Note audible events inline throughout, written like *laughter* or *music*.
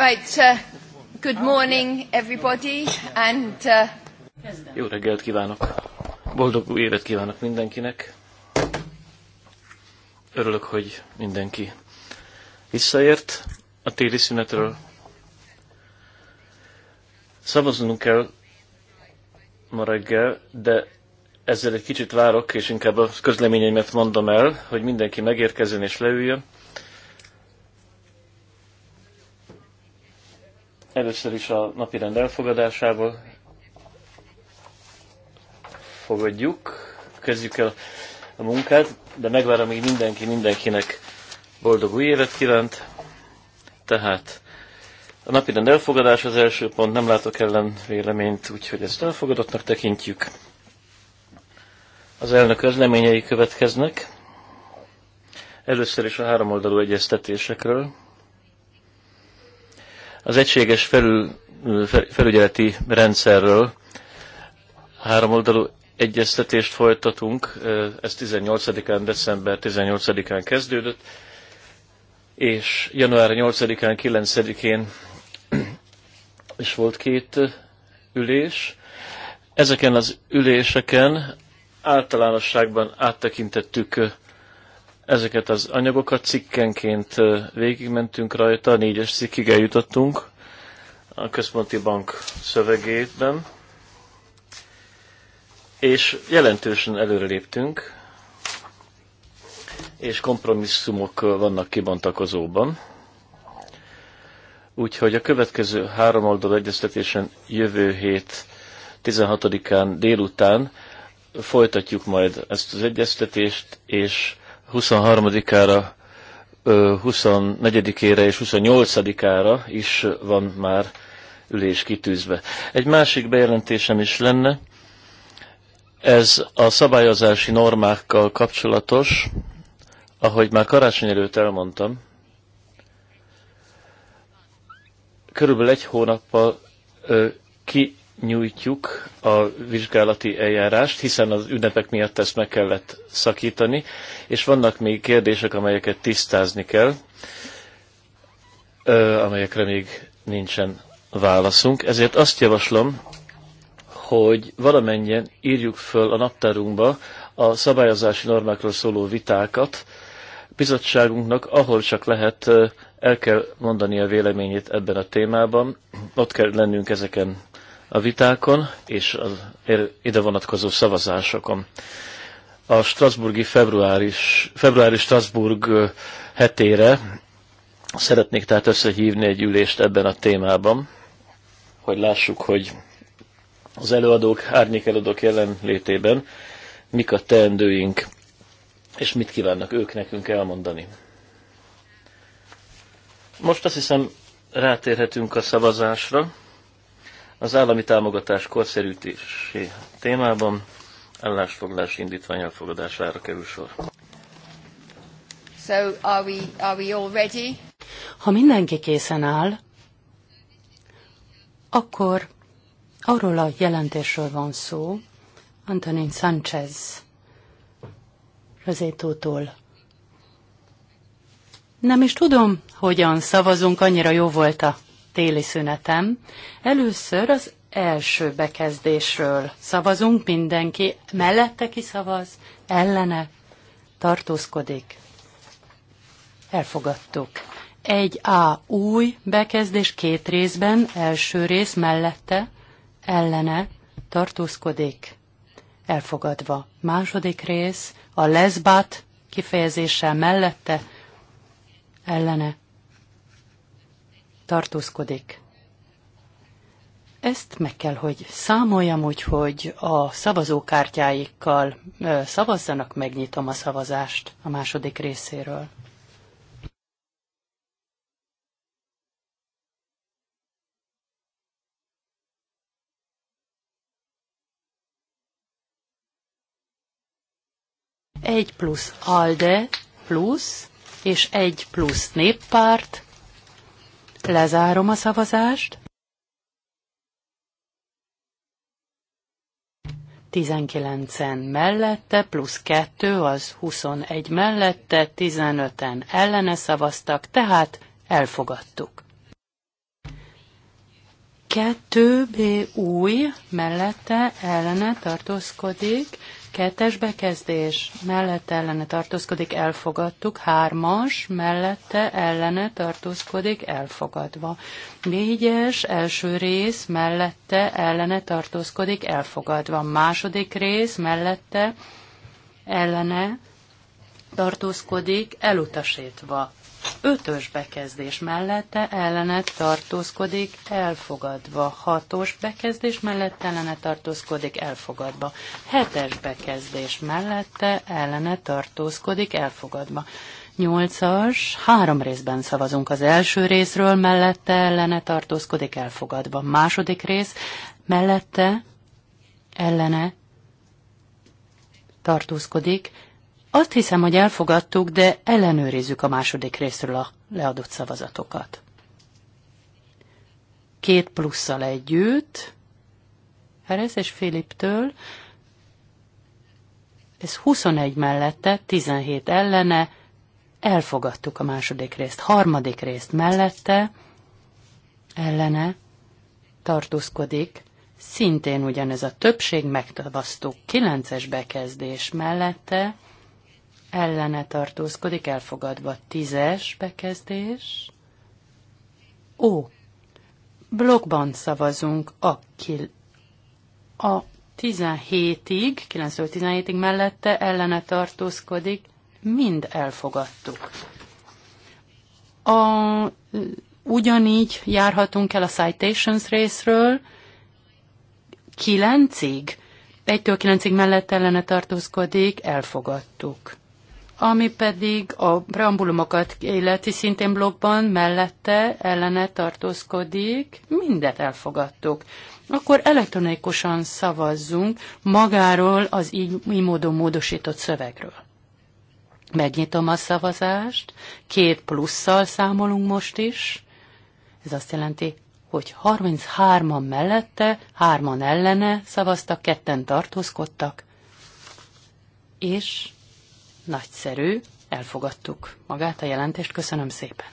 Right, uh, good morning everybody, and... Uh... Jó reggelt kívánok! Boldog új évet kívánok mindenkinek! Örülök, hogy mindenki visszaért a téli szünetről. Szavaznunk kell ma reggel, de ezzel egy kicsit várok, és inkább a közleményeimet mondom el, hogy mindenki megérkezzen és leüljön. Először is a rend elfogadásával fogadjuk, kezdjük el a munkát, de megvárom, hogy mindenki mindenkinek boldog új évet kívánt. Tehát a rend elfogadás az első pont, nem látok ellen véleményt, úgyhogy ezt elfogadottnak tekintjük. Az elnök közleményei következnek. Először is a háromoldalú egyeztetésekről. Az egységes felül, felügyeleti rendszerről háromoldalú egyeztetést folytatunk, ez 18-án, december 18-án kezdődött, és január 8-án, 9-én *clears throat* is volt két ülés. Ezeken az üléseken általánosságban áttekintettük Ezeket az anyagokat cikkenként végigmentünk rajta, négyes cikkig eljutottunk a központi bank szövegében, és jelentősen előreléptünk, és kompromisszumok vannak kibontakozóban. Úgyhogy a következő három oldal egyeztetésen jövő hét 16-án délután folytatjuk majd ezt az egyeztetést, és 23-ára, 24-ére és 28-ára is van már ülés kitűzve. Egy másik bejelentésem is lenne, ez a szabályozási normákkal kapcsolatos, ahogy már karácsony előtt elmondtam, körülbelül egy hónappal ö, ki nyújtjuk a vizsgálati eljárást, hiszen az ünnepek miatt ezt meg kellett szakítani, és vannak még kérdések, amelyeket tisztázni kell, amelyekre még nincsen válaszunk. Ezért azt javaslom, hogy valamennyien írjuk föl a naptárunkba a szabályozási normákról szóló vitákat. Bizottságunknak, ahol csak lehet, el kell mondani a véleményét ebben a témában. Ott kell lennünk ezeken a vitákon és az ide vonatkozó szavazásokon. A Strasburgi februáris, februári Strasburg hetére szeretnék tehát összehívni egy ülést ebben a témában, hogy lássuk, hogy az előadók, árnyék előadók jelenlétében mik a teendőink, és mit kívánnak ők nekünk elmondani. Most azt hiszem rátérhetünk a szavazásra az állami támogatás korszerűtésé témában állásfoglalás indítvány elfogadására kerül sor. So are we, are we all ready? Ha mindenki készen áll, akkor arról a jelentésről van szó, Antonin Sanchez rezétótól. Nem is tudom, hogyan szavazunk, annyira jó volt a téli szünetem. Először az első bekezdésről szavazunk, mindenki mellette kiszavaz, ellene tartózkodik. Elfogadtuk. Egy A új bekezdés két részben, első rész mellette, ellene tartózkodik. Elfogadva. Második rész a leszbát kifejezéssel mellette, ellene tartózkodik. Ezt meg kell, hogy számoljam, úgyhogy a szavazókártyáikkal szavazzanak, megnyitom a szavazást a második részéről. Egy plusz ALDE plusz, és egy plusz néppárt, Lezárom a szavazást. 19-en mellette, plusz 2 az 21 mellette, 15-en ellene szavaztak, tehát elfogadtuk. 2B új mellette ellene tartózkodik, Kettes bekezdés, mellette ellene tartózkodik, elfogadtuk. Hármas, mellette ellene tartózkodik, elfogadva. Négyes, első rész, mellette ellene tartózkodik, elfogadva. Második rész, mellette ellene tartózkodik, elutasítva ötös bekezdés mellette ellene tartózkodik elfogadva. Hatos bekezdés mellette ellene tartózkodik elfogadva. Hetes bekezdés mellette ellene tartózkodik elfogadva. Nyolcas, három részben szavazunk az első részről, mellette ellene tartózkodik elfogadva. Második rész, mellette ellene tartózkodik azt hiszem, hogy elfogadtuk, de ellenőrizzük a második részről a leadott szavazatokat. Két plusszal együtt, Herez és Filiptől, ez 21 mellette, 17 ellene, elfogadtuk a második részt, harmadik részt mellette, ellene, tartózkodik, szintén ugyanez a többség, megtavasztó 9-es bekezdés mellette, ellene tartózkodik, elfogadva. Tízes bekezdés. Ó, blokkban szavazunk a, kil, a 17-ig, 9-17-ig mellette ellene tartózkodik, mind elfogadtuk. A, ugyanígy járhatunk el a citations részről, 9-ig, 1-től 9-ig mellette ellene tartózkodik, elfogadtuk ami pedig a preambulumokat illeti szintén blogban mellette ellene tartózkodik, mindet elfogadtuk. Akkor elektronikusan szavazzunk magáról az így, így módon módosított szövegről. Megnyitom a szavazást, két plusszal számolunk most is. Ez azt jelenti, hogy 33-an mellette, 3-an ellene szavaztak, ketten tartózkodtak, és Nagyszerű, elfogadtuk magát a jelentést, köszönöm szépen.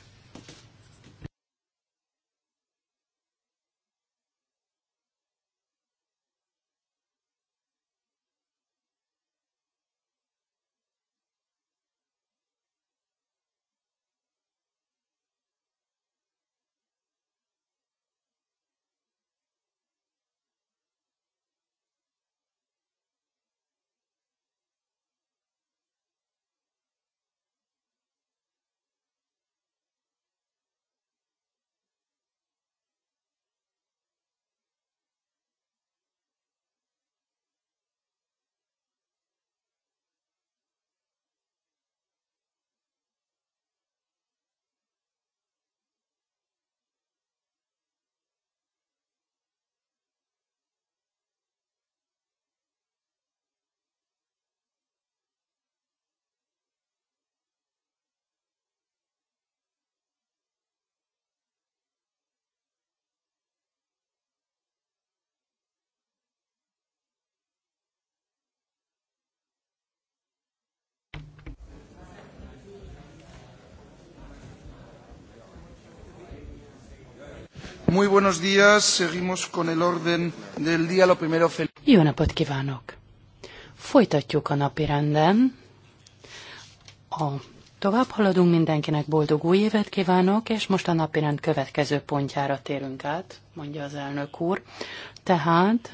Muy buenos días, seguimos con el orden del día, lo primero fel... Jó napot kívánok! Folytatjuk a napi renden. A tovább haladunk mindenkinek boldog új évet kívánok, és most a napi rend következő pontjára térünk át, mondja az elnök úr. Tehát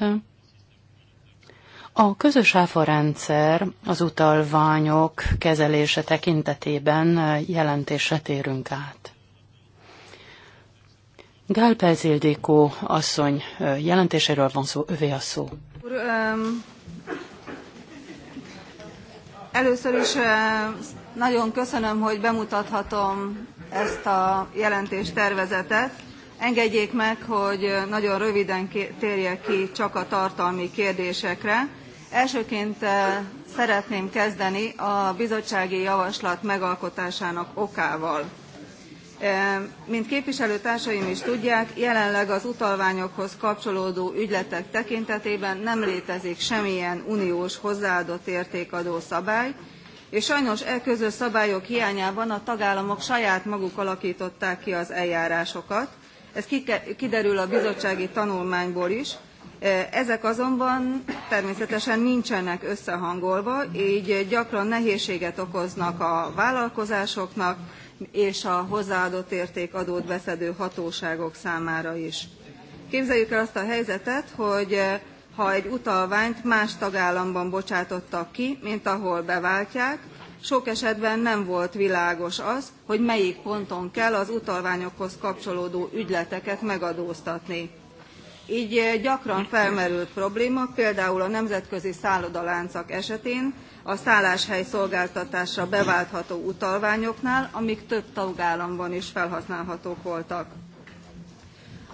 a közös áfarendszer az utalványok kezelése tekintetében jelentésre térünk át. Gál Pelz asszony jelentéséről van szó, övé a szó. Úr, um, először is uh, nagyon köszönöm, hogy bemutathatom ezt a jelentéstervezetet. Engedjék meg, hogy nagyon röviden térjek ki csak a tartalmi kérdésekre. Elsőként szeretném kezdeni a bizottsági javaslat megalkotásának okával mint képviselőtársaim is tudják, jelenleg az utalványokhoz kapcsolódó ügyletek tekintetében nem létezik semmilyen uniós hozzáadott értékadó szabály, és sajnos e közös szabályok hiányában a tagállamok saját maguk alaktották ki az eljárásokat ez kiderül a bizottsági tanulmányból is ezek azonban természetesen nincsenek összehangolva gy gyakran nehézséget okoznak a vállalkozásoknak és a hozzáadott érték adót beszedő hatóságok számára is. képzeljük el azt a helyzetet hogy eh, ha egy utalványt más tagállamban bocsátottak ki mint ahol beváltják sok esetben nem volt világos az hogy melyik ponton kell az utalványokhoz kapcsolódó ügyleteket megadóztatni. Így eh, gyakran felmerült probléma például a nemzetközi szállodaláncak esetén a szálláshely szolgáltatásra beváltható utalványoknál, amik több tagállamban is felhasználhatók voltak.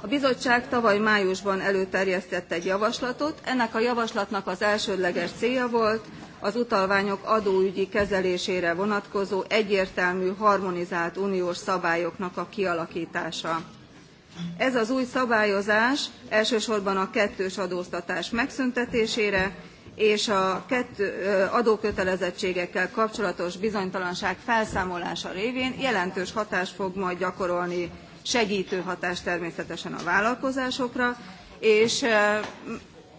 A bizottság tavaly májusban előterjesztett egy javaslatot, ennek a javaslatnak az elsődleges célja volt az utalványok adóügyi kezelésére vonatkozó egyértelmű, harmonizált uniós szabályoknak a kialakítása ez az új szabályozás elsősorban a kettős adóztatás megszüntetésére és a adókötelezettségekkel kapcsolatos bizonytalanság felszámolása révén jelentős hatást fog majd gyakorolni segtő hatást természetesen a vállalkozásokra és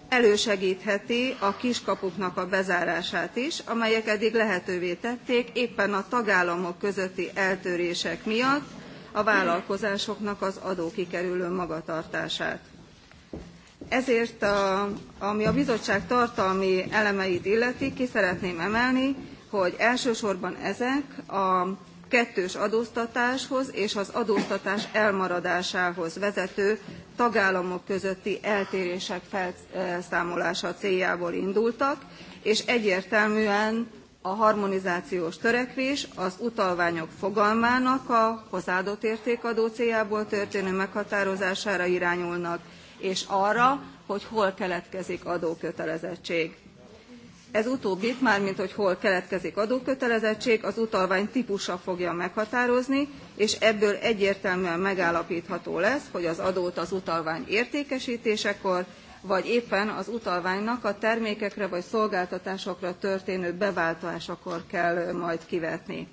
elősegtheti a kiskapuknak a bezárását is amelyek eddig lehetővé tették éppen a tagállamok közötti eltörések miatt a vállalkozásoknak az adókikerülő magatartását ezért, a, ami a bizottság tartalmi elemeit illeti, ki szeretném emelni, hogy elsősorban ezek a kettős adóztatáshoz és az adóztatás elmaradásához vezető tagállamok közötti eltérések felszámolása céljából indultak és egyértelműen a harmonizációs törekvés az utalványok fogalmának a hozzáadott értékadó céljából történő meghatározására irányulnak és arra, hogy hol keletkezik adókötelezettség. Ez utóbbit, mármint hogy hol keletkezik adókötelezettség, az utalvány típusa fogja meghatározni, és ebből egyértelműen megállapítható lesz, hogy az adót az utalvány értékesítésekor, vagy éppen az utalványnak a termékekre vagy szolgáltatásokra történő beváltásakor kell majd kivetni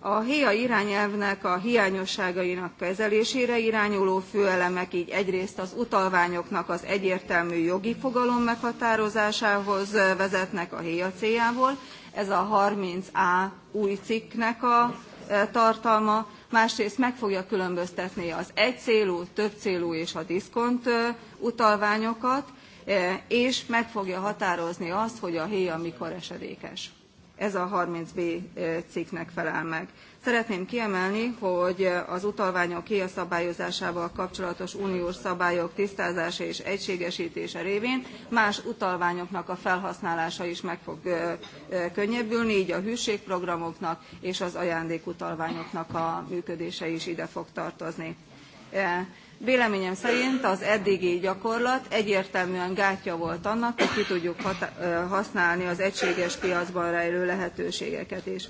a héa irányelvnek a hiányosságainak kezelésére irányuló főelemek gy egyrészt az utalványoknak az egyértelmű jogi fogalom meghatározásához vezetnek a héa céljából ez a thirty a új cikknek a e, tartalma másrészt meg fogja különböztetni az egycélú többcélú és a diszkont e, utalványokat e, és meg fogja határozni azt hogy a héa mikor esedékes ez a 30b cikknek felel meg. Szeretném kiemelni, hogy az utalványok kiaszabályozásával kapcsolatos uniós szabályok tisztázása és egységesítése révén más utalványoknak a felhasználása is meg fog könnyebbülni, így a hűségprogramoknak és az ajándékutalványoknak a működése is ide fog tartozni véleményem szerint az eddigi gyakorlat egyértelműen gátja volt annak hogy ki tudjuk használni az egységes piacban rejlő lehetőségeket is.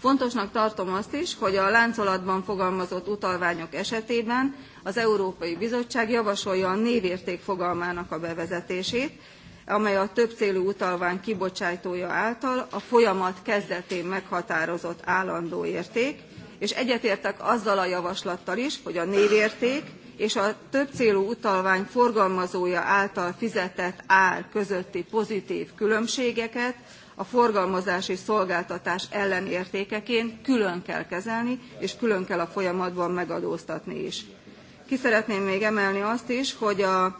fontosnak tartom azt is hogy a láncolatban fogalmazott utalványok esetében az európai bizottság javasolja a névérték fogalmának a bevezetését amely a többcélú utalvány kibocsátója által a folyamat kezdetén meghatározott állandó érték és egyetértek azzal a javaslattal is hogy a névérték és a többcélú utalvány forgalmazója által fizetett ár közötti pozitv különbségeket a forgalmazási szolgáltatás ellenértékeként külön kell kezelni és külön kell a folyamatban megadóztatni is. ki szeretném még emelni azt is hogy a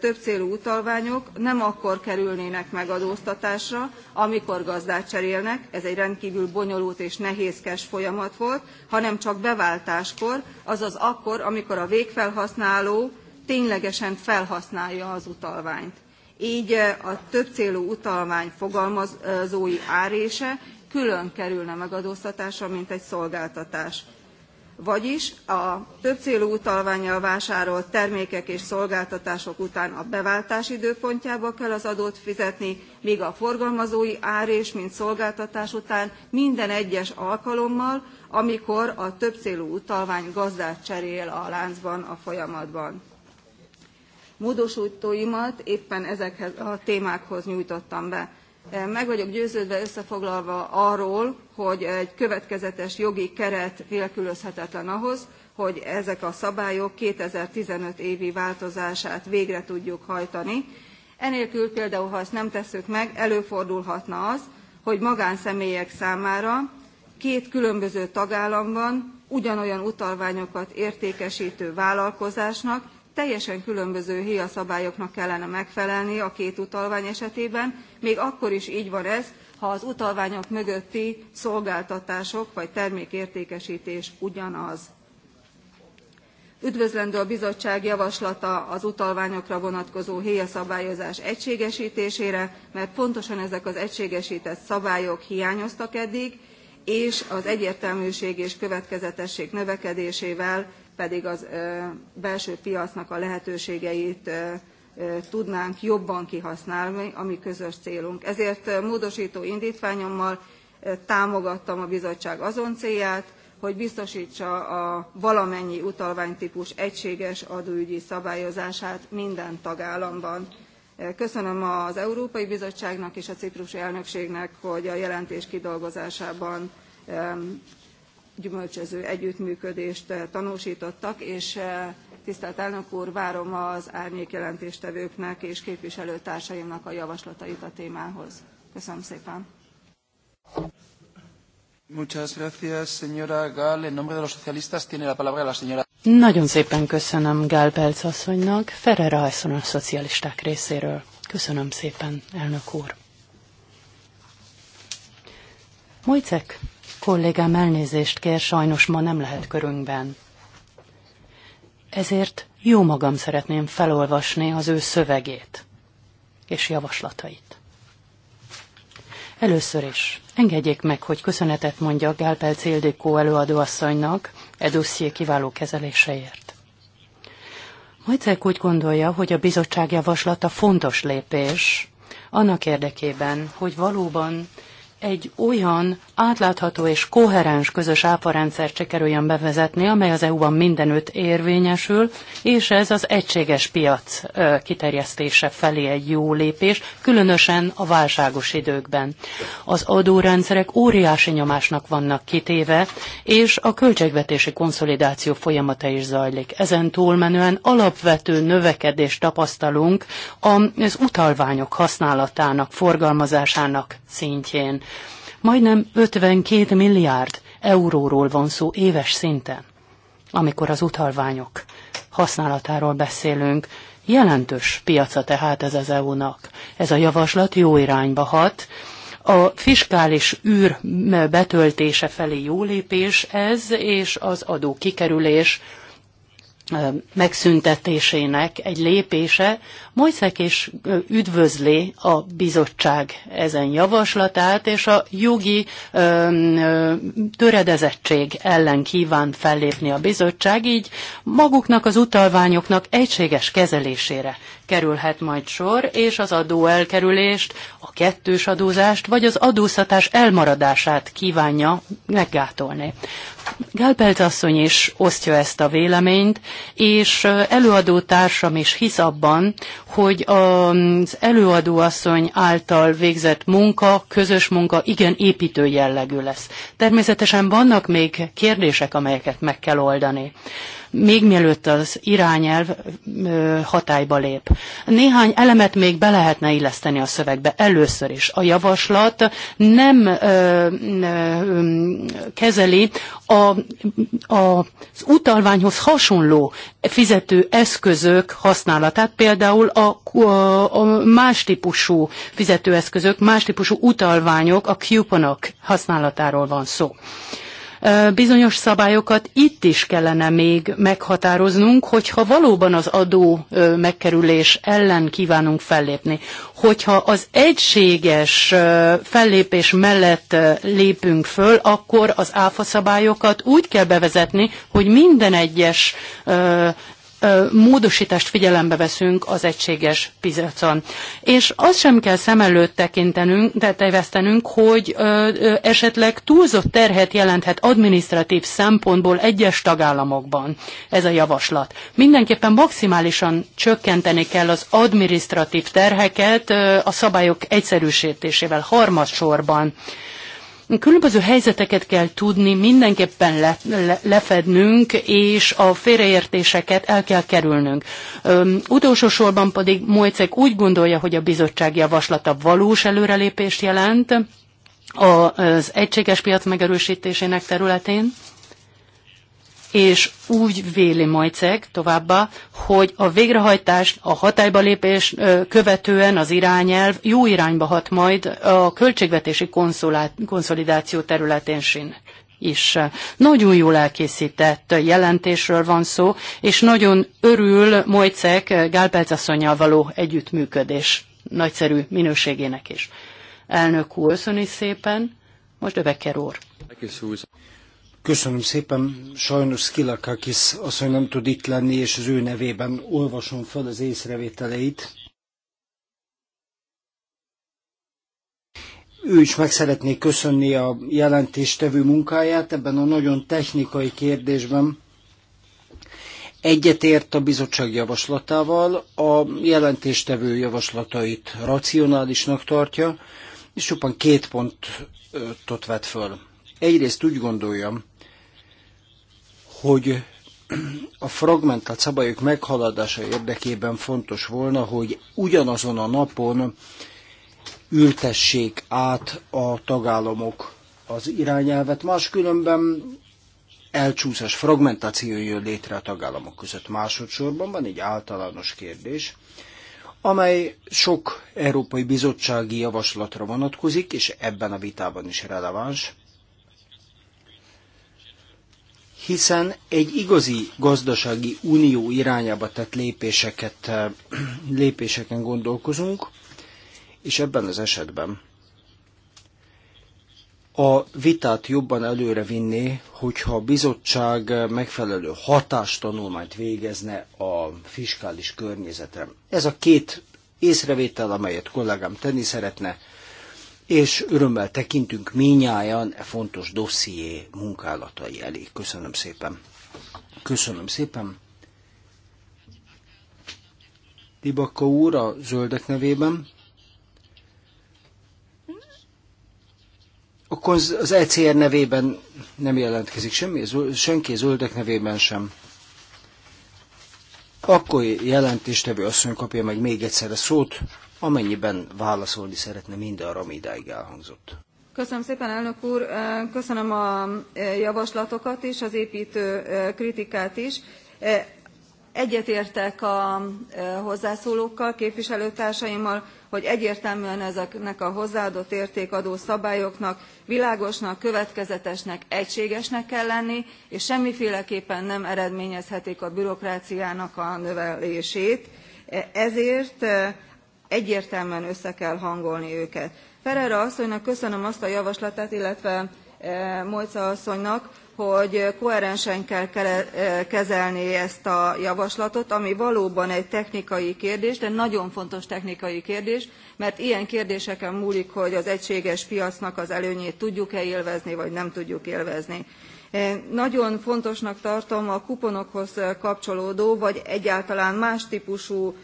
többcélú utalványok nem akkor kerülnének megadóztatásra amikor gazdát cserélnek ez egy rendkvül bonyolult és nehézkes folyamat volt hanem csak beváltáskor azaz akkor amikor a végfelhasználó ténylegesen felhasználja az utalványt. gy a többcélú utalvány fogalmazói árése külön kerülne megadóztatásra mint egy szolgáltatás vagyis a többcélú utalvánnyal vásárolt termékek és szolgáltatások után a beváltás időpontjába kell az adót fizetni míg a forgalmazói és mint szolgáltatás után minden egyes alkalommal amikor a többcélú utalvány gazdát cserél a láncban a folyamatban. módostóimat éppen ezekhez a témákhoz nyújtottam be meg vagyok győződve összefoglalva arról hogy egy következetes jogi keret nélkülözhetetlen ahhoz hogy ezek a szabályok 2015 évi változását végre tudjuk hajtani enélkül például ha ezt nem tesszük meg előfordulhatna az hogy magánszemélyek számára két különböző tagállamban ugyanolyan utalványokat értékesítő vállalkozásnak teljesen különböző szabályoknak kellene megfelelni a két utalvány esetében még akkor is gy van ez ha az utalványok mögötti szolgáltatások vagy termékértékestés ugyanaz. üdvözlendő a bizottság javaslata az utalványokra vonatkozó szabályozás egységestésére mert pontosan ezek az egységestett szabályok hiányoztak eddig és az egyértelműség és következetesség növekedésével pedig a belső piacnak a lehetőségeit tudnánk jobban kihasználni ami közös célunk. ezért módostó indtványommal támogattam a bizottság azon célját hogy biztostsa a valamennyi utalványtpus egységes adóügyi szabályozását minden tagállamban. köszönöm az európai bizottságnak és a ciprusi elnökségnek hogy a jelentés kidolgozásában gyümölcsöző együttműködést eh, tanústottak és eh, tisztelt elnök úr várom az árnyék jelentéstevőknek és képviselőtársaimnak a javaslatait a témához. köszönöm szépen! Nagyon szépen köszönöm Gál Pelc asszonynak, Ferrer asszony a szocialisták részéről. Köszönöm szépen, elnök úr. Mojcek Kollégám elnézést kér, sajnos ma nem lehet körünkben. Ezért jó magam szeretném felolvasni az ő szövegét és javaslatait. Először is engedjék meg, hogy köszönetet mondjak Gálpel Céldékó előadóasszonynak Edusszié kiváló kezeléseért. Majcek úgy gondolja, hogy a bizottság javaslata fontos lépés annak érdekében, hogy valóban egy olyan átlátható és koherens közös áfarendszert sikerüljön bevezetni, amely az EU-ban mindenütt érvényesül, és ez az egységes piac kiterjesztése felé egy jó lépés, különösen a válságos időkben. Az adórendszerek óriási nyomásnak vannak kitéve, és a költségvetési konszolidáció folyamata is zajlik. Ezen túlmenően alapvető növekedést tapasztalunk az utalványok használatának, forgalmazásának szintjén. Majdnem 52 milliárd euróról van szó éves szinten, amikor az utalványok használatáról beszélünk. Jelentős piaca tehát ez az EU-nak. Ez a javaslat jó irányba hat, a fiskális űr betöltése felé jó lépés ez, és az adó kikerülés megszüntetésének egy lépése, Mojszek is üdvözli a bizottság ezen javaslatát, és a jogi töredezettség ellen kíván fellépni a bizottság, így maguknak az utalványoknak egységes kezelésére kerülhet majd sor, és az adó elkerülést, a kettős adózást, vagy az adóztatás elmaradását kívánja meggátolni. Gálpelt asszony is osztja ezt a véleményt, és előadó társam is hisz abban, hogy az előadóasszony által végzett munka, közös munka igen építő jellegű lesz. Természetesen vannak még kérdések, amelyeket meg kell oldani még mielőtt az irányelv hatályba lép. Néhány elemet még be lehetne illeszteni a szövegbe. Először is a javaslat nem ö, ö, kezeli a, a, az utalványhoz hasonló fizető eszközök használatát, például a, a, a más típusú fizetőeszközök, más típusú utalványok, a kuponok használatáról van szó. Ö, bizonyos szabályokat itt is kellene még meghatároznunk, hogyha valóban az adó megkerülés ellen kívánunk fellépni. Hogyha az egységes fellépés mellett lépünk föl, akkor az áfa szabályokat úgy kell bevezetni, hogy minden egyes módosítást figyelembe veszünk az egységes piacon. És azt sem kell szem előtt tekintenünk, de tévesztenünk, hogy esetleg túlzott terhet jelenthet adminisztratív szempontból egyes tagállamokban ez a javaslat. Mindenképpen maximálisan csökkenteni kell az adminisztratív terheket a szabályok egyszerűsítésével harmadsorban. sorban Különböző helyzeteket kell tudni mindenképpen le, le, lefednünk, és a félreértéseket el kell kerülnünk. Öm, utolsó sorban pedig Mojcek úgy gondolja, hogy a bizottság javaslata valós előrelépést jelent az egységes piac megerősítésének területén, és úgy véli Majceg továbbá, hogy a végrehajtás, a hatályba lépés követően az irányelv jó irányba hat majd a költségvetési konszolidáció területén sin is. Nagyon jól elkészített jelentésről van szó, és nagyon örül Mojcek Gálperc asszonyjal való együttműködés nagyszerű minőségének is. Elnök úr, köszöni szépen, most Öbeker úr. Köszönöm szépen, sajnos Skilakakis asszony nem tud itt lenni, és az ő nevében olvasom fel az észrevételeit. Ő is meg szeretné köszönni a jelentéstevő munkáját ebben a nagyon technikai kérdésben. Egyetért a bizottság javaslatával, a jelentéstevő javaslatait racionálisnak tartja, és csupán két pontot vett föl. Egyrészt úgy gondoljam, hogy a fragmentált szabályok meghaladása érdekében fontos volna, hogy ugyanazon a napon ültessék át a tagállamok az irányelvet, máskülönben elcsúszás, fragmentáció jön létre a tagállamok között. Másodszorban van egy általános kérdés, amely sok Európai Bizottsági Javaslatra vonatkozik, és ebben a vitában is releváns hiszen egy igazi gazdasági unió irányába tett lépéseket, lépéseken gondolkozunk, és ebben az esetben a vitát jobban előre vinné, hogyha a bizottság megfelelő hatástanulmányt végezne a fiskális környezetre. Ez a két észrevétel, amelyet kollégám tenni szeretne, és örömmel tekintünk minnyáján e fontos dosszié munkálatai elé. Köszönöm szépen. Köszönöm szépen. Dibakka úr a zöldek nevében. Akkor az ECR nevében nem jelentkezik semmi, senki zöldek nevében sem. Akkor jelentéstevő asszony kapja meg még egyszer a szót amennyiben válaszolni szeretne mindenre, ami idáig elhangzott. Köszönöm szépen, elnök úr! Köszönöm a javaslatokat is, az építő kritikát is. Egyetértek a hozzászólókkal, képviselőtársaimmal, hogy egyértelműen ezeknek a hozzáadott értékadó szabályoknak világosnak következetesnek egységesnek kell lenni és semmiféleképpen nem eredményezhetik a bürokráciának a növelését ezért egyértelműen össze kell hangolni őket. ferreira asszonynak köszönöm azt a javaslatát illetve e, mojca asszonynak hogy koherensen kell e, kezelni ezt a javaslatot ami valóban egy technikai kérdés de nagyon fontos technikai kérdés mert ilyen kérdéseken múlik hogy az egységes piacnak az előnyét tudjuk e élvezni vagy nem tudjuk élvezni. E, nagyon fontosnak tartom a kuponokhoz kapcsolódó vagy egyáltalán más tpusú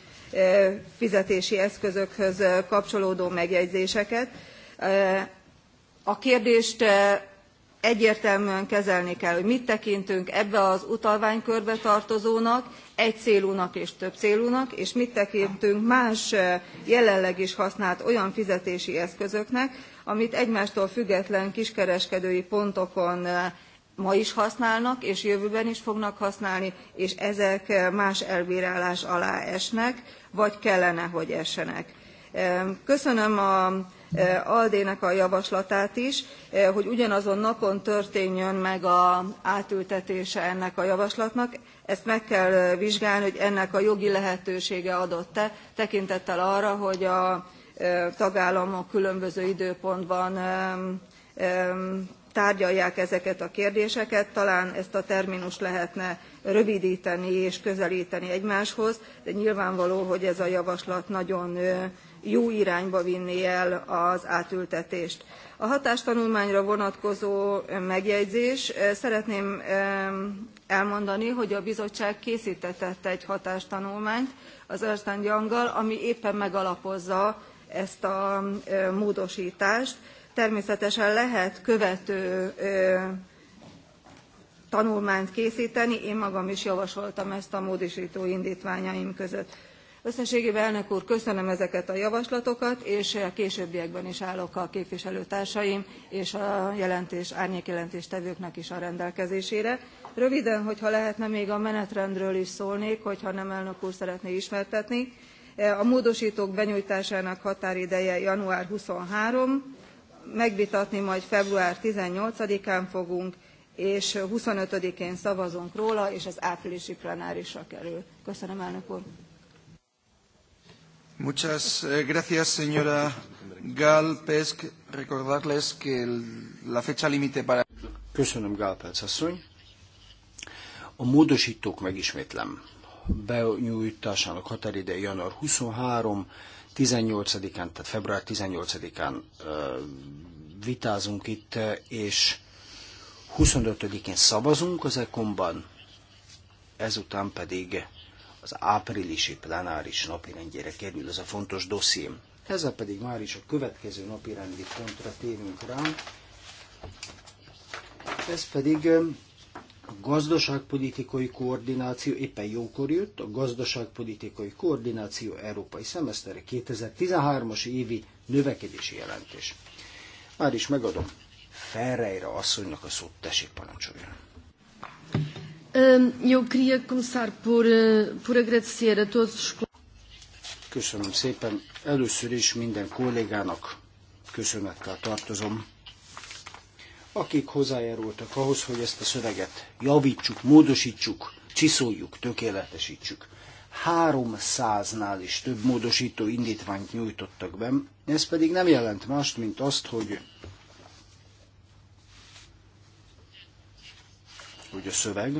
fizetési eszközökhöz kapcsolódó megjegyzéseket. a kérdést egyértelműen kezelni kell hogy mit tekintünk ebbe az utalványkörbe tartozónak egycélúnak és többcélúnak és mit tekintünk más jelenleg is használt olyan fizetési eszközöknek amit egymástól független kiskereskedői pontokon ma is használnak és jövőben is fognak használni és ezek más elbrálás alá esnek vagy kellene hogy essenek. köszönöm a alde a javaslatát is hogy ugyanazon napon történjön meg az átültetése ennek a javaslatnak ezt meg kell vizsgálni hogy ennek a jogi lehetősége adott e tekintettel arra hogy a tagállamok különböző időpontban tárgyalják ezeket a kérdéseket talán ezt a terminust lehetne rövidteni és közelteni egymáshoz de nyilvánvaló hogy ez a javaslat nagyon jó irányba vinné el az átültetést. a hatástanulmányra vonatkozó megjegyzés szeretném elmondani hogy a bizottság késztetett egy hatástanulmányt az ernst young gal ami éppen megalapozza ezt a módostást. természetesen lehet követő tanulmányt készteni én magam is javasoltam ezt a módostó indtványaim között. összességében elnök úr köszönöm ezeket a javaslatokat és a későbbiekben is állok a képviselőtársaim és a jelentés árnyékjelentéstevőknek is a rendelkezésére. röviden hogyha lehetne még a menetrendről is szólnék hogyha nem elnök úr szeretné ismertetni. a módostók benyújtásának határideje január twenty three megvitatni majd február eighteen án fogunk és 25-én szavazunk róla, és az áprilisi plenárisra kerül. Köszönöm, elnök úr! Muchas eh, gracias, señora Gal Pesk. Recordarles que la fecha límite para... Köszönöm, Gál Pelc asszony. A módosítók megismétlem. Benyújtásának határideje január 23, 18-án, tehát február 18-án vitázunk itt, és 25-én szavazunk az ecom ezután pedig az áprilisi plenáris napirendjére kerül ez a fontos dosszém. Ezzel pedig már is a következő napirendi pontra térünk rá. Ez pedig a gazdaságpolitikai koordináció éppen jókor jött, a gazdaságpolitikai koordináció európai szemesztere 2013-as évi növekedési jelentés. Már is megadom Ferreira asszonynak a szót tessék parancsoljon. Eu queria começar por, por agradecer a todos os Köszönöm szépen. Először is minden kollégának köszönettel tartozom, akik hozzájárultak ahhoz, hogy ezt a szöveget javítsuk, módosítsuk, csiszoljuk, tökéletesítsük. 300-nál is több módosító indítványt nyújtottak be, ez pedig nem jelent mást, mint azt, hogy hogy a szöveg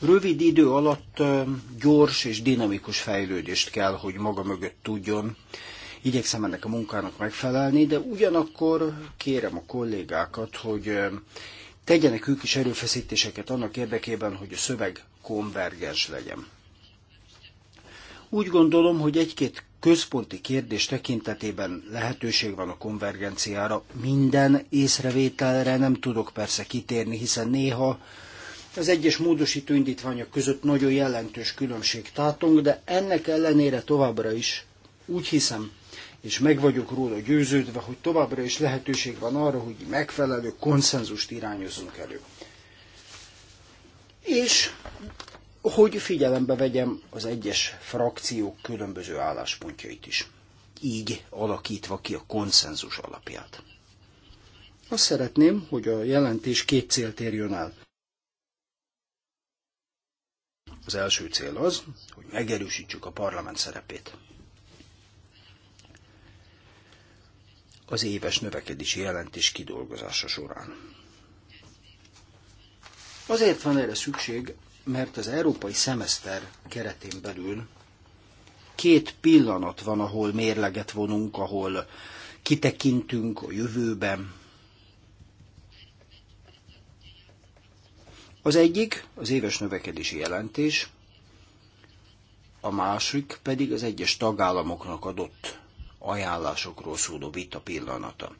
rövid idő alatt gyors és dinamikus fejlődést kell, hogy maga mögött tudjon. Igyekszem ennek a munkának megfelelni, de ugyanakkor kérem a kollégákat, hogy tegyenek ők is erőfeszítéseket annak érdekében, hogy a szöveg konvergens legyen. Úgy gondolom, hogy egy-két központi kérdés tekintetében lehetőség van a konvergenciára. Minden észrevételre nem tudok persze kitérni, hiszen néha az egyes módosító indítványok között nagyon jelentős különbség tátong, de ennek ellenére továbbra is úgy hiszem, és meg vagyok róla győződve, hogy továbbra is lehetőség van arra, hogy megfelelő konszenzust irányozunk elő. És hogy figyelembe vegyem az egyes frakciók különböző álláspontjait is, így alakítva ki a konszenzus alapját. Azt szeretném, hogy a jelentés két célt érjön el. Az első cél az, hogy megerősítsük a parlament szerepét. Az éves növekedési jelentés kidolgozása során. Azért van erre szükség, mert az európai szemeszter keretén belül két pillanat van, ahol mérleget vonunk, ahol kitekintünk a jövőben. Az egyik az éves növekedési jelentés, a másik pedig az egyes tagállamoknak adott ajánlásokról szóló vita pillanata.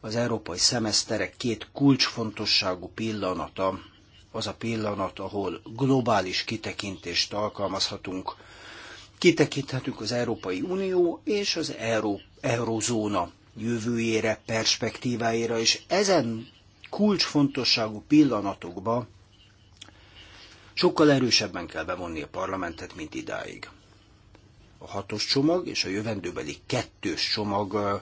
Az európai szemeszterek két kulcsfontosságú pillanata az a pillanat, ahol globális kitekintést alkalmazhatunk. Kitekinthetünk az Európai Unió és az Euró, Eurózóna jövőjére, perspektíváira, és ezen kulcsfontosságú pillanatokban sokkal erősebben kell bevonni a parlamentet, mint idáig. A hatos csomag és a jövendőbeli kettős csomag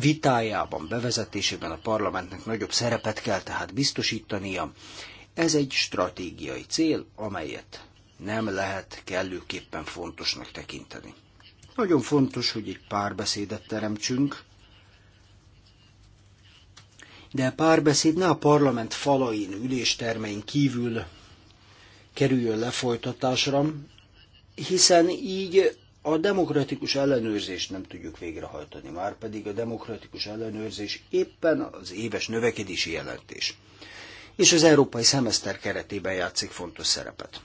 vitájában, bevezetésében a parlamentnek nagyobb szerepet kell tehát biztosítania, ez egy stratégiai cél, amelyet nem lehet kellőképpen fontosnak tekinteni. Nagyon fontos, hogy egy párbeszédet teremtsünk, de a párbeszéd ne a parlament falain, üléstermein kívül kerüljön lefolytatásra, hiszen így a demokratikus ellenőrzést nem tudjuk végrehajtani, már pedig a demokratikus ellenőrzés éppen az éves növekedési jelentés és az európai szemeszter keretében játszik fontos szerepet.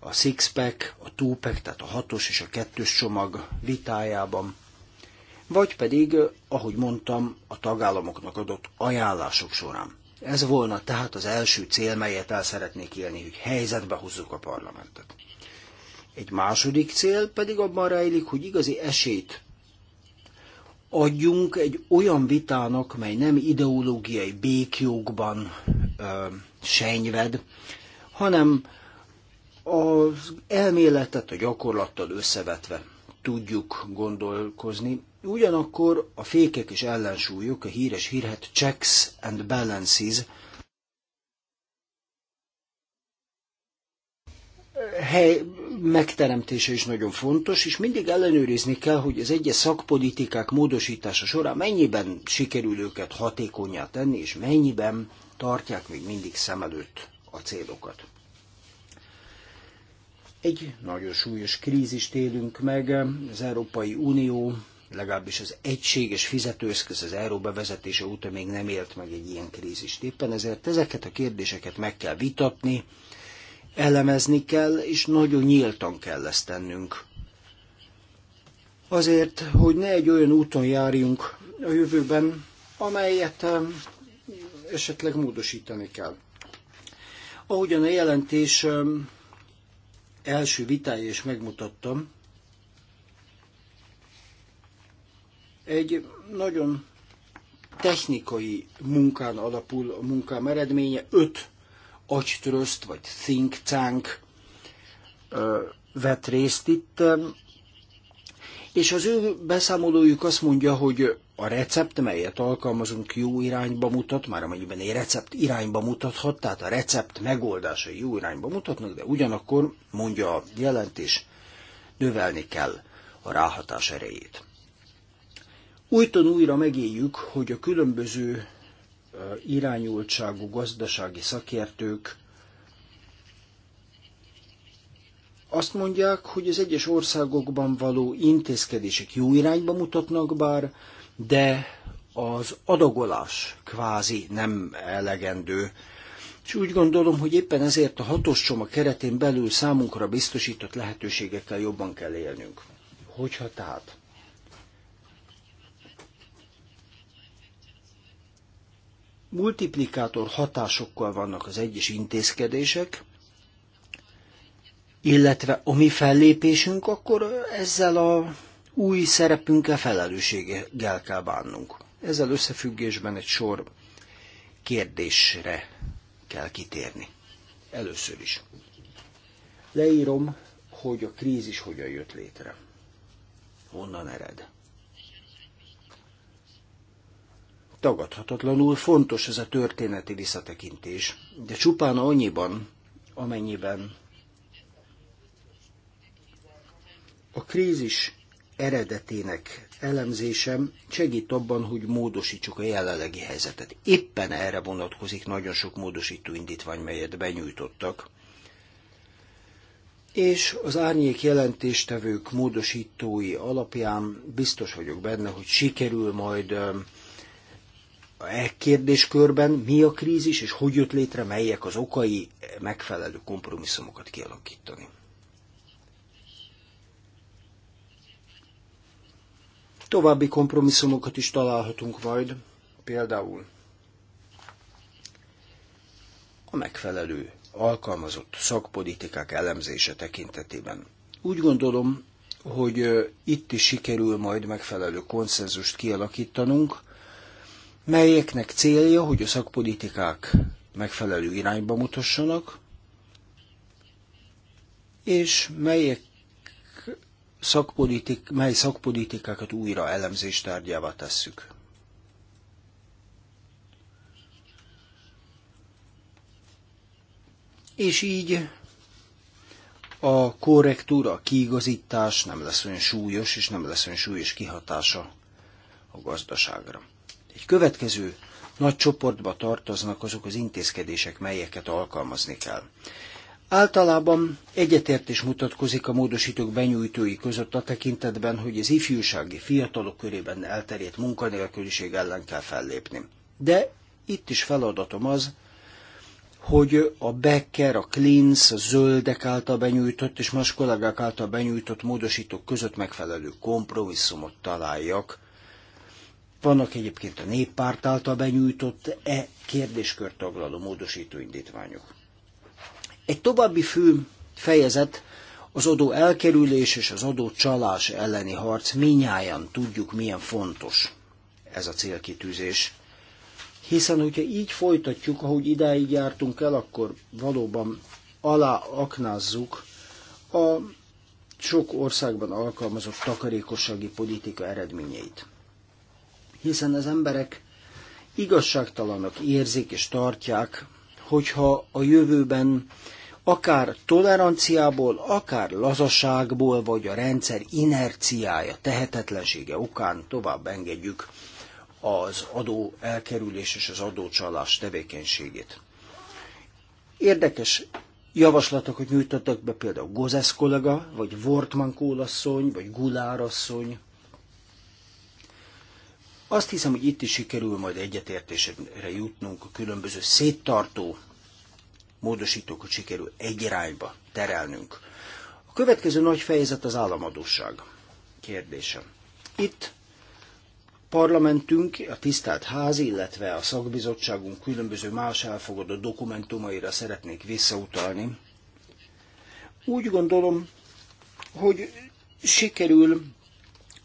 A six-pack, a two-pack, tehát a hatos és a kettős csomag vitájában, vagy pedig, ahogy mondtam, a tagállamoknak adott ajánlások során. Ez volna tehát az első cél, melyet el szeretnék élni, hogy helyzetbe hozzuk a parlamentet. Egy második cél pedig abban rejlik, hogy igazi esélyt adjunk egy olyan vitának, mely nem ideológiai békjókban ö, senyved, hanem az elméletet a gyakorlattal összevetve tudjuk gondolkozni. Ugyanakkor a fékek és ellensúlyok, a híres hírhet checks and balances, hely megteremtése is nagyon fontos, és mindig ellenőrizni kell, hogy az egyes szakpolitikák módosítása során mennyiben sikerül őket hatékonyá tenni, és mennyiben tartják még mindig szem előtt a célokat. Egy nagyon súlyos krízist élünk meg, az Európai Unió, legalábbis az egységes fizetőeszköz az euró bevezetése óta még nem élt meg egy ilyen krízist. Éppen ezért ezeket a kérdéseket meg kell vitatni, elemezni kell, és nagyon nyíltan kell ezt tennünk. Azért, hogy ne egy olyan úton járjunk a jövőben, amelyet esetleg módosítani kell. Ahogyan a jelentés első vitája is megmutattam, egy nagyon technikai munkán alapul a munkám eredménye, öt agytröszt, vagy think tank vett részt itt, és az ő beszámolójuk azt mondja, hogy a recept, melyet alkalmazunk, jó irányba mutat, már amennyiben egy recept irányba mutathat, tehát a recept megoldásai jó irányba mutatnak, de ugyanakkor, mondja a jelentés, növelni kell a ráhatás erejét. Újton újra megéljük, hogy a különböző irányultságú gazdasági szakértők azt mondják, hogy az egyes országokban való intézkedések jó irányba mutatnak bár, de az adagolás kvázi nem elegendő. És úgy gondolom, hogy éppen ezért a hatos csoma keretén belül számunkra biztosított lehetőségekkel jobban kell élnünk. Hogyha tehát multiplikátor hatásokkal vannak az egyes intézkedések, illetve a mi fellépésünk, akkor ezzel a új szerepünkkel, felelősséggel kell bánnunk. Ezzel összefüggésben egy sor kérdésre kell kitérni. Először is. Leírom, hogy a krízis hogyan jött létre. Honnan ered? Tagadhatatlanul fontos ez a történeti visszatekintés, de csupán annyiban, amennyiben a krízis eredetének elemzésem segít abban, hogy módosítsuk a jelenlegi helyzetet. Éppen erre vonatkozik nagyon sok módosító indítvány, melyet benyújtottak. És az árnyék jelentéstevők módosítói alapján biztos vagyok benne, hogy sikerül majd e kérdéskörben mi a krízis, és hogy jött létre, melyek az okai megfelelő kompromisszumokat kialakítani. További kompromisszumokat is találhatunk majd, például a megfelelő alkalmazott szakpolitikák elemzése tekintetében. Úgy gondolom, hogy itt is sikerül majd megfelelő konszenzust kialakítanunk, melyeknek célja, hogy a szakpolitikák megfelelő irányba mutassanak, és melyek szakpolitik, mely szakpolitikákat újra elemzés tárgyává tesszük. És így a korrektúra, a kiigazítás nem lesz olyan súlyos, és nem lesz olyan súlyos kihatása a gazdaságra. Egy következő nagy csoportba tartoznak azok az intézkedések, melyeket alkalmazni kell. Általában egyetértés mutatkozik a módosítók benyújtói között a tekintetben, hogy az ifjúsági fiatalok körében elterjedt munkanélküliség ellen kell fellépni. De itt is feladatom az, hogy a Becker, a Klinz, a Zöldek által benyújtott és más kollégák által benyújtott módosítók között megfelelő kompromisszumot találjak, vannak egyébként a néppárt által benyújtott e kérdéskört taglaló módosító indítványok. Egy további fő fejezet az adó elkerülés és az adó csalás elleni harc. Minnyáján tudjuk, milyen fontos ez a célkitűzés. Hiszen, hogyha így folytatjuk, ahogy idáig jártunk el, akkor valóban aláaknázzuk a sok országban alkalmazott takarékossági politika eredményeit hiszen az emberek igazságtalanok érzik és tartják, hogyha a jövőben akár toleranciából, akár lazaságból, vagy a rendszer inerciája, tehetetlensége okán tovább engedjük az adó elkerülés és az adócsalás tevékenységét. Érdekes javaslatokat nyújtottak be például Gozesz kollega, vagy Wortman kólasszony, vagy Gulár asszony, azt hiszem, hogy itt is sikerül majd egyetértésre jutnunk a különböző széttartó módosítókat sikerül egy irányba terelnünk. A következő nagy fejezet az államadóság kérdése. Itt parlamentünk, a tisztelt ház, illetve a szakbizottságunk különböző más elfogadott dokumentumaira szeretnék visszautalni. Úgy gondolom, hogy sikerül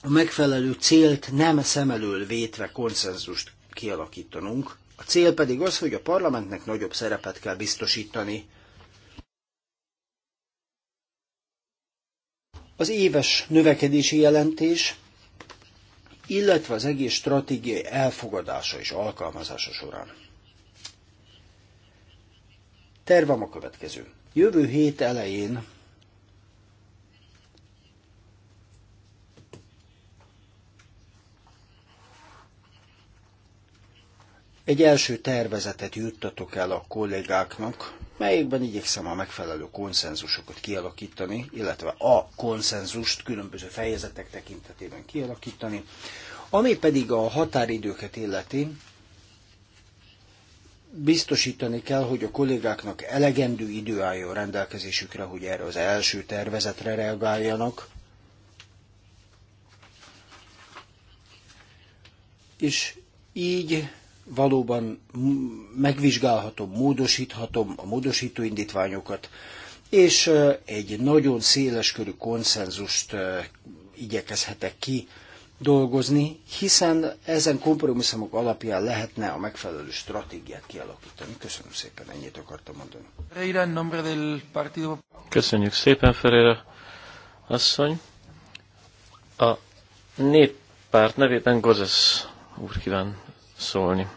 a megfelelő célt nem szem elől vétve konszenzust kialakítanunk. A cél pedig az, hogy a parlamentnek nagyobb szerepet kell biztosítani az éves növekedési jelentés, illetve az egész stratégiai elfogadása és alkalmazása során. Tervem a következő. Jövő hét elején egy első tervezetet juttatok el a kollégáknak, melyikben igyekszem a megfelelő konszenzusokat kialakítani, illetve a konszenzust különböző fejezetek tekintetében kialakítani, ami pedig a határidőket illeti, biztosítani kell, hogy a kollégáknak elegendő idő álljon rendelkezésükre, hogy erre az első tervezetre reagáljanak, és így valóban megvizsgálhatom, módosíthatom a módosító indítványokat, és egy nagyon széleskörű konszenzust igyekezhetek ki dolgozni, hiszen ezen kompromisszumok alapján lehetne a megfelelő stratégiát kialakítani. Köszönöm szépen, ennyit akartam mondani. Köszönjük szépen, Ferreira asszony. A néppárt nevében Gozes úr kíván szólni.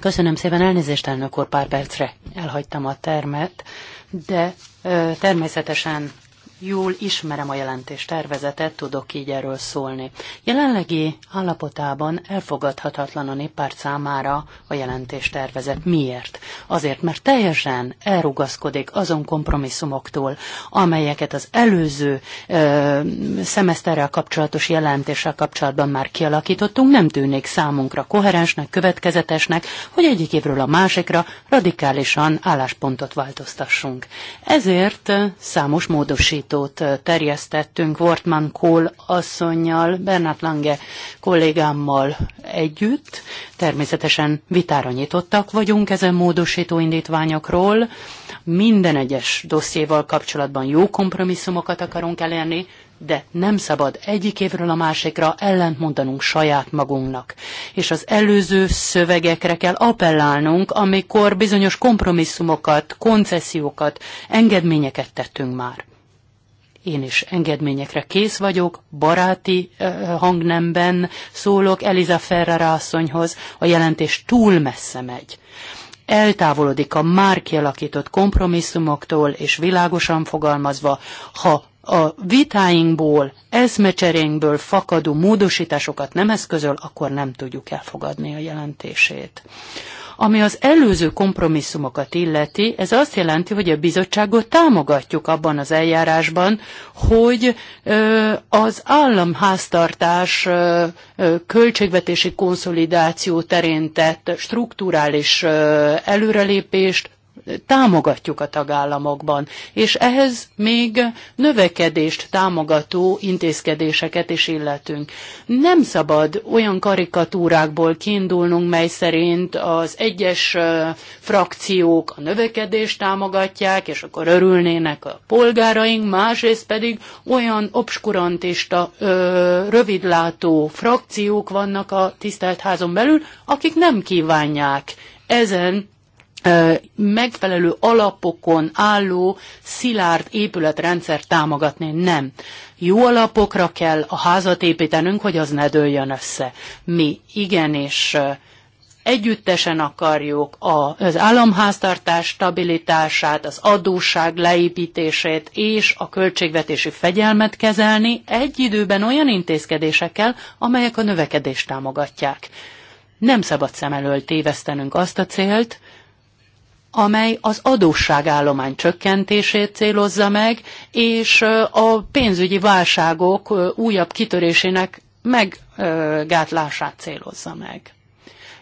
Köszönöm szépen, elnézést elnök úr, pár percre elhagytam a termet, de ö, természetesen jól ismerem a jelentés tervezetet, tudok így erről szólni. Jelenlegi állapotában elfogadhatatlan a néppárt számára a jelentés tervezet. Miért? Azért, mert teljesen elrugaszkodik azon kompromisszumoktól, amelyeket az előző ö, szemeszterrel kapcsolatos jelentéssel kapcsolatban már kialakítottunk, nem tűnik számunkra koherensnek, következetesnek, hogy egyik évről a másikra radikálisan álláspontot változtassunk. Ezért számos módosít sajtót terjesztettünk Wortmann Kohl asszonynal, Bernát Lange kollégámmal együtt. Természetesen vitára nyitottak vagyunk ezen módosító indítványokról. Minden egyes dossziéval kapcsolatban jó kompromisszumokat akarunk elérni, de nem szabad egyik évről a másikra ellent mondanunk saját magunknak. És az előző szövegekre kell appellálnunk, amikor bizonyos kompromisszumokat, koncesziókat, engedményeket tettünk már én is engedményekre kész vagyok, baráti hangnemben szólok Eliza Ferrara asszonyhoz, a jelentés túl messze megy. Eltávolodik a már kialakított kompromisszumoktól, és világosan fogalmazva, ha a vitáinkból, eszmecserénkből fakadó módosításokat nem eszközöl, akkor nem tudjuk elfogadni a jelentését. Ami az előző kompromisszumokat illeti, ez azt jelenti, hogy a bizottságot támogatjuk abban az eljárásban, hogy az államháztartás költségvetési konszolidáció terén tett strukturális előrelépést támogatjuk a tagállamokban, és ehhez még növekedést támogató intézkedéseket is illetünk. Nem szabad olyan karikatúrákból kiindulnunk, mely szerint az egyes frakciók a növekedést támogatják, és akkor örülnének a polgáraink, másrészt pedig olyan obskurantista, rövidlátó frakciók vannak a tisztelt házon belül, akik nem kívánják ezen megfelelő alapokon álló szilárd épületrendszer támogatni. Nem. Jó alapokra kell a házat építenünk, hogy az ne dőljön össze. Mi igenis együttesen akarjuk az államháztartás stabilitását, az adósság leépítését és a költségvetési fegyelmet kezelni egy időben olyan intézkedésekkel, amelyek a növekedést támogatják. Nem szabad szem elől tévesztenünk azt a célt, amely az adósságállomány csökkentését célozza meg, és a pénzügyi válságok újabb kitörésének meggátlását célozza meg.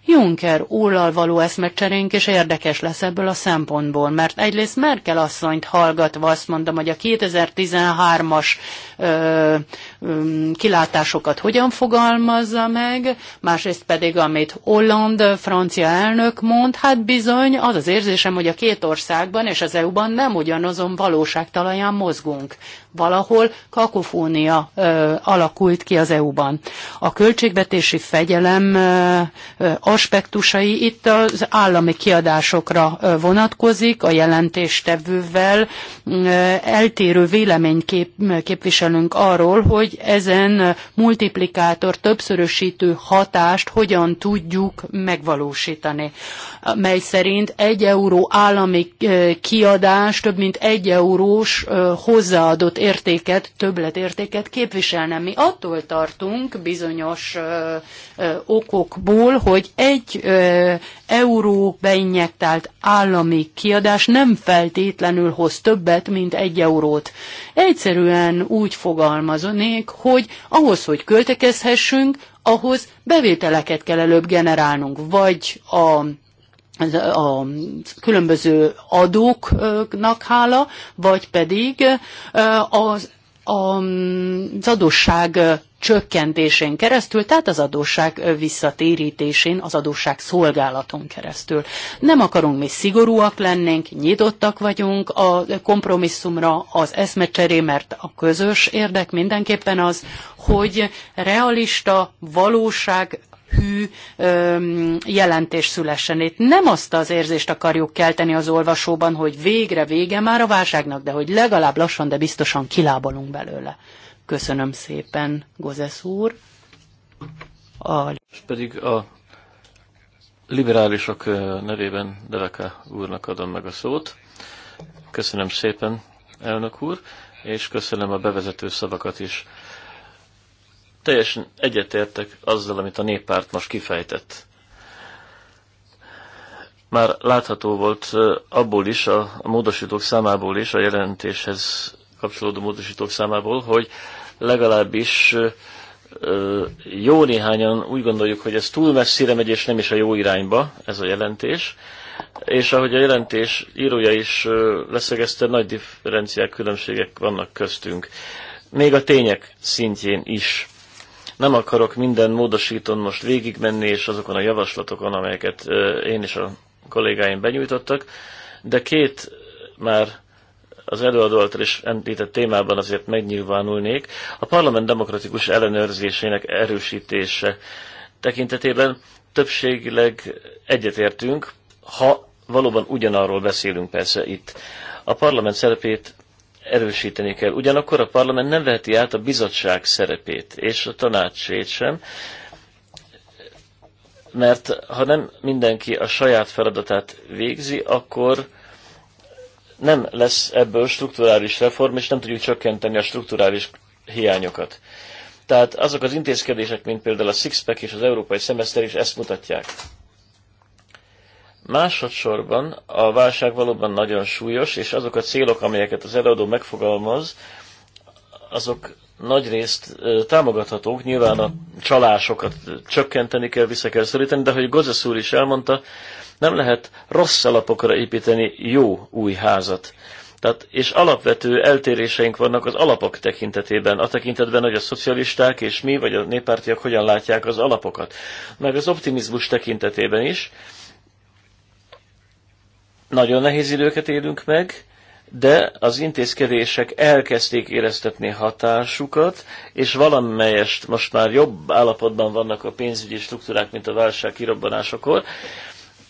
Juncker úrral való eszmecserénk is érdekes lesz ebből a szempontból, mert egyrészt Merkel asszonyt hallgatva azt mondom, hogy a 2013-as ö, ö, kilátásokat hogyan fogalmazza meg, másrészt pedig amit Holland, francia elnök mond, hát bizony az az érzésem, hogy a két országban és az EU-ban nem ugyanazon valóságtalaján mozgunk valahol kakofónia ö, alakult ki az EU-ban. A költségvetési fegyelem ö, ö, aspektusai itt az állami kiadásokra ö, vonatkozik, a jelentéstevővel ö, eltérő kép, képviselünk arról, hogy ezen multiplikátor többszörösítő hatást hogyan tudjuk megvalósítani, mely szerint egy euró állami kiadás több mint egy eurós ö, hozzáadott értéket, többletértéket képviselne. Mi attól tartunk bizonyos ö, ö, okokból, hogy egy ö, euró beinjektált állami kiadás nem feltétlenül hoz többet, mint egy eurót. Egyszerűen úgy fogalmazonék, hogy ahhoz, hogy költekezhessünk, ahhoz bevételeket kell előbb generálnunk, vagy a a különböző adóknak hála, vagy pedig az, az adósság csökkentésén keresztül, tehát az adósság visszatérítésén, az adósság szolgálaton keresztül. Nem akarunk mi szigorúak lennénk, nyitottak vagyunk a kompromisszumra, az eszmecseré, mert a közös érdek mindenképpen az, hogy realista, valóság hű öm, jelentés szülessen. Itt nem azt az érzést akarjuk kelteni az olvasóban, hogy végre vége már a válságnak, de hogy legalább lassan, de biztosan kilábalunk belőle. Köszönöm szépen, Gozesz úr. A... És pedig a liberálisok nevében Deleka úrnak adom meg a szót. Köszönöm szépen, elnök úr, és köszönöm a bevezető szavakat is teljesen egyetértek azzal, amit a néppárt most kifejtett. Már látható volt abból is, a, a módosítók számából is, a jelentéshez kapcsolódó módosítók számából, hogy legalábbis jó néhányan úgy gondoljuk, hogy ez túl messzire megy, és nem is a jó irányba ez a jelentés. És ahogy a jelentés írója is leszögezte, nagy differenciák, különbségek vannak köztünk. Még a tények szintjén is. Nem akarok minden módosítón most végigmenni, és azokon a javaslatokon, amelyeket én és a kollégáim benyújtottak, de két már az előadó által is említett témában azért megnyilvánulnék. A parlament demokratikus ellenőrzésének erősítése tekintetében többségileg egyetértünk, ha valóban ugyanarról beszélünk persze itt. A parlament szerepét erősíteni kell. Ugyanakkor a parlament nem veheti át a bizottság szerepét, és a tanácsét sem, mert ha nem mindenki a saját feladatát végzi, akkor nem lesz ebből strukturális reform, és nem tudjuk csökkenteni a strukturális hiányokat. Tehát azok az intézkedések, mint például a Sixpack és az Európai Szemeszter is ezt mutatják. Másodszorban a válság valóban nagyon súlyos, és azok a célok, amelyeket az előadó megfogalmaz, azok nagyrészt támogathatók, nyilván a csalásokat csökkenteni kell, vissza kell szorítani, de hogy Gozesz úr is elmondta, nem lehet rossz alapokra építeni jó új házat. Tehát, és alapvető eltéréseink vannak az alapok tekintetében, a tekintetben, hogy a szocialisták és mi, vagy a néppártiak hogyan látják az alapokat, meg az optimizmus tekintetében is, nagyon nehéz időket élünk meg, de az intézkedések elkezdték éreztetni hatásukat, és valamelyest most már jobb állapotban vannak a pénzügyi struktúrák, mint a válság kirobbanásakor,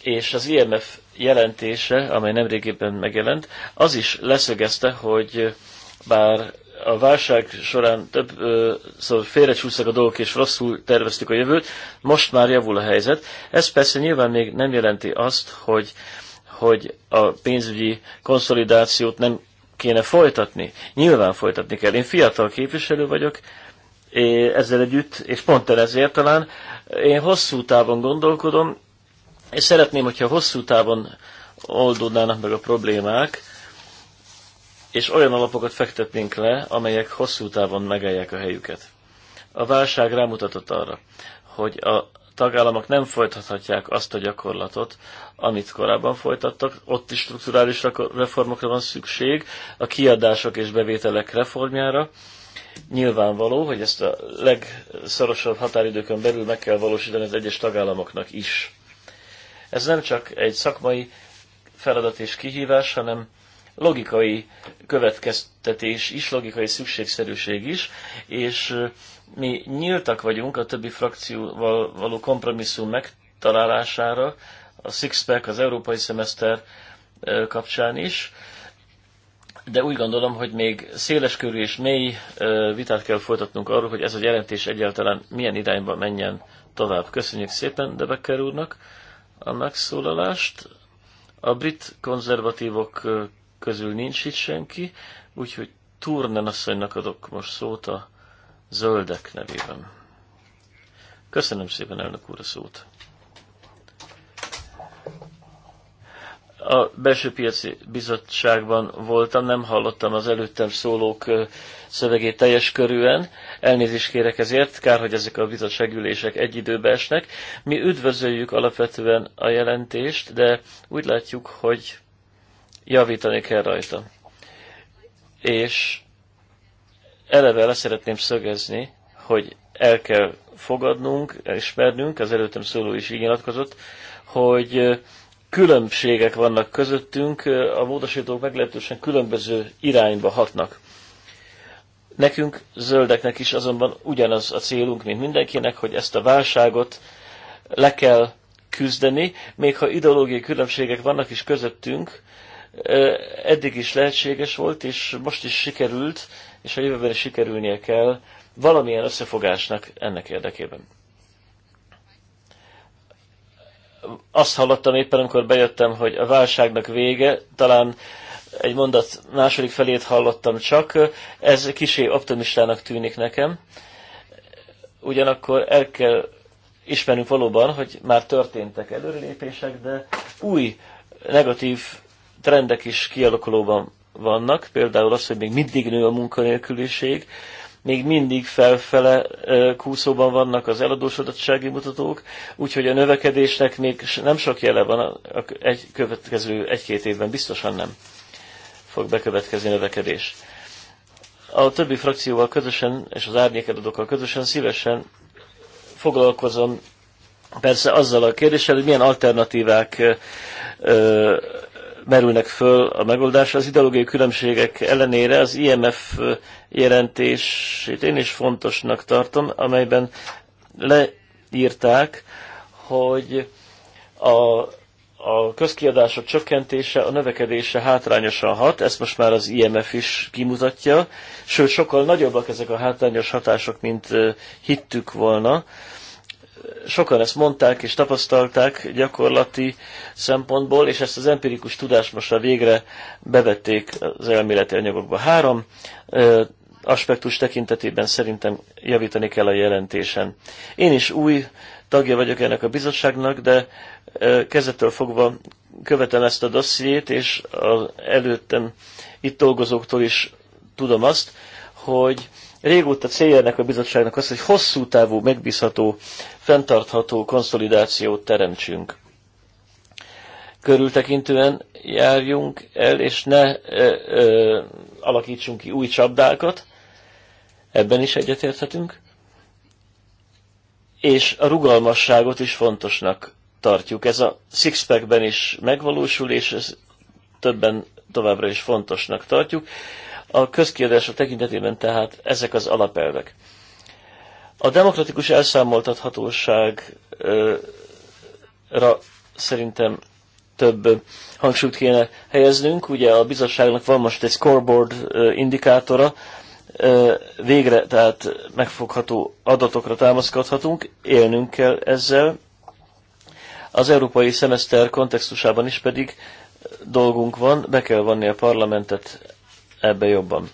és az IMF jelentése, amely nemrégében megjelent, az is leszögezte, hogy bár a válság során több, szóval félrecsúsztak a dolgok, és rosszul terveztük a jövőt, most már javul a helyzet. Ez persze nyilván még nem jelenti azt, hogy hogy a pénzügyi konszolidációt nem kéne folytatni. Nyilván folytatni kell. Én fiatal képviselő vagyok, ezzel együtt, és pont ezért talán, én hosszú távon gondolkodom, és szeretném, hogyha hosszú távon oldódnának meg a problémák, és olyan alapokat fektetnénk le, amelyek hosszú távon megállják a helyüket. A válság rámutatott arra, hogy a tagállamok nem folytathatják azt a gyakorlatot, amit korábban folytattak. Ott is strukturális reformokra van szükség, a kiadások és bevételek reformjára. Nyilvánvaló, hogy ezt a legszorosabb határidőkön belül meg kell valósítani az egyes tagállamoknak is. Ez nem csak egy szakmai feladat és kihívás, hanem logikai következtetés is, logikai szükségszerűség is, és mi nyíltak vagyunk a többi frakcióval való kompromisszum megtalálására, a Sixpack, az európai szemeszter kapcsán is, de úgy gondolom, hogy még széles körű és mély vitát kell folytatnunk arról, hogy ez a jelentés egyáltalán milyen irányba menjen tovább. Köszönjük szépen Debecker úrnak a megszólalást. A brit konzervatívok közül nincs itt senki, úgyhogy Turnen asszonynak adok most szót a zöldek nevében. Köszönöm szépen, elnök úr, a szót. a belső piaci bizottságban voltam, nem hallottam az előttem szólók szövegét teljes körűen. Elnézést kérek ezért, kár, hogy ezek a bizottságülések egy időbe esnek. Mi üdvözöljük alapvetően a jelentést, de úgy látjuk, hogy javítani kell rajta. És eleve le szeretném szögezni, hogy el kell fogadnunk, elismernünk, az előttem szóló is így nyilatkozott, hogy különbségek vannak közöttünk, a módosítók meglehetősen különböző irányba hatnak. Nekünk, zöldeknek is azonban ugyanaz a célunk, mint mindenkinek, hogy ezt a válságot le kell küzdeni, még ha ideológiai különbségek vannak is közöttünk, eddig is lehetséges volt, és most is sikerült, és a jövőben is sikerülnie kell valamilyen összefogásnak ennek érdekében. Azt hallottam éppen, amikor bejöttem, hogy a válságnak vége, talán egy mondat második felét hallottam csak, ez kisé optimistának tűnik nekem. Ugyanakkor el kell ismernünk valóban, hogy már történtek előrelépések, de új negatív trendek is kialakulóban vannak, például az, hogy még mindig nő a munkanélküliség, még mindig felfele kúszóban vannak az eladósodottsági mutatók, úgyhogy a növekedésnek még nem sok jele van, a egy következő egy-két évben biztosan nem fog bekövetkezni növekedés. A többi frakcióval közösen, és az árnyékeladókkal közösen szívesen foglalkozom persze azzal a kérdéssel, hogy milyen alternatívák merülnek föl a megoldásra. Az ideológiai különbségek ellenére az IMF jelentését én is fontosnak tartom, amelyben leírták, hogy a, a közkiadások csökkentése a növekedése hátrányosan hat, ezt most már az IMF is kimutatja, sőt sokkal nagyobbak ezek a hátrányos hatások, mint hittük volna sokan ezt mondták és tapasztalták gyakorlati szempontból, és ezt az empirikus tudást most a végre bevették az elméleti anyagokba. Három aspektus tekintetében szerintem javítani kell a jelentésen. Én is új tagja vagyok ennek a bizottságnak, de kezdettől fogva követem ezt a dossziét, és az előttem itt dolgozóktól is tudom azt, hogy Régóta célja ennek a bizottságnak az, hogy hosszú távú, megbízható, fenntartható konszolidációt teremtsünk. Körültekintően járjunk el, és ne ö, ö, alakítsunk ki új csapdákat, ebben is egyetérthetünk, és a rugalmasságot is fontosnak tartjuk. Ez a Sixpackben is megvalósul, és ez többen továbbra is fontosnak tartjuk. A közkiadások tekintetében tehát ezek az alapelvek. A demokratikus elszámoltathatóságra szerintem több hangsúlyt kéne helyeznünk. Ugye a bizottságnak van most egy scoreboard indikátora, végre tehát megfogható adatokra támaszkodhatunk, élnünk kell ezzel. Az európai szemeszter kontextusában is pedig dolgunk van, be kell vanni a parlamentet ebbe jobban.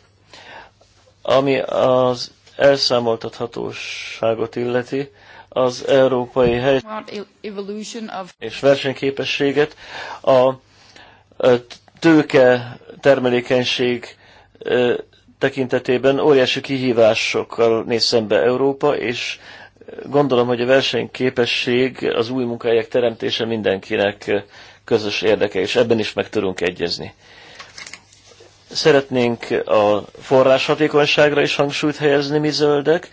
Ami az elszámoltathatóságot illeti, az európai hely e- és versenyképességet a tőke termelékenység tekintetében óriási kihívásokkal néz szembe Európa, és gondolom, hogy a versenyképesség az új munkahelyek teremtése mindenkinek közös érdeke, és ebben is meg tudunk egyezni. Szeretnénk a forráshatékonyságra is hangsúlyt helyezni mi zöldek,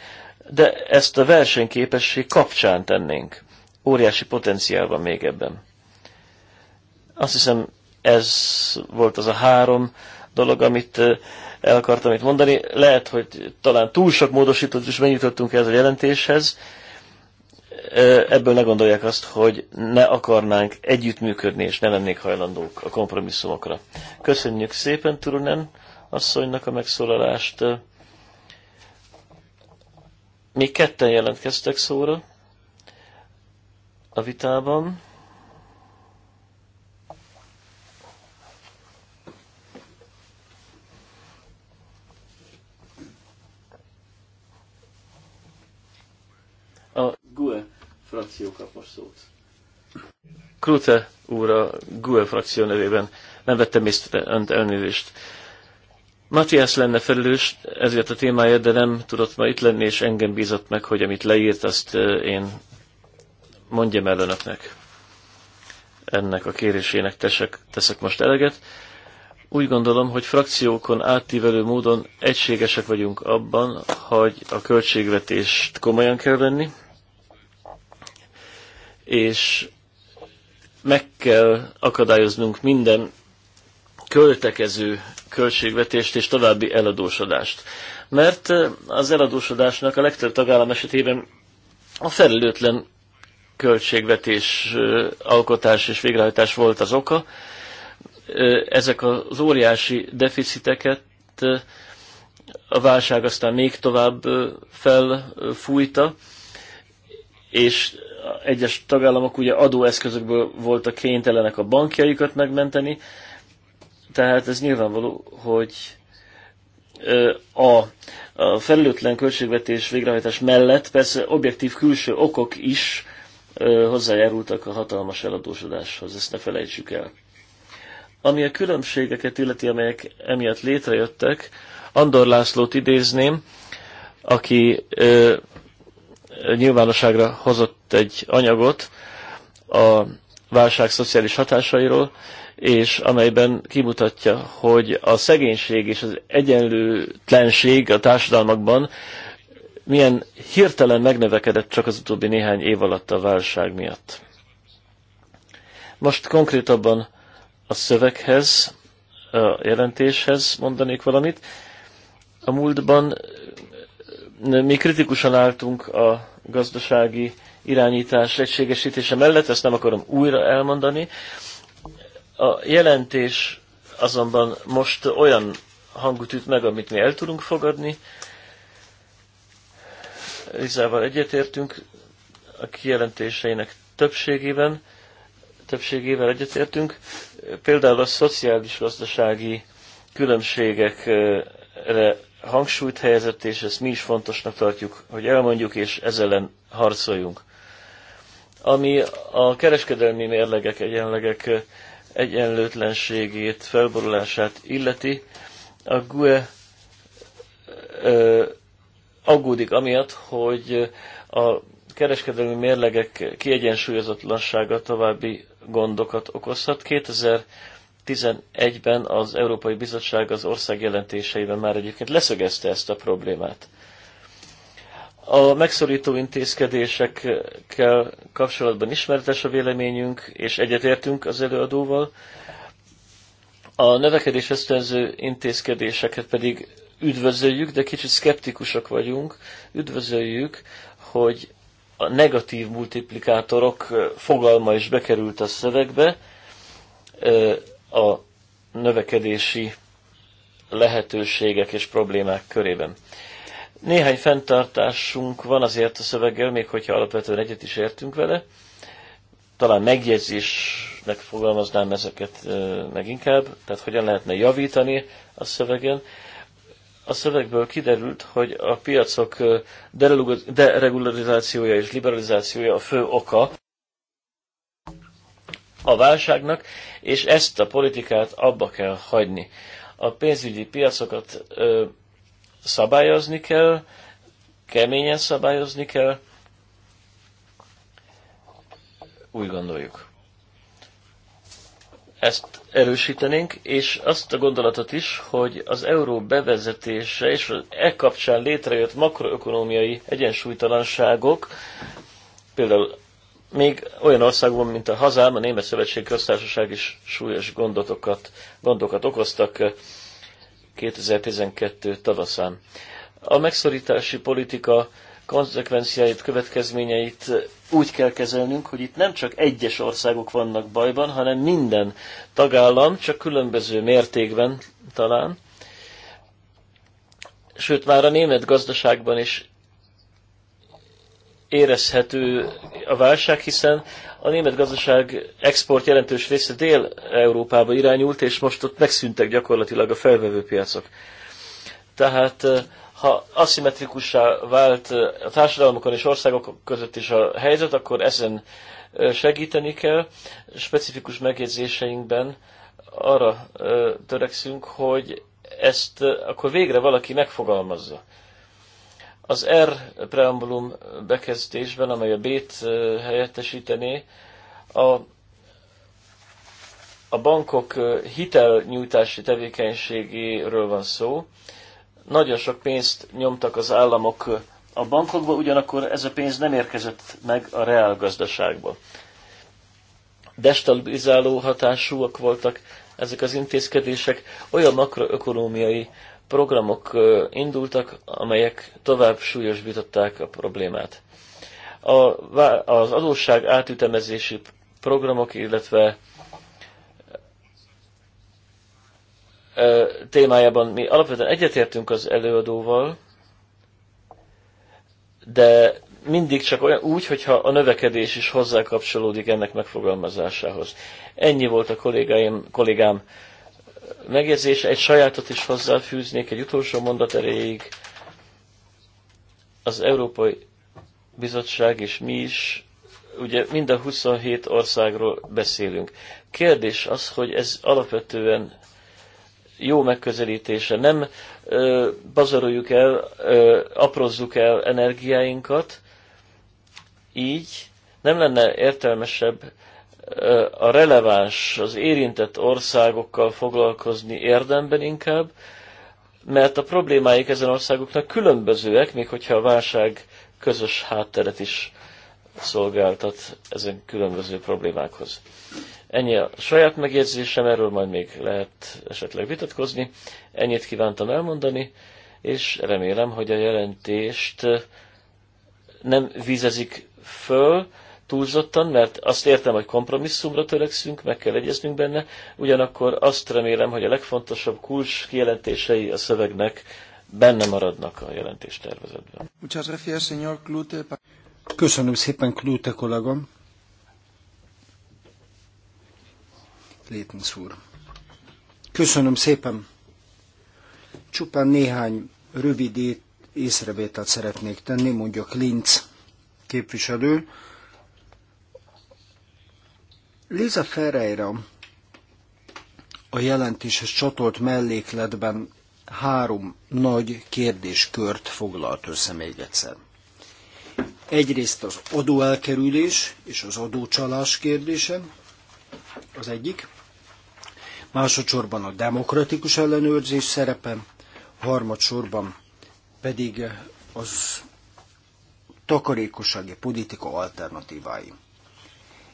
de ezt a versenyképesség kapcsán tennénk. Óriási potenciál van még ebben. Azt hiszem, ez volt az a három dolog, amit el akartam itt mondani. Lehet, hogy talán túl sok módosítót is megnyitottunk ez a jelentéshez, ebből ne gondolják azt, hogy ne akarnánk együttműködni, és ne lennék hajlandók a kompromisszumokra. Köszönjük szépen Turunen asszonynak a megszólalást. Még ketten jelentkeztek szóra a vitában. a GUE frakció kap szót. Krute úr a GUE frakció nevében. Nem vettem észre önt elnézést. Matthias lenne felelős ezért a témáért, de nem tudott ma itt lenni, és engem bízott meg, hogy amit leírt, azt én mondjam el önöknek. Ennek a kérésének tesek, teszek most eleget. Úgy gondolom, hogy frakciókon átívelő módon egységesek vagyunk abban, hogy a költségvetést komolyan kell venni, és meg kell akadályoznunk minden költekező költségvetést és további eladósodást. Mert az eladósodásnak a legtöbb tagállam esetében a felelőtlen költségvetés alkotás és végrehajtás volt az oka. Ezek az óriási deficiteket a válság aztán még tovább felfújta, és egyes tagállamok ugye adóeszközökből voltak kénytelenek a bankjaikat megmenteni, tehát ez nyilvánvaló, hogy a, felelőtlen költségvetés végrehajtás mellett persze objektív külső okok is hozzájárultak a hatalmas eladósodáshoz, ezt ne felejtsük el. Ami a különbségeket illeti, amelyek emiatt létrejöttek, Andor Lászlót idézném, aki nyilvánosságra hozott egy anyagot a válság szociális hatásairól, és amelyben kimutatja, hogy a szegénység és az egyenlőtlenség a társadalmakban milyen hirtelen megnövekedett csak az utóbbi néhány év alatt a válság miatt. Most konkrétabban a szöveghez, a jelentéshez mondanék valamit. A múltban mi kritikusan álltunk a gazdasági irányítás egységesítése mellett, ezt nem akarom újra elmondani. A jelentés azonban most olyan hangot üt meg, amit mi el tudunk fogadni. Lizával egyetértünk a kijelentéseinek többségében, többségével egyetértünk. Például a szociális-gazdasági különbségekre hangsúlyt helyezett, és ezt mi is fontosnak tartjuk, hogy elmondjuk, és ezzel ellen harcoljunk. Ami a kereskedelmi mérlegek, egyenlegek egyenlőtlenségét, felborulását illeti, a GUE ö, aggódik amiatt, hogy a kereskedelmi mérlegek kiegyensúlyozatlansága további gondokat okozhat. 2000 2011-ben az Európai Bizottság az ország jelentéseiben már egyébként leszögezte ezt a problémát. A megszorító intézkedésekkel kapcsolatban ismertes a véleményünk, és egyetértünk az előadóval. A növekedés ösztönző intézkedéseket pedig üdvözöljük, de kicsit szkeptikusak vagyunk. Üdvözöljük, hogy a negatív multiplikátorok fogalma is bekerült a szövegbe a növekedési lehetőségek és problémák körében. Néhány fenntartásunk van azért a szöveggel, még hogyha alapvetően egyet is értünk vele. Talán megjegyzésnek fogalmaznám ezeket meg inkább, tehát hogyan lehetne javítani a szövegen. A szövegből kiderült, hogy a piacok deregularizációja és liberalizációja a fő oka a válságnak, és ezt a politikát abba kell hagyni. A pénzügyi piacokat ö, szabályozni kell, keményen szabályozni kell, úgy gondoljuk. Ezt erősítenénk, és azt a gondolatot is, hogy az euró bevezetése és az e kapcsán létrejött makroökonomiai egyensúlytalanságok, például még olyan országban, mint a hazám, a Német Szövetség Köztársaság is súlyos gondokat, gondokat okoztak 2012 eh, tavaszán. A megszorítási politika konzekvenciáit, következményeit úgy kell kezelnünk, hogy itt nem csak egyes országok vannak bajban, hanem minden tagállam, csak különböző mértékben talán. Sőt, már a német gazdaságban is érezhető a válság, hiszen a német gazdaság export jelentős része Dél-Európába irányult, és most ott megszűntek gyakorlatilag a felvevő piacok. Tehát eh, ha aszimmetrikussá vált eh, a társadalmakon és országok között is a helyzet, akkor ezen eh, segíteni kell. Specifikus megjegyzéseinkben arra törekszünk, hogy ezt akkor végre valaki megfogalmazza. Az R preambulum bekezdésben, amely a B-t eh, helyettesítené, a, a bankok eh, hitelnyújtási tevékenységéről van szó. Nagyon sok pénzt nyomtak az államok a bankokba, ugyanakkor ez a pénz nem érkezett meg a reál gazdaságba. Destabilizáló hatásúak voltak ezek az intézkedések, olyan makroökonómiai programok indultak, amelyek tovább súlyosbították a problémát. A, az adósság átütemezési programok, illetve témájában mi alapvetően egyetértünk az előadóval, de mindig csak olyan, úgy, hogyha a növekedés is hozzá kapcsolódik ennek megfogalmazásához. Ennyi volt a kollégáim, kollégám megjegyzése, egy sajátot is hozzáfűznék, egy utolsó mondat erejéig. Az Európai Bizottság és mi is, ugye mind a 27 országról beszélünk. Kérdés az, hogy ez alapvetően jó megközelítése. Nem ö, bazaroljuk el, ö, aprozzuk el energiáinkat, így nem lenne értelmesebb a releváns, az érintett országokkal foglalkozni érdemben inkább, mert a problémáik ezen országoknak különbözőek, még hogyha a válság közös hátteret is szolgáltat ezen különböző problémákhoz. Ennyi a saját megjegyzésem, erről majd még lehet esetleg vitatkozni. Ennyit kívántam elmondani, és remélem, hogy a jelentést nem vizezik föl, túlzottan, mert azt értem, hogy kompromisszumra törekszünk, meg kell egyeznünk benne, ugyanakkor azt remélem, hogy a legfontosabb kulcs kijelentései a szövegnek benne maradnak a jelentéstervezetben. Köszönöm szépen, Klute kollégom. Létens úr. Köszönöm szépen. Csupán néhány rövid észrevételt szeretnék tenni, mondjuk Linz képviselő Liza Ferreira a jelentéshez csatolt mellékletben három nagy kérdéskört foglalt össze még egyszer. Egyrészt az adóelkerülés és az adócsalás kérdése az egyik, másodszorban a demokratikus ellenőrzés szerepe, harmadsorban pedig az takarékossági politika alternatívái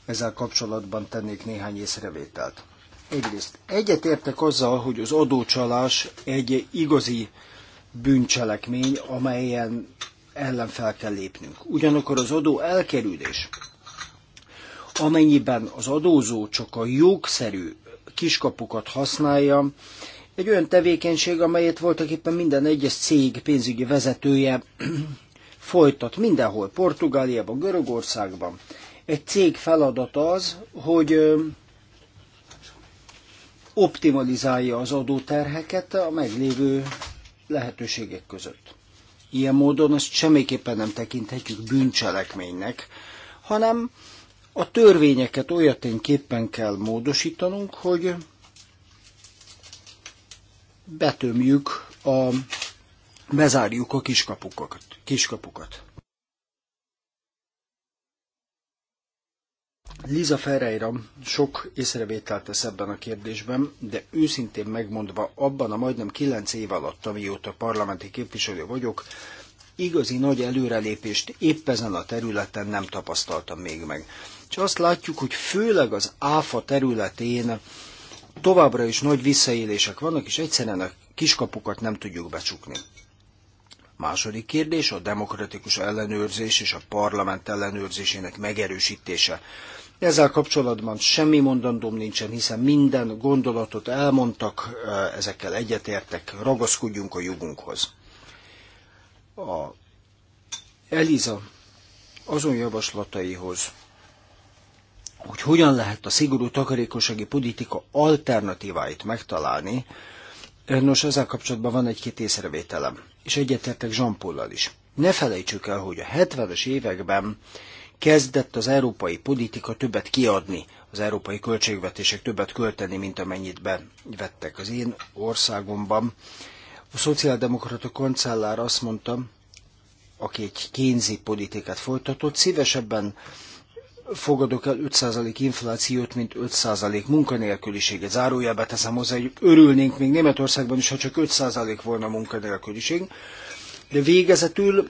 ezzel kapcsolatban tennék néhány észrevételt. Egyrészt egyetértek azzal, hogy az adócsalás egy igazi bűncselekmény, amelyen ellen fel kell lépnünk. Ugyanakkor az adó elkerülés, amennyiben az adózó csak a jogszerű kiskapukat használja, egy olyan tevékenység, amelyet voltak éppen minden egyes cég pénzügyi vezetője *clears throat* folytat mindenhol, Portugáliában, Görögországban, egy cég feladata az, hogy optimalizálja az adóterheket a meglévő lehetőségek között. Ilyen módon ezt semmiképpen nem tekinthetjük bűncselekménynek, hanem a törvényeket olyatényképpen kell módosítanunk, hogy betömjük a bezárjuk a kiskapukat. kiskapukat. Liza Ferreira sok észrevételt tesz ebben a kérdésben, de őszintén megmondva, abban a majdnem kilenc év alatt, amióta parlamenti képviselő vagyok, igazi nagy előrelépést épp ezen a területen nem tapasztaltam még meg. Csak azt látjuk, hogy főleg az ÁFA területén továbbra is nagy visszaélések vannak, és egyszerűen a kiskapukat nem tudjuk becsukni. Második kérdés a demokratikus ellenőrzés és a parlament ellenőrzésének megerősítése. Ezzel kapcsolatban semmi mondandóm nincsen, hiszen minden gondolatot elmondtak, eh, ezekkel egyetértek, ragaszkodjunk a jogunkhoz. A Eliza azon javaslataihoz, hogy hogyan lehet a szigorú takarékossági politika alternatíváit megtalálni, eh, nos, ezzel kapcsolatban van egy-két észrevételem, és egyetértek jean is. Ne felejtsük el, hogy a 70-es években kezdett az európai politika többet kiadni, az európai költségvetések többet költeni, mint amennyit bevettek az én országomban. A szociáldemokrata kancellár azt mondta, aki egy kénzi politikát folytatott, szívesebben fogadok el 5% inflációt, mint 5% munkanélküliséget. Zárójelbe teszem hozzá, hogy örülnénk még Németországban is, ha csak 5% volna a munkanélküliség. De végezetül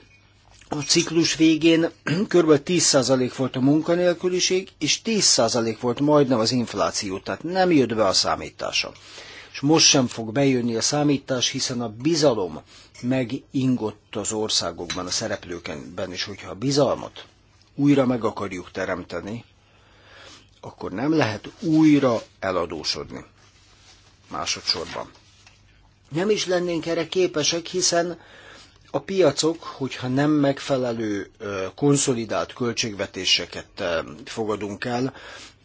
a ciklus végén *clears throat* kb. 10% volt a munkanélküliség, és 10% volt majdnem az infláció, tehát nem jött be a számítása. És most sem fog bejönni a számítás, hiszen a bizalom megingott az országokban, a szereplőkben is, hogyha a bizalmat újra meg akarjuk teremteni, akkor nem lehet újra eladósodni. Másodszorban. Nem is lennénk erre képesek, hiszen a piacok, hogyha nem megfelelő konszolidált költségvetéseket fogadunk el,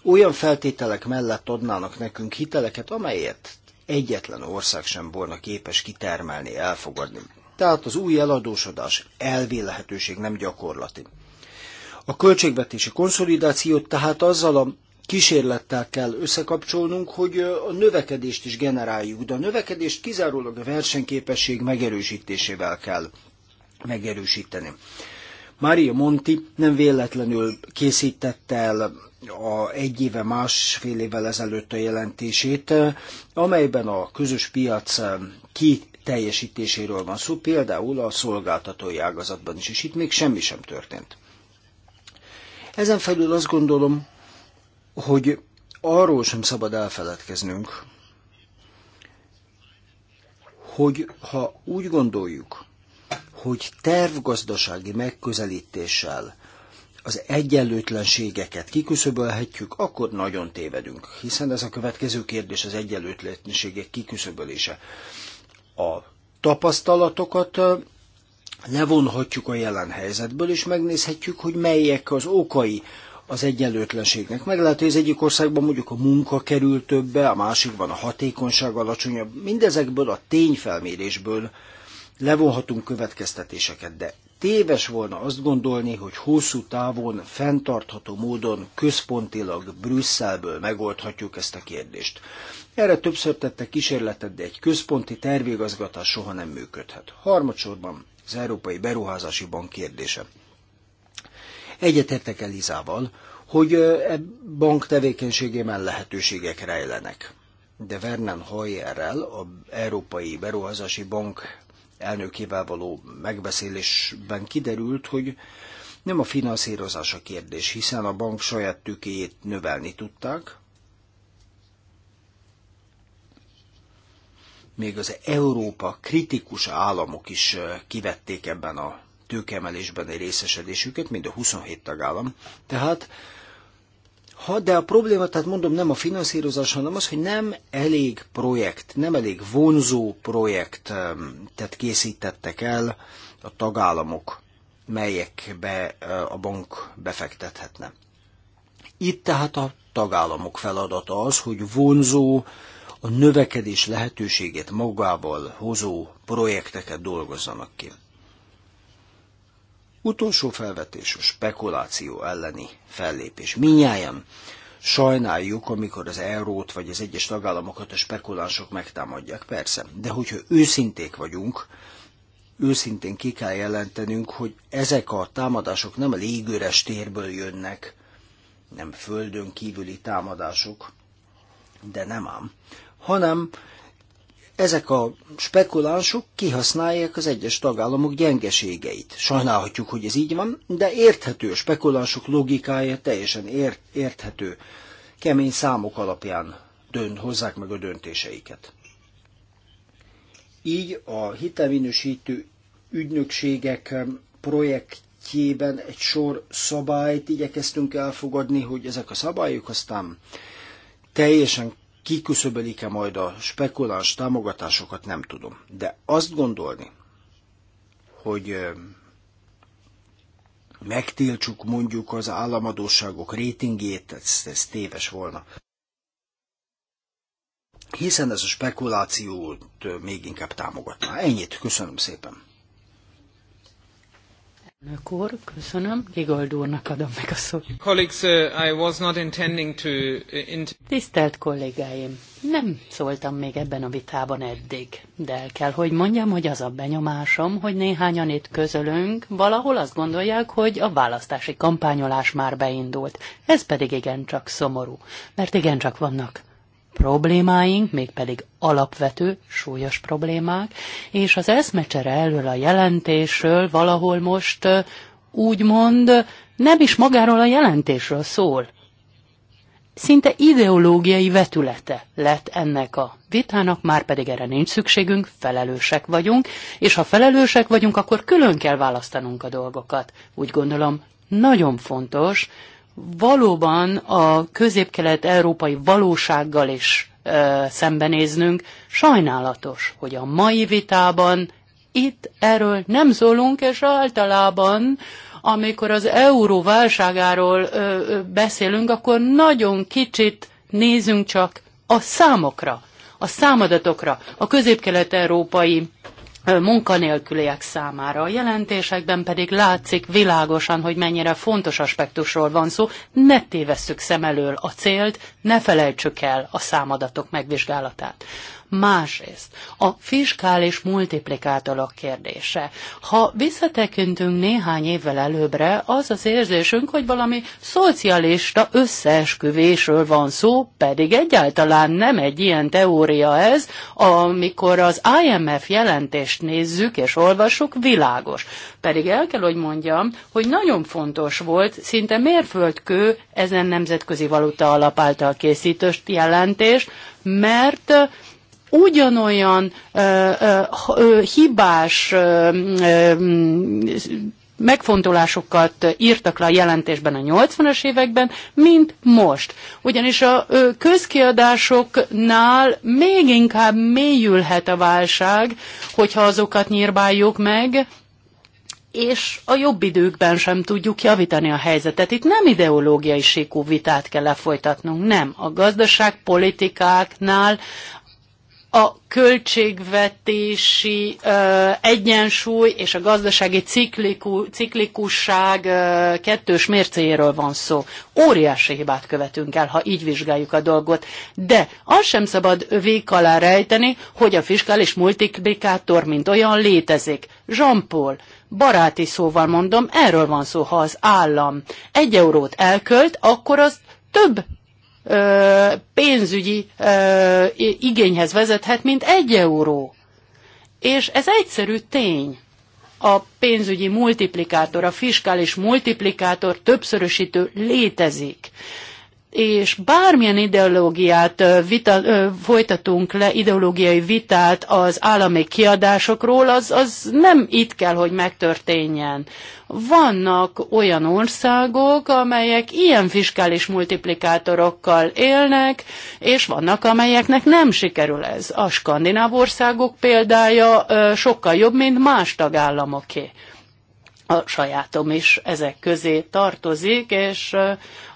olyan feltételek mellett adnának nekünk hiteleket, amelyet egyetlen ország sem volna képes kitermelni, elfogadni. Tehát az új eladósodás elvé lehetőség, nem gyakorlati. A költségvetési konszolidációt tehát azzal a kísérlettel kell összekapcsolnunk, hogy a növekedést is generáljuk, de a növekedést kizárólag a versenyképesség megerősítésével kell megerősíteni. Mária Monti nem véletlenül készítette el a egy éve, másfél évvel ezelőtt a jelentését, amelyben a közös piac ki teljesítéséről van szó, például a szolgáltatói ágazatban is, és itt még semmi sem történt. Ezen felül azt gondolom, hogy arról sem szabad elfeledkeznünk, hogy ha úgy gondoljuk, hogy tervgazdasági megközelítéssel az egyenlőtlenségeket kiküszöbölhetjük, akkor nagyon tévedünk, hiszen ez a következő kérdés az egyenlőtlenségek kiküszöbölése. A tapasztalatokat levonhatjuk a jelen helyzetből, és megnézhetjük, hogy melyek az okai az egyenlőtlenségnek. Meg lehet, hogy az egyik országban mondjuk a munka kerül többe, a másikban a hatékonyság alacsonyabb. Mindezekből a tényfelmérésből levonhatunk következtetéseket, de téves volna azt gondolni, hogy hosszú távon, fenntartható módon központilag Brüsszelből megoldhatjuk ezt a kérdést. Erre többször tette kísérletet, de egy központi tervigazgatás soha nem működhet. Harmadsorban az Európai Beruházási Bank kérdése. Egyetértek Elizával, hogy e bank tevékenységében lehetőségek rejlenek. De Vernon Hoyerrel, a Európai Beruházási Bank elnökével való megbeszélésben kiderült, hogy nem a finanszírozás a kérdés, hiszen a bank saját tükéjét növelni tudták, még az Európa kritikus államok is kivették ebben a tőkeemelésben egy részesedésüket, mind a 27 tagállam. Tehát ha, de a probléma, tehát mondom, nem a finanszírozás, hanem az, hogy nem elég projekt, nem elég vonzó projektet készítettek el a tagállamok, melyekbe a bank befektethetne. Itt tehát a tagállamok feladata az, hogy vonzó, a növekedés lehetőségét magával hozó projekteket dolgozzanak ki. Utolsó felvetés a spekuláció elleni fellépés. Minnyáján sajnáljuk, amikor az eurót vagy az egyes tagállamokat a spekulánsok megtámadják, persze. De hogyha őszinték vagyunk, őszintén ki kell jelentenünk, hogy ezek a támadások nem a légüres térből jönnek, nem földön kívüli támadások, de nem ám, hanem ezek a spekulánsok kihasználják az egyes tagállamok gyengeségeit. Sajnálhatjuk, hogy ez így van, de érthető, a spekulánsok logikája teljesen ért, érthető. Kemény számok alapján dönt, hozzák meg a döntéseiket. Így a hitelminősítő ügynökségek projektjében egy sor szabályt igyekeztünk elfogadni, hogy ezek a szabályok aztán teljesen kiküszöbölik-e majd a spekuláns támogatásokat, nem tudom. De azt gondolni, hogy megtiltsuk mondjuk az államadóságok rétingét, ez, ez téves volna. Hiszen ez a spekulációt még inkább támogatná. Ennyit, köszönöm szépen. Elnök úr, köszönöm. Gigold úrnak adom meg a szót. Colleagues, uh, I was not intending to... Uh, Tisztelt kollégáim, nem szóltam még ebben a vitában eddig, de el kell, hogy mondjam, hogy az a benyomásom, hogy néhányan itt közölünk, valahol azt gondolják, hogy a választási kampányolás már beindult. Ez pedig igencsak szomorú, mert igencsak vannak problémáink, mégpedig alapvető, súlyos problémák, és az eszmecsere elől a jelentésről valahol most úgymond nem is magáról a jelentésről szól. Szinte ideológiai vetülete lett ennek a vitának, már pedig erre nincs szükségünk, felelősek vagyunk, és ha felelősek vagyunk, akkor külön kell választanunk a dolgokat. Úgy gondolom, nagyon fontos, valóban a közép-kelet-európai valósággal is ö, szembenéznünk. Sajnálatos, hogy a mai vitában itt erről nem szólunk, és általában amikor az euró válságáról ö, ö, beszélünk, akkor nagyon kicsit nézünk csak a számokra, a számadatokra, a közép-kelet-európai munkanélküliek számára. A jelentésekben pedig látszik világosan, hogy mennyire fontos aspektusról van szó. Ne tévesszük szem elől a célt, ne felejtsük el a számadatok megvizsgálatát. Másrészt a fiskális multiplikátorok kérdése. Ha visszatekintünk néhány évvel előbbre, az az érzésünk, hogy valami szocialista összeesküvésről van szó, pedig egyáltalán nem egy ilyen teória ez, amikor az IMF jelentést nézzük és olvasuk, világos. Pedig el kell, hogy mondjam, hogy nagyon fontos volt, szinte mérföldkő ezen nemzetközi valuta alap által készítős jelentést, mert ugyanolyan ö, ö, hibás ö, ö, megfontolásokat írtak le a jelentésben a 80-as években, mint most. Ugyanis a közkiadásoknál még inkább mélyülhet a válság, hogyha azokat nyírbáljuk meg, és a jobb időkben sem tudjuk javítani a helyzetet. Itt nem ideológiai síkú vitát kell lefolytatnunk, nem. A gazdaságpolitikáknál a költségvetési uh, egyensúly és a gazdasági cikliku, ciklikusság uh, kettős mércéjéről van szó. Óriási hibát követünk el, ha így vizsgáljuk a dolgot, de azt sem szabad vék alá rejteni, hogy a fiskális multiplikátor mint olyan létezik. Jean-Paul, baráti szóval mondom, erről van szó, ha az állam egy eurót elkölt, akkor azt több pénzügyi igényhez vezethet, mint egy euró. És ez egyszerű tény. A pénzügyi multiplikátor, a fiskális multiplikátor többszörösítő létezik és bármilyen ideológiát vita, folytatunk le, ideológiai vitát az állami kiadásokról, az, az nem itt kell, hogy megtörténjen. Vannak olyan országok, amelyek ilyen fiskális multiplikátorokkal élnek, és vannak, amelyeknek nem sikerül ez. A skandináv országok példája sokkal jobb, mint más tagállamoké a sajátom is ezek közé tartozik, és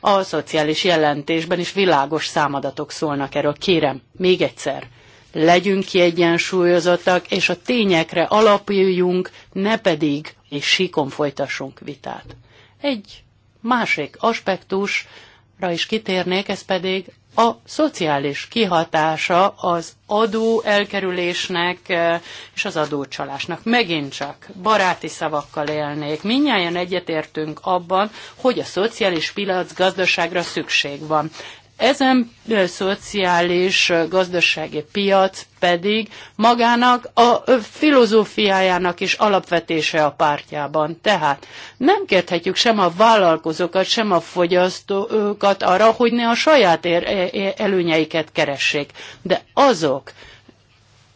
a szociális jelentésben is világos számadatok szólnak erről. Kérem, még egyszer, legyünk kiegyensúlyozottak, és a tényekre alapuljunk, ne pedig és síkon folytassunk vitát. Egy másik aspektusra is kitérnék, ez pedig a szociális kihatása az adó elkerülésnek eh, és az adócsalásnak. Megint csak baráti szavakkal élnék. Minnyáján egyetértünk abban, hogy a szociális piac gazdaságra szükség van. Ezen szociális gazdasági piac pedig magának a filozófiájának is alapvetése a pártjában. Tehát nem kérthetjük sem a vállalkozókat, sem a fogyasztókat arra, hogy ne a saját e, e, előnyeiket keressék. De azok,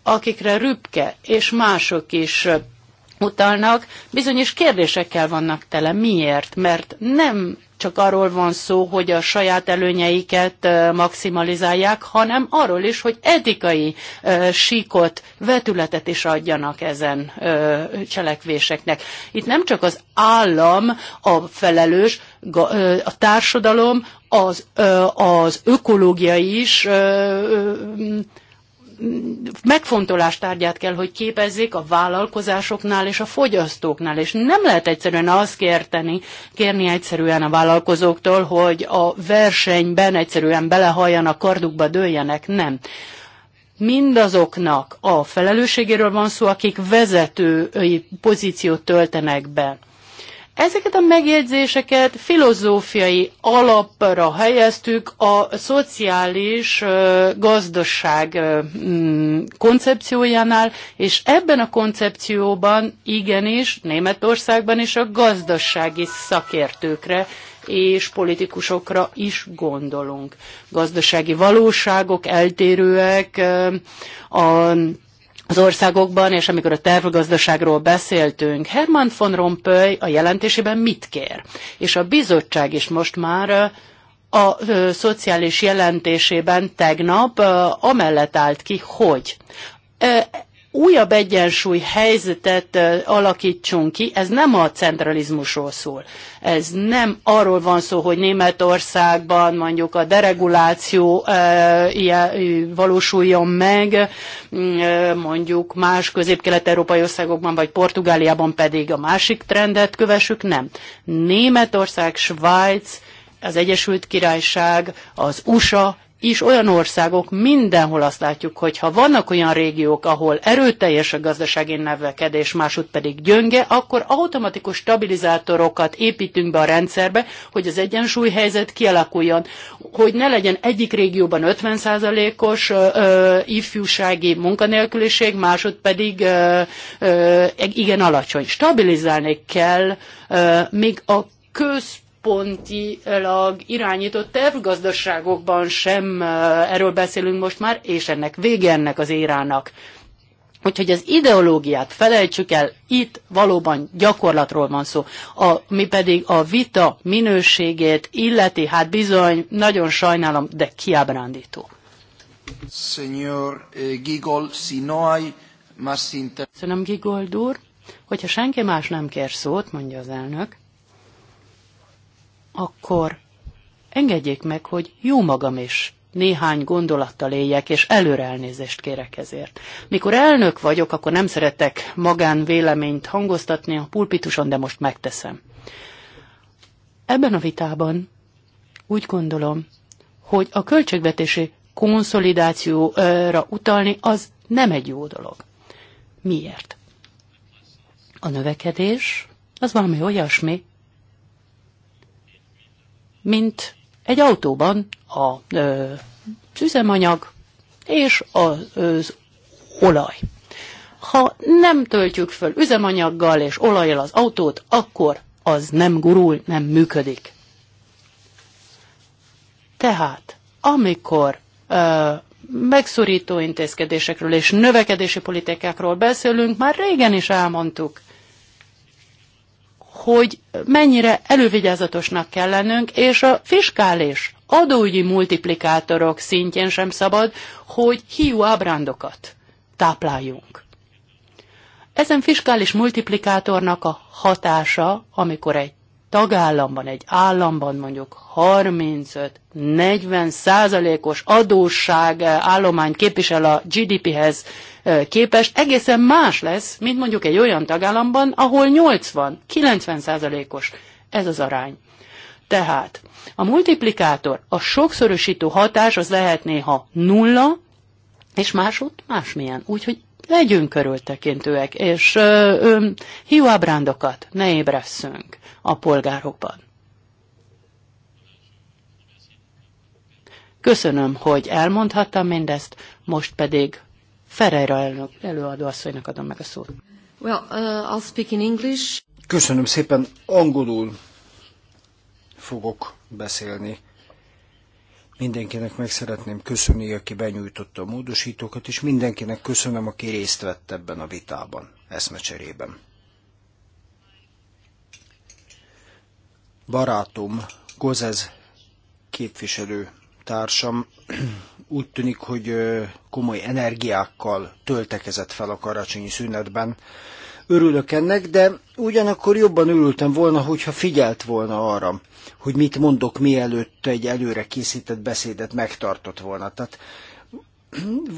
akikre Rübke és mások is utalnak, bizonyos kérdésekkel vannak tele. Miért? Mert nem csak arról van szó, hogy a saját előnyeiket maximalizálják, hanem arról is, hogy etikai síkot, vetületet is adjanak ezen cselekvéseknek. Itt nem csak az állam a felelős, a társadalom, az, az ökológia is megfontolás tárgyát kell, hogy képezzék a vállalkozásoknál és a fogyasztóknál, és nem lehet egyszerűen azt kérteni, kérni egyszerűen a vállalkozóktól, hogy a versenyben egyszerűen belehalljanak, kardukba dőljenek, nem mindazoknak a felelősségéről van szó, akik vezetői pozíciót töltenek be. Ezeket a megjegyzéseket filozófiai alapra helyeztük a szociális gazdaság mm, koncepciójánál, és ebben a koncepcióban igenis Németországban is a gazdasági szakértőkre és politikusokra is gondolunk. Gazdasági valóságok eltérőek, a az országokban, és amikor a tervgazdaságról beszéltünk, Hermann von Rompuy a jelentésében mit kér? És a bizottság is most már a szociális jelentésében tegnap amellett állt ki, hogy újabb egyensúly helyzetet alakítsunk ki, ez nem a centralizmusról szól. Ez nem arról van szó, hogy Németországban mondjuk a dereguláció valósuljon meg, mondjuk más közép-kelet-európai országokban, vagy Portugáliában pedig a másik trendet kövessük, nem. Németország, Svájc, az Egyesült Királyság, az USA is olyan országok, mindenhol azt látjuk, hogy ha vannak olyan régiók, ahol erőteljes a gazdasági nevekedés, másod pedig gyönge, akkor automatikus stabilizátorokat építünk be a rendszerbe, hogy az egyensúly helyzet kialakuljon, hogy ne legyen egyik régióban 50%-os ifjúsági munkanélküliség, másod pedig ö, ö, igen alacsony. Stabilizálni kell ö, még a köz központilag irányított tervgazdaságokban sem erről beszélünk most már, és ennek vége ennek az érának. Úgyhogy az ideológiát felejtsük el, itt valóban gyakorlatról van szó. A, mi pedig a vita minőségét illeti, hát bizony, nagyon sajnálom, de kiábrándító. Señor eh, Gigol, si no hay más inter... Köszönöm, Gigold úr. Hogyha senki más nem kér szót, mondja az elnök, akkor engedjék meg, hogy jó magam is néhány gondolattal éljek, és előre elnézést kérek ezért. Mikor elnök vagyok, akkor nem szeretek magán véleményt hangoztatni a pulpituson, de most megteszem. Ebben a vitában úgy gondolom, hogy a költségvetési konszolidációra utalni az nem egy jó dolog. Miért? A növekedés az valami olyasmi, mint egy autóban a ö, üzemanyag és az olaj. Ha nem töltjük föl üzemanyaggal és olajjal az autót, akkor az nem gurul, nem működik. Tehát, amikor ö, megszorító intézkedésekről és növekedési politikákról beszélünk, már régen is elmondtuk, hogy mennyire elővigyázatosnak kell lennünk, és a fiskális adóügyi multiplikátorok szintjén sem szabad, hogy hiú ábrándokat tápláljunk. Ezen fiskális multiplikátornak a hatása, amikor egy tagállamban, egy államban mondjuk 35-40 százalékos adósság állomány képvisel a GDP-hez képest egészen más lesz, mint mondjuk egy olyan tagállamban, ahol 80-90 százalékos ez az arány. Tehát a multiplikátor, a sokszorosító hatás az lehet néha nulla, és másod másmilyen. Úgyhogy legyünk körültekintőek, és ö, ö, hivabrándokat ne ébresszünk a polgárokban. Köszönöm, hogy elmondhattam mindezt, most pedig Ferreira elnök, előadóasszonynak adom meg a szót. Well, uh, I'll speak in English. Köszönöm szépen, angolul fogok beszélni. Mindenkinek meg szeretném köszönni, aki benyújtotta a módosítókat, és mindenkinek köszönöm, aki részt vett ebben a vitában, eszmecserében. Barátom, Gozez képviselő társam úgy tűnik, hogy komoly energiákkal töltekezett fel a karácsonyi szünetben. Örülök ennek, de ugyanakkor jobban örültem volna, hogyha figyelt volna arra, hogy mit mondok, mielőtt egy előre készített beszédet megtartott volna. Tehát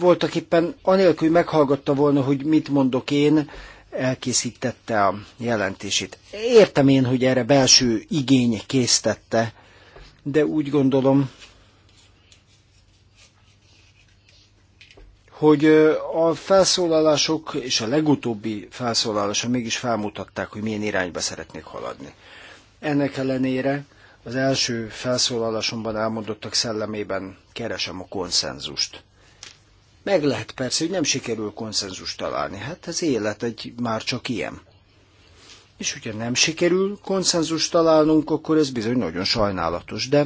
voltak éppen, anélkül, hogy meghallgatta volna, hogy mit mondok én, elkészítette a jelentését. Értem én, hogy erre belső igény késztette, de úgy gondolom, hogy a felszólalások és a legutóbbi felszólalása mégis felmutatták, hogy milyen irányba szeretnék haladni. Ennek ellenére az első felszólalásomban elmondottak szellemében keresem a konszenzust. Meg lehet persze, hogy nem sikerül konszenzust találni. Hát ez élet egy már csak ilyen. És hogyha nem sikerül konszenzust találnunk, akkor ez bizony nagyon sajnálatos, de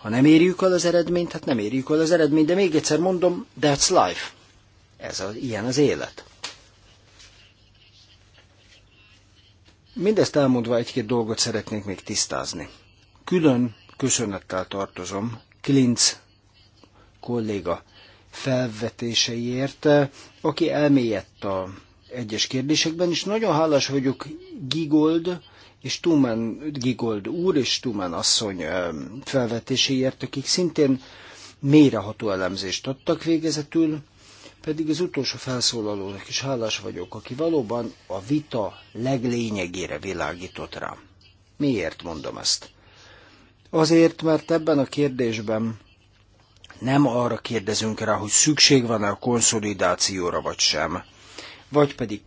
ha nem érjük el az eredményt, hát nem érjük el az eredményt, de még egyszer mondom, that's life. Ez a, ilyen az élet. Mindezt elmondva egy-két dolgot szeretnék még tisztázni. Külön köszönettel tartozom Klinc kolléga felvetéseiért, aki elmélyedt a egyes kérdésekben, és nagyon hálás vagyok Gigold és Tumán Gigold úr és Tumán asszony felvetéséért, akik szintén mélyreható elemzést adtak végezetül, pedig az utolsó felszólalónak is hálás vagyok, aki valóban a vita leglényegére világított rá. Miért mondom ezt? Azért, mert ebben a kérdésben nem arra kérdezünk rá, hogy szükség van-e a konszolidációra vagy sem, vagy pedig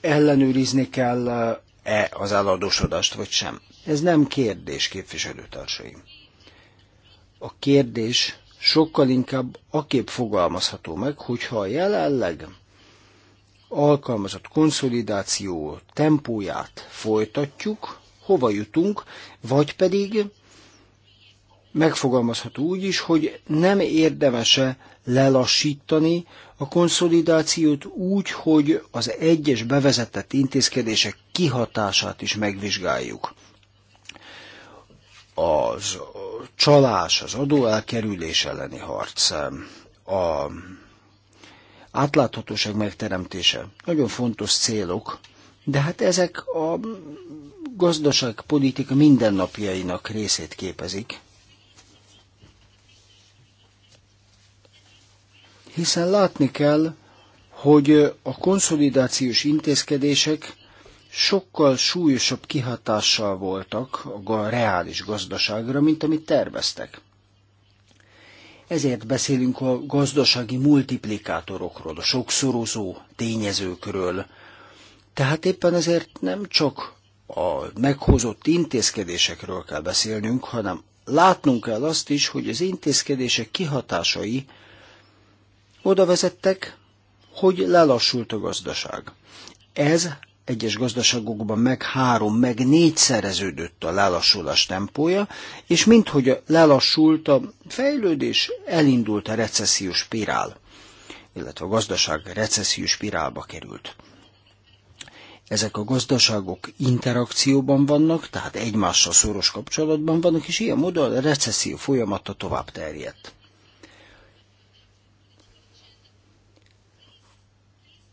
ellenőrizni kell e az eladósodást, vagy sem. Ez nem kérdés, képviselőtársaim. A kérdés sokkal inkább aképp fogalmazható meg, hogyha a jelenleg alkalmazott konszolidáció tempóját folytatjuk, hova jutunk, vagy pedig megfogalmazható úgy is, hogy nem érdemese lelassítani, a konszolidációt úgy, hogy az egyes bevezetett intézkedések kihatását is megvizsgáljuk. Az csalás, az adóelkerülés elleni harc, a átláthatóság megteremtése nagyon fontos célok, de hát ezek a gazdaságpolitika mindennapjainak részét képezik. hiszen látni kell, hogy a konszolidációs intézkedések sokkal súlyosabb kihatással voltak a reális gazdaságra, mint amit terveztek. Ezért beszélünk a gazdasági multiplikátorokról, a sokszorozó tényezőkről. Tehát éppen ezért nem csak a meghozott intézkedésekről kell beszélnünk, hanem látnunk kell azt is, hogy az intézkedések kihatásai oda vezettek, hogy lelassult a gazdaság. Ez egyes gazdaságokban meg három, meg négyszereződött a lelassulás tempója, és minthogy lelassult a fejlődés, elindult a recessziós spirál, illetve a gazdaság recessziós spirálba került. Ezek a gazdaságok interakcióban vannak, tehát egymással szoros kapcsolatban vannak, és ilyen módon a recesszió folyamata tovább terjedt.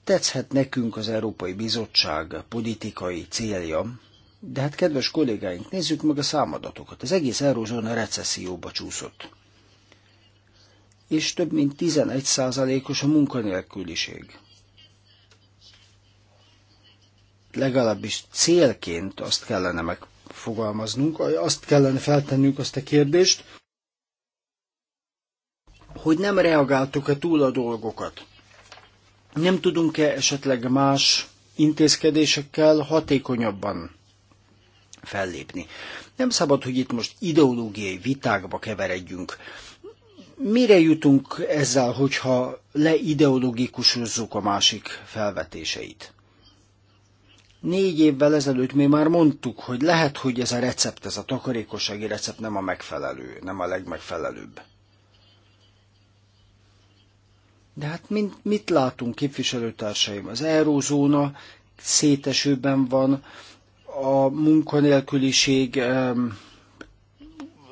Tetszhet nekünk az Európai Bizottság politikai célja, de hát kedves kollégáink, nézzük meg a számadatokat. Az egész eurozóna recesszióba csúszott. És több mint 11 százalékos a munkanélküliség. Legalábbis célként azt kellene megfogalmaznunk, azt kellene feltennünk azt a kérdést, hogy nem reagáltuk-e túl a dolgokat nem tudunk-e esetleg más intézkedésekkel hatékonyabban fellépni. Nem szabad, hogy itt most ideológiai vitákba keveredjünk. Mire jutunk ezzel, hogyha leideológikusozzuk a másik felvetéseit? Négy évvel ezelőtt mi már mondtuk, hogy lehet, hogy ez a recept, ez a takarékossági recept nem a megfelelő, nem a legmegfelelőbb. De hát mint, mit látunk képviselőtársaim? Az eurózóna szétesőben van, a munkanélküliség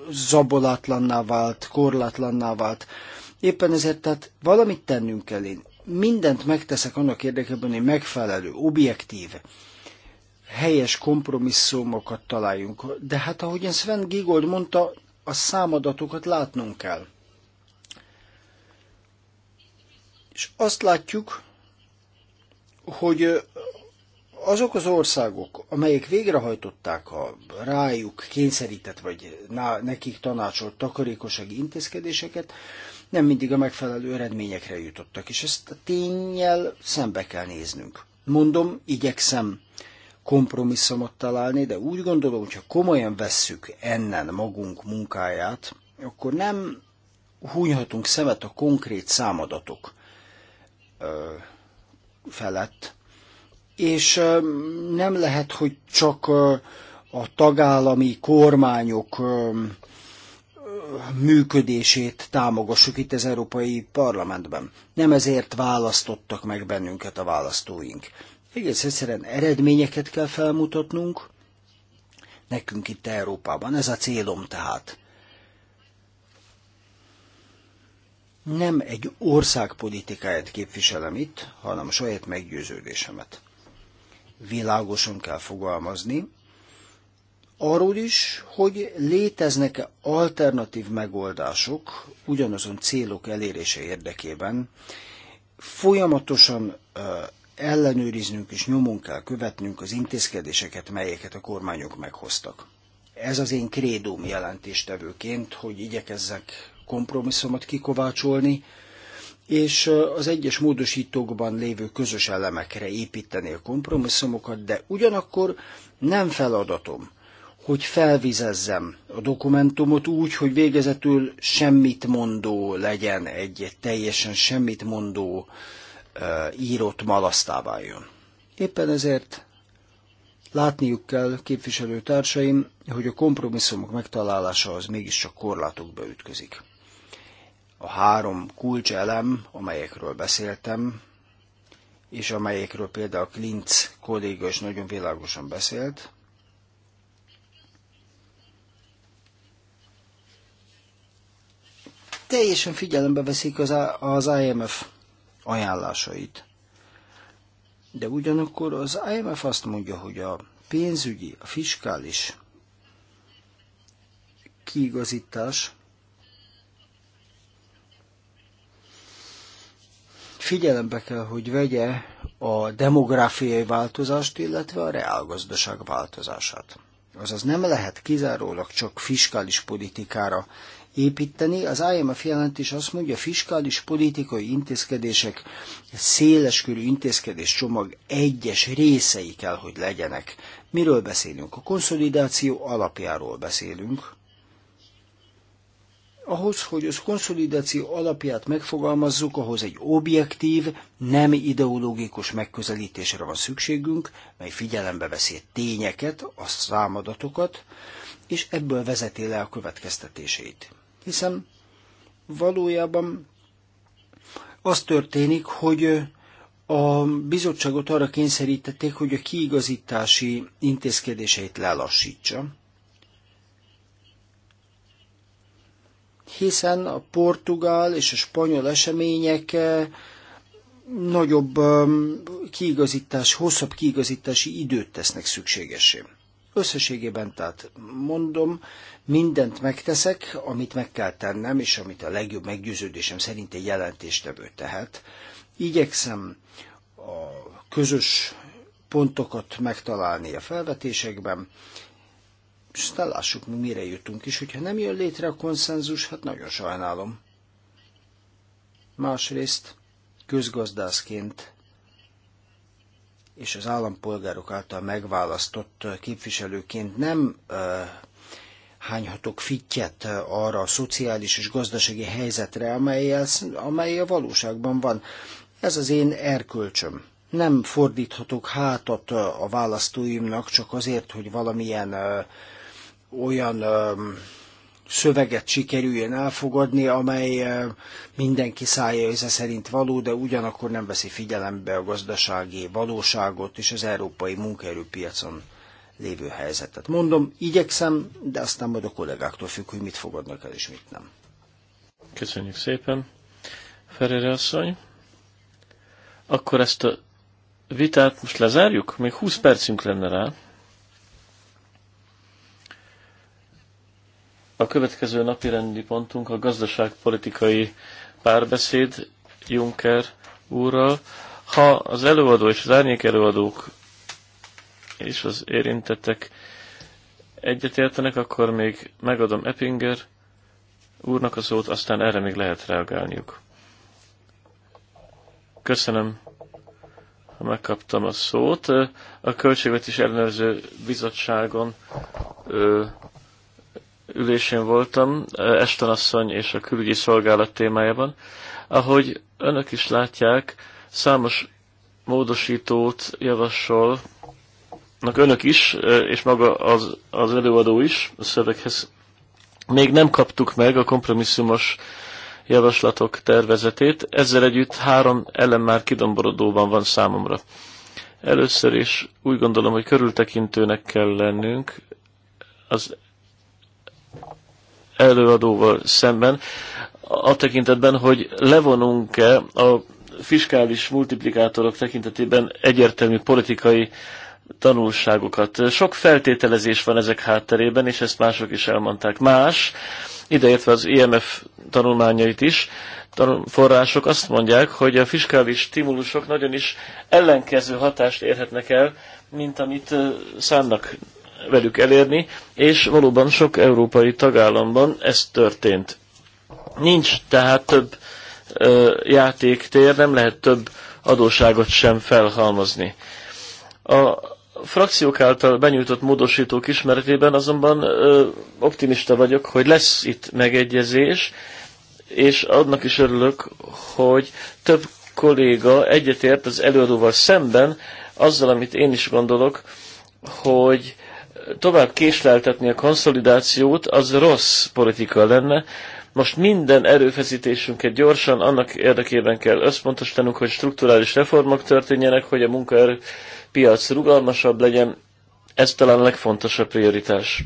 zabolatlanná vált, korlátlanná vált. Éppen ezért tehát valamit tennünk kell én. Mindent megteszek annak érdekében, hogy megfelelő, objektív, helyes kompromisszumokat találjunk. De hát ahogyan Sven Gigold mondta, a számadatokat látnunk kell. És azt látjuk, hogy azok az országok, amelyek végrehajtották a rájuk kényszerített vagy nekik tanácsolt takarékossági intézkedéseket, nem mindig a megfelelő eredményekre jutottak, és ezt a tényel szembe kell néznünk. Mondom, igyekszem kompromisszumot találni, de úgy gondolom, hogy ha komolyan vesszük ennen magunk munkáját, akkor nem hunyhatunk szemet a konkrét számadatok felett. És nem lehet, hogy csak a tagállami kormányok működését támogassuk itt az Európai Parlamentben. Nem ezért választottak meg bennünket a választóink. Egész egyszerűen eredményeket kell felmutatnunk, nekünk itt Európában. Ez a célom tehát. nem egy ország politikáját képviselem itt, hanem a saját meggyőződésemet. Világosan kell fogalmazni, arról is, hogy léteznek-e alternatív megoldások ugyanazon célok elérése érdekében, folyamatosan ellenőriznünk és nyomon kell követnünk az intézkedéseket, melyeket a kormányok meghoztak. Ez az én krédóm jelentéstevőként, hogy igyekezzek kompromisszumot kikovácsolni, és az egyes módosítókban lévő közös elemekre építeni a kompromisszumokat, de ugyanakkor nem feladatom, hogy felvizezzem a dokumentumot úgy, hogy végezetül semmit mondó legyen, egy teljesen semmit mondó uh, írott malasztává jön. Éppen ezért látniuk kell képviselőtársaim, hogy a kompromisszumok megtalálása az mégiscsak korlátokba ütközik a három kulcselem, amelyekről beszéltem, és amelyekről például Klintz kolléga is nagyon világosan beszélt, teljesen figyelembe veszik az, az IMF ajánlásait. De ugyanakkor az IMF azt mondja, hogy a pénzügyi, a fiskális kiigazítás figyelembe kell, hogy vegye a demográfiai változást, illetve a reálgazdaság változását. Azaz nem lehet kizárólag csak fiskális politikára építeni. Az IMF jelentés azt mondja, a fiskális politikai intézkedések széleskörű intézkedés csomag egyes részei kell, hogy legyenek. Miről beszélünk? A konszolidáció alapjáról beszélünk, ahhoz, hogy az konszolidáció alapját megfogalmazzuk, ahhoz egy objektív, nem ideológikus megközelítésre van szükségünk, mely figyelembe veszi tényeket, a számadatokat, és ebből vezeti le a következtetéseit. Hiszen valójában az történik, hogy a bizottságot arra kényszerítették, hogy a kiigazítási intézkedéseit lelassítsa, hiszen a portugál és a spanyol események eh, nagyobb eh, kiigazítás, hosszabb kiigazítási időt tesznek szükségesé. Összességében tehát mondom, mindent megteszek, amit meg kell tennem, és amit a legjobb meggyőződésem szerint egy jelentéstevő tehet. Igyekszem a közös pontokat megtalálni a felvetésekben, és aztán lássuk, mi mire jutunk is. Hogyha nem jön létre a konszenzus, hát nagyon sajnálom. Másrészt közgazdászként és az állampolgárok által megválasztott képviselőként nem uh, hányhatok fittyet arra a szociális és gazdasági helyzetre, amelyel, amely a valóságban van. Ez az én erkölcsöm. Nem fordíthatok hátat a választóimnak csak azért, hogy valamilyen uh, olyan szöveget sikerüljön elfogadni, amely mindenki szája őze szerint való, de ugyanakkor nem veszi figyelembe a gazdasági valóságot és az európai munkaerőpiacon lévő helyzetet. Mondom, igyekszem, de aztán majd a kollégáktól függ, hogy mit fogadnak el és mit nem. Köszönjük szépen, Ferere asszony. Akkor ezt a vitát most lezárjuk? Még 20 percünk lenne rá. A következő napi rendi pontunk a gazdaságpolitikai párbeszéd Juncker úrral. Ha az előadó és az árnyék előadók és az érintettek egyetértenek, akkor még megadom Eppinger úrnak a szót, aztán erre még lehet reagálniuk. Köszönöm, ha megkaptam a szót. A Költségvetés Ellenőrző Bizottságon ülésén voltam, Eston asszony és a külügyi szolgálat témájában. Ahogy önök is látják, számos módosítót javasolnak önök is, és maga az, az előadó is a szöveghez. Még nem kaptuk meg a kompromisszumos javaslatok tervezetét, ezzel együtt három elem már kidomborodóban van számomra. Először is úgy gondolom, hogy körültekintőnek kell lennünk. Az előadóval szemben, a tekintetben, hogy levonunk-e a fiskális multiplikátorok tekintetében egyértelmű politikai tanulságokat. Sok feltételezés van ezek hátterében, és ezt mások is elmondták. Más, ideértve az IMF tanulmányait is, források azt mondják, hogy a fiskális stimulusok nagyon is ellenkező hatást érhetnek el, mint amit szánnak velük elérni, és valóban sok európai tagállamban ez történt. Nincs tehát több ö, játéktér, nem lehet több adóságot sem felhalmozni. A frakciók által benyújtott módosítók ismeretében azonban ö, optimista vagyok, hogy lesz itt megegyezés, és annak is örülök, hogy több kolléga egyetért az előadóval szemben azzal, amit én is gondolok, hogy tovább késleltetni a konszolidációt, az rossz politika lenne. Most minden erőfeszítésünket gyorsan annak érdekében kell összpontosítanunk, hogy strukturális reformok történjenek, hogy a munkaerőpiac rugalmasabb legyen. Ez talán a legfontosabb prioritás.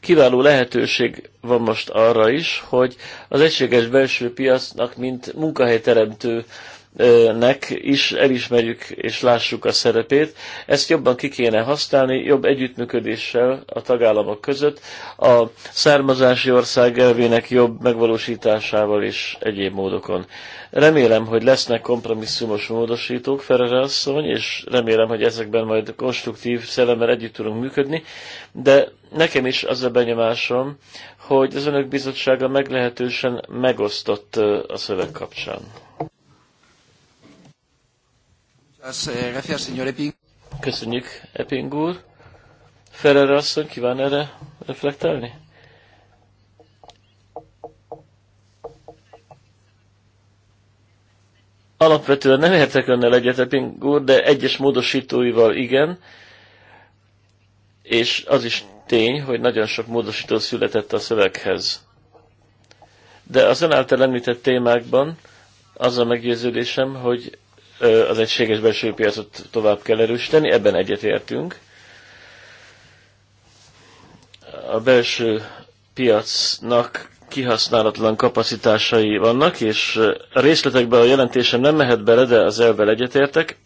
Kiváló lehetőség van most arra is, hogy az egységes belső piacnak, mint munkahelyteremtő nek is elismerjük és lássuk a szerepét. Ezt jobban ki kéne használni, jobb együttműködéssel a tagállamok között, a származási ország elvének jobb megvalósításával és egyéb módokon. Remélem, hogy lesznek kompromisszumos módosítók, Ferere asszony, és remélem, hogy ezekben majd konstruktív szellemmel együtt tudunk működni, de nekem is az a benyomásom, hogy az önök bizottsága meglehetősen megosztott a szöveg kapcsán. Eh, Köszönjük, Epping úr. Ferrer asszony, kíván erre reflektálni? Alapvetően nem értek önnel egyet, Epping úr, de egyes módosítóival igen, és az is tény, hogy nagyon sok módosító született a szöveghez. De az ön által említett témákban az a meggyőződésem, hogy az egységes belső piacot tovább kell erősíteni, ebben egyetértünk. A belső piacnak kihasználatlan kapacitásai vannak, és a részletekben a jelentésem nem mehet bele, de az elvel egyetértek.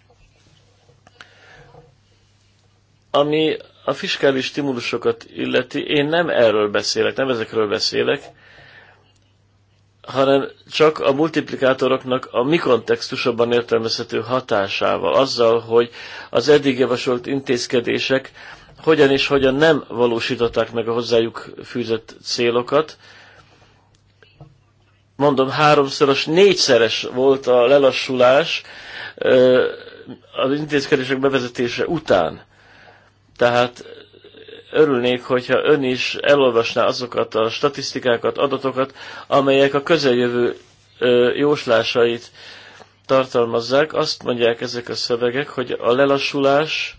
Ami a fiskális stimulusokat illeti, én nem erről beszélek, nem ezekről beszélek, hanem csak a multiplikátoroknak a mi kontextusabban értelmezhető hatásával, azzal, hogy az eddig javasolt intézkedések hogyan és hogyan nem valósították meg a hozzájuk fűzött célokat. Mondom, háromszoros, négyszeres volt a lelassulás az intézkedések bevezetése után. Tehát örülnék, hogyha ön is elolvasná azokat a statisztikákat, adatokat, amelyek a közeljövő jóslásait tartalmazzák. Azt mondják ezek a szövegek, hogy a lelassulás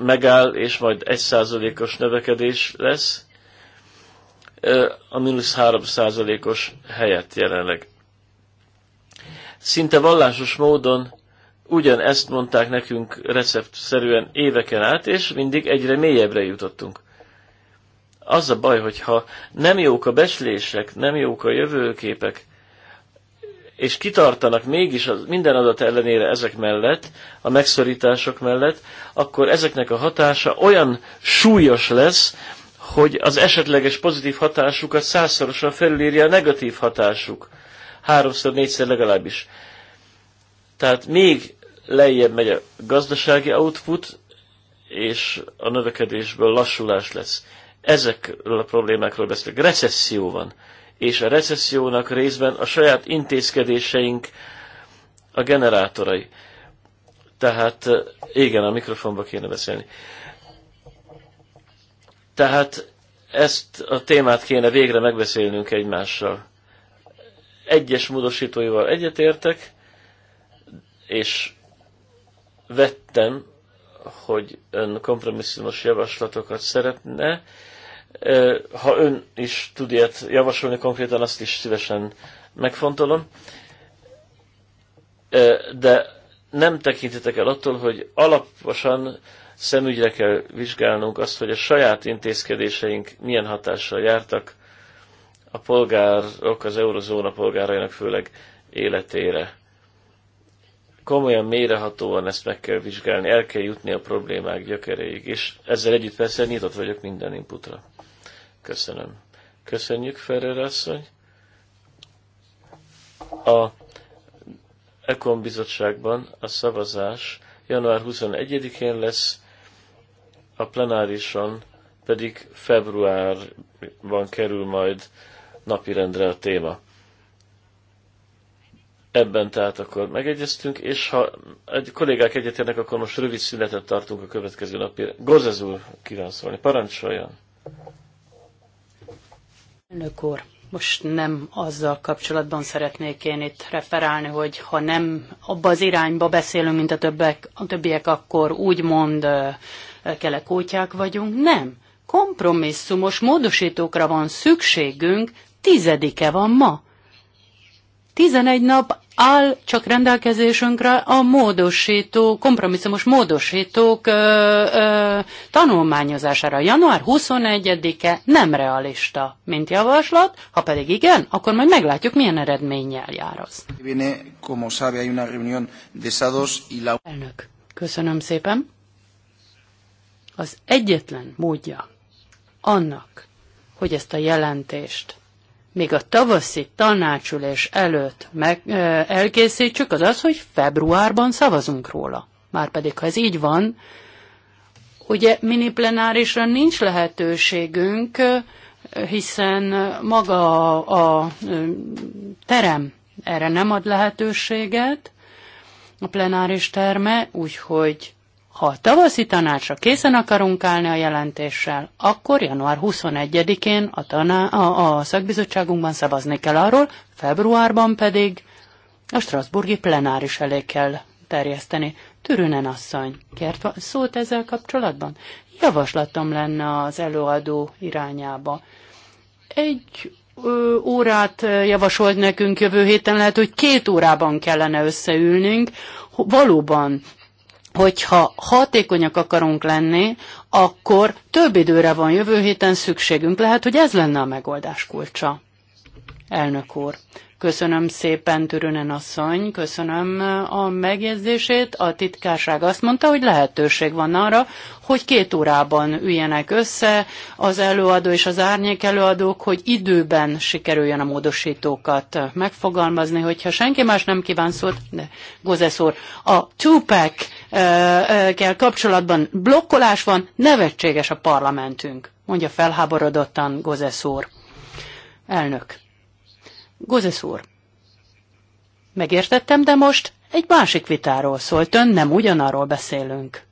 megáll, és majd egy os növekedés lesz, a mínusz 3%-os helyett jelenleg. Szinte vallásos módon ezt mondták nekünk receptszerűen éveken át, és mindig egyre mélyebbre jutottunk. Az a baj, hogyha nem jók a beslések, nem jók a jövőképek, és kitartanak mégis az, minden adat ellenére ezek mellett, a megszorítások mellett, akkor ezeknek a hatása olyan súlyos lesz, hogy az esetleges pozitív hatásukat százszorosan felülírja a negatív hatásuk. Háromszor, négyszer legalábbis. Tehát még lejjebb megy a gazdasági output, és a növekedésből lassulás lesz. Ezekről a problémákról beszélünk. Recesszió van, és a recessziónak részben a saját intézkedéseink a generátorai. Tehát eh, igen, a mikrofonba kéne beszélni. Tehát ezt a témát kéne végre megbeszélnünk egymással. Egyes módosítóival egyetértek, és vettem, hogy ön kompromisszumos javaslatokat szeretne. Ha ön is tud ilyet javasolni konkrétan, azt is szívesen megfontolom. De nem tekintetek el attól, hogy alaposan szemügyre kell vizsgálnunk azt, hogy a saját intézkedéseink milyen hatással jártak a polgárok, az eurozóna polgárainak főleg életére komolyan mélyrehatóan ezt meg kell vizsgálni, el kell jutni a problémák gyökeréig, és ezzel együtt persze nyitott vagyok minden inputra. Köszönöm. Köszönjük, Ferrer asszony. A Ekon bizottságban a szavazás január 21-én lesz, a plenárison pedig februárban kerül majd napirendre a téma. Ebben tehát akkor megegyeztünk, és ha egy kollégák egyetérnek, akkor most rövid szünetet tartunk a következő napira. Gozez úr kíván szólni, parancsoljon! Önök úr, most nem azzal kapcsolatban szeretnék én itt referálni, hogy ha nem abba az irányba beszélünk, mint a, többek, a többiek, akkor úgymond kelekótyák vagyunk. Nem. Kompromisszumos módosítókra van szükségünk, tizedike van ma. 11 nap áll csak rendelkezésünkre a módosító, kompromisszumos módosítók ö, ö, tanulmányozására. Január 21-e nem realista, mint javaslat, ha pedig igen, akkor majd meglátjuk, milyen eredménnyel jár az. Elnök, köszönöm szépen. Az egyetlen módja annak, hogy ezt a jelentést még a tavaszi tanácsülés előtt meg, elkészítsük, az az, hogy februárban szavazunk róla. Márpedig, ha ez így van, ugye mini plenárisra nincs lehetőségünk, hiszen maga a, a terem erre nem ad lehetőséget, a plenáris terme, úgyhogy ha a tavaszi tanácsra készen akarunk állni a jelentéssel, akkor január 21-én a, taná- a, a szakbizottságunkban szavazni kell arról, februárban pedig a Strasburgi plenáris elé kell terjeszteni. Türünen asszony, kért szót ezzel kapcsolatban? Javaslatom lenne az előadó irányába. Egy ö, órát javasolt nekünk jövő héten, lehet, hogy két órában kellene összeülnünk, valóban hogyha hatékonyak akarunk lenni, akkor több időre van jövő héten szükségünk. Lehet, hogy ez lenne a megoldás kulcsa. Elnök úr, Köszönöm szépen, Türünen asszony, köszönöm a megjegyzését. A titkárság azt mondta, hogy lehetőség van arra, hogy két órában üljenek össze az előadó és az árnyék előadók, hogy időben sikerüljön a módosítókat megfogalmazni, hogyha senki más nem kíván szót, de Gozesz úr, a tupac eh, eh, kell kapcsolatban blokkolás van, nevetséges a parlamentünk, mondja felháborodottan Gozesz úr. Elnök. Gozes úr, megértettem, de most egy másik vitáról szólt ön, nem ugyanarról beszélünk.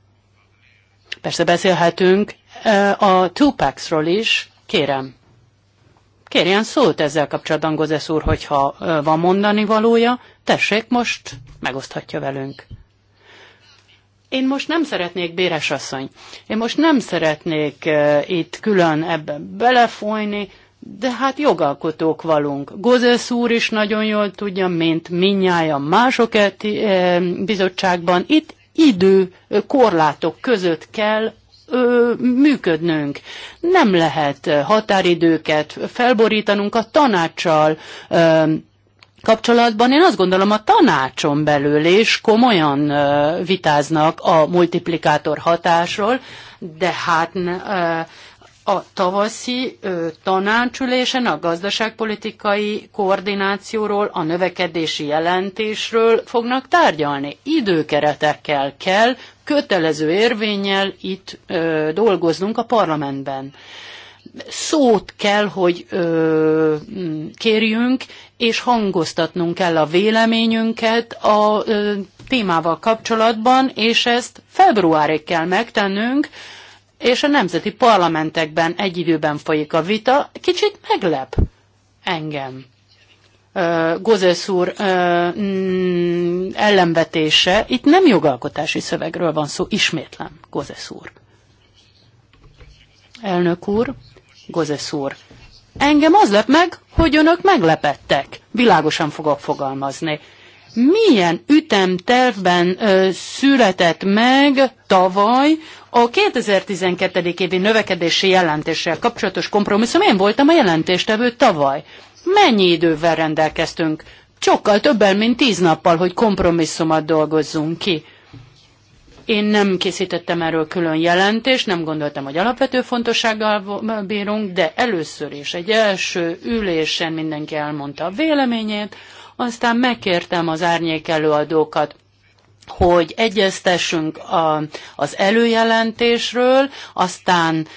Persze beszélhetünk a Tupacsról is, kérem. Kérjen szót ezzel kapcsolatban, Gozesz úr, hogyha van mondani valója, tessék most, megoszthatja velünk. Én most nem szeretnék, Béres asszony, én most nem szeretnék uh, itt külön ebben belefolyni, de hát jogalkotók valunk. Gozesz úr is nagyon jól tudja, mint minnyája mások elti, eh, bizottságban. Itt idő eh, korlátok között kell ö, működnünk. Nem lehet eh, határidőket felborítanunk a tanácssal ö, kapcsolatban. Én azt gondolom, a tanácson belül is komolyan ö, vitáznak a multiplikátor hatásról, de hát ö, a tavaszi ö, tanácsülésen a gazdaságpolitikai koordinációról, a növekedési jelentésről fognak tárgyalni. Időkeretekkel kell, kötelező érvényel itt ö, dolgoznunk a parlamentben. Szót kell, hogy ö, kérjünk, és hangoztatnunk kell a véleményünket a ö, témával kapcsolatban, és ezt februárig kell megtennünk, és a nemzeti parlamentekben egy időben folyik a vita, kicsit meglep engem. Gozes úr mm, ellenvetése, itt nem jogalkotási szövegről van szó, ismétlem, Gozes úr. Elnök úr, Gozes úr, engem az lep meg, hogy önök meglepettek. Világosan fogok fogalmazni milyen ütemtervben ö, született meg tavaly a 2012. évi növekedési jelentéssel kapcsolatos kompromisszum. Én voltam a jelentéstevő tavaly. Mennyi idővel rendelkeztünk? Sokkal többen, mint tíz nappal, hogy kompromisszumot dolgozzunk ki. Én nem készítettem erről külön jelentést, nem gondoltam, hogy alapvető fontossággal bírunk, de először is egy első ülésen mindenki elmondta a véleményét, aztán megkértem az árnyék előadókat, hogy egyeztessünk a, az előjelentésről, aztán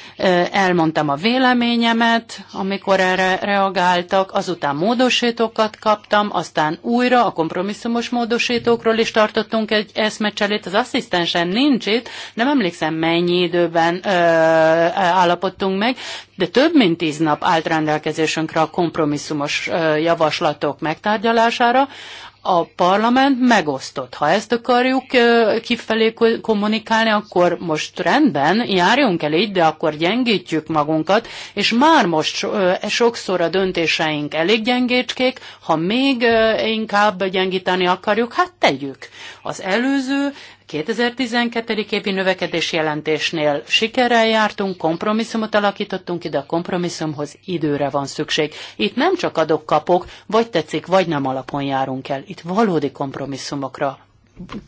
elmondtam a véleményemet, amikor erre reagáltak, azután módosítókat kaptam, aztán újra a kompromisszumos módosítókról is tartottunk egy eszmecselét, az asszisztensen nincs itt, nem emlékszem mennyi időben e, állapodtunk meg, de több mint tíz nap állt rendelkezésünkre a kompromisszumos javaslatok megtárgyalására, a parlament megosztott. Ha ezt akarjuk kifelé kommunikálni, akkor most rendben, járjunk el így, de akkor gyengítjük magunkat, és már most sokszor a döntéseink elég gyengécskék, ha még inkább gyengíteni akarjuk, hát tegyük. Az előző 2012. évi növekedés jelentésnél sikerrel jártunk, kompromisszumot alakítottunk ide, a kompromisszumhoz időre van szükség. Itt nem csak adok-kapok, vagy tetszik, vagy nem alapon járunk el. Itt valódi kompromisszumokra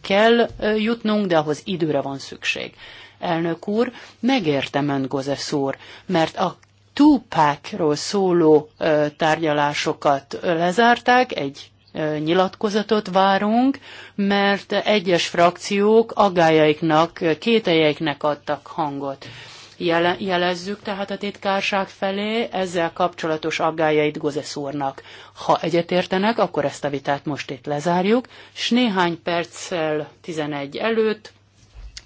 kell jutnunk, de ahhoz időre van szükség. Elnök úr, megértem ön Gozesz úr, mert a tupac szóló ö, tárgyalásokat lezárták, egy nyilatkozatot várunk, mert egyes frakciók agájaiknak, kételjeiknek adtak hangot. Jele, jelezzük tehát a titkárság felé ezzel kapcsolatos aggájait Gozesz úrnak. Ha egyetértenek, akkor ezt a vitát most itt lezárjuk, és néhány perccel 11 előtt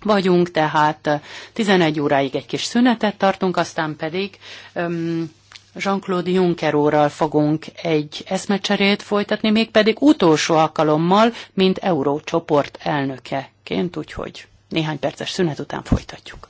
vagyunk, tehát 11 óráig egy kis szünetet tartunk, aztán pedig um, Jean-Claude Juncker óral fogunk egy eszmecserét folytatni, mégpedig utolsó alkalommal, mint Eurócsoport elnökeként, úgyhogy néhány perces szünet után folytatjuk.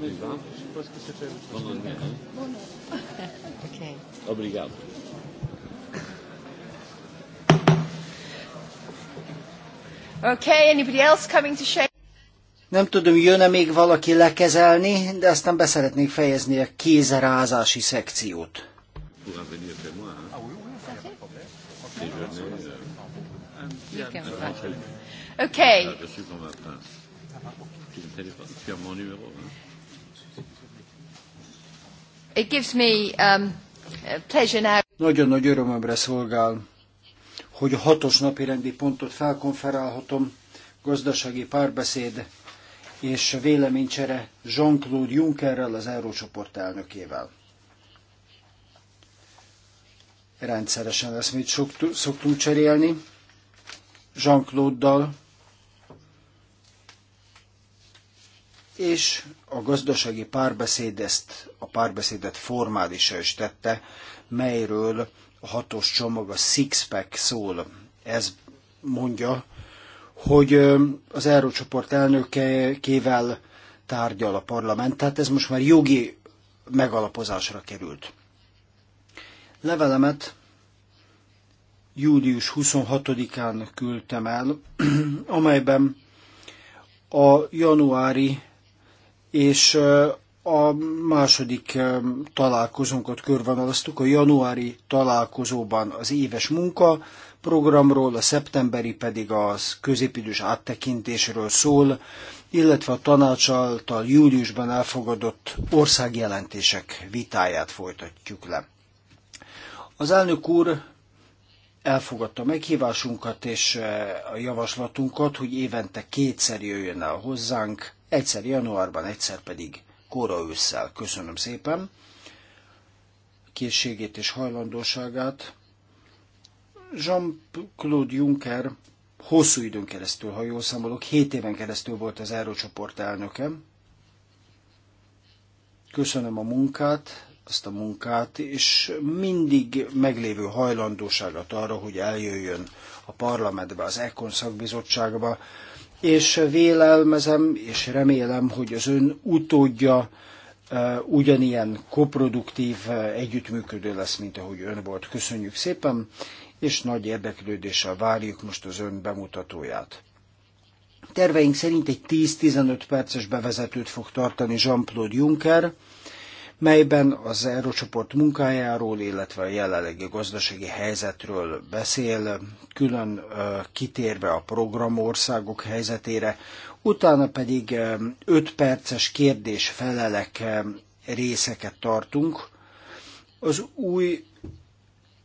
va? Buon anno. Buon anno. Ok. Obrigado. Okay, anybody else coming to shake? Nem tudom, jön-e még valaki lekezelni, de aztán beszeretnék fejezni a kézerázási szekciót. Okay. Tu It gives me um, pleasure now. Nagyon nagy örömömre szolgál, hogy a hatos napi rendi pontot felkonferálhatom, gazdasági párbeszéd és véleménycsere Jean-Claude Junckerrel, az Eurócsoport elnökével. Rendszeresen lesz, mit szoktunk cserélni. Jean-Claude-dal, és a gazdasági párbeszéd ezt a párbeszédet formálisra is tette, melyről a hatos csomag, a six-pack szól. Ez mondja, hogy az Eurócsoport elnökekével tárgyal a parlament, tehát ez most már jogi megalapozásra került. Levelemet július 26-án küldtem el, *clears throat* amelyben a januári és a második találkozónkat körvonalaztuk, a januári találkozóban az éves munka programról, a szeptemberi pedig az középidős áttekintésről szól, illetve a tanács által júliusban elfogadott országjelentések vitáját folytatjuk le. Az elnök úr elfogadta meghívásunkat és a javaslatunkat, hogy évente kétszer jöjjön el hozzánk, egyszer januárban, egyszer pedig kora ősszel. Köszönöm szépen készségét és hajlandóságát. Jean-Claude Juncker hosszú időn keresztül, ha jól számolok, 7 éven keresztül volt az Eurócsoport elnöke. Köszönöm a munkát, azt a munkát, és mindig meglévő hajlandóságot arra, hogy eljöjjön a parlamentbe, az ECON szakbizottságba, és vélelmezem, és remélem, hogy az ön utódja e, ugyanilyen koproduktív, e, együttműködő lesz, mint ahogy ön volt. Köszönjük szépen, és nagy érdeklődéssel várjuk most az ön bemutatóját. Terveink szerint egy 10-15 perces bevezetőt fog tartani Jean-Claude Juncker, melyben az Eurocsoport munkájáról, illetve a jelenlegi gazdasági helyzetről beszél, külön kitérve a programországok helyzetére, utána pedig 5 perces kérdés-felelek részeket tartunk. Az új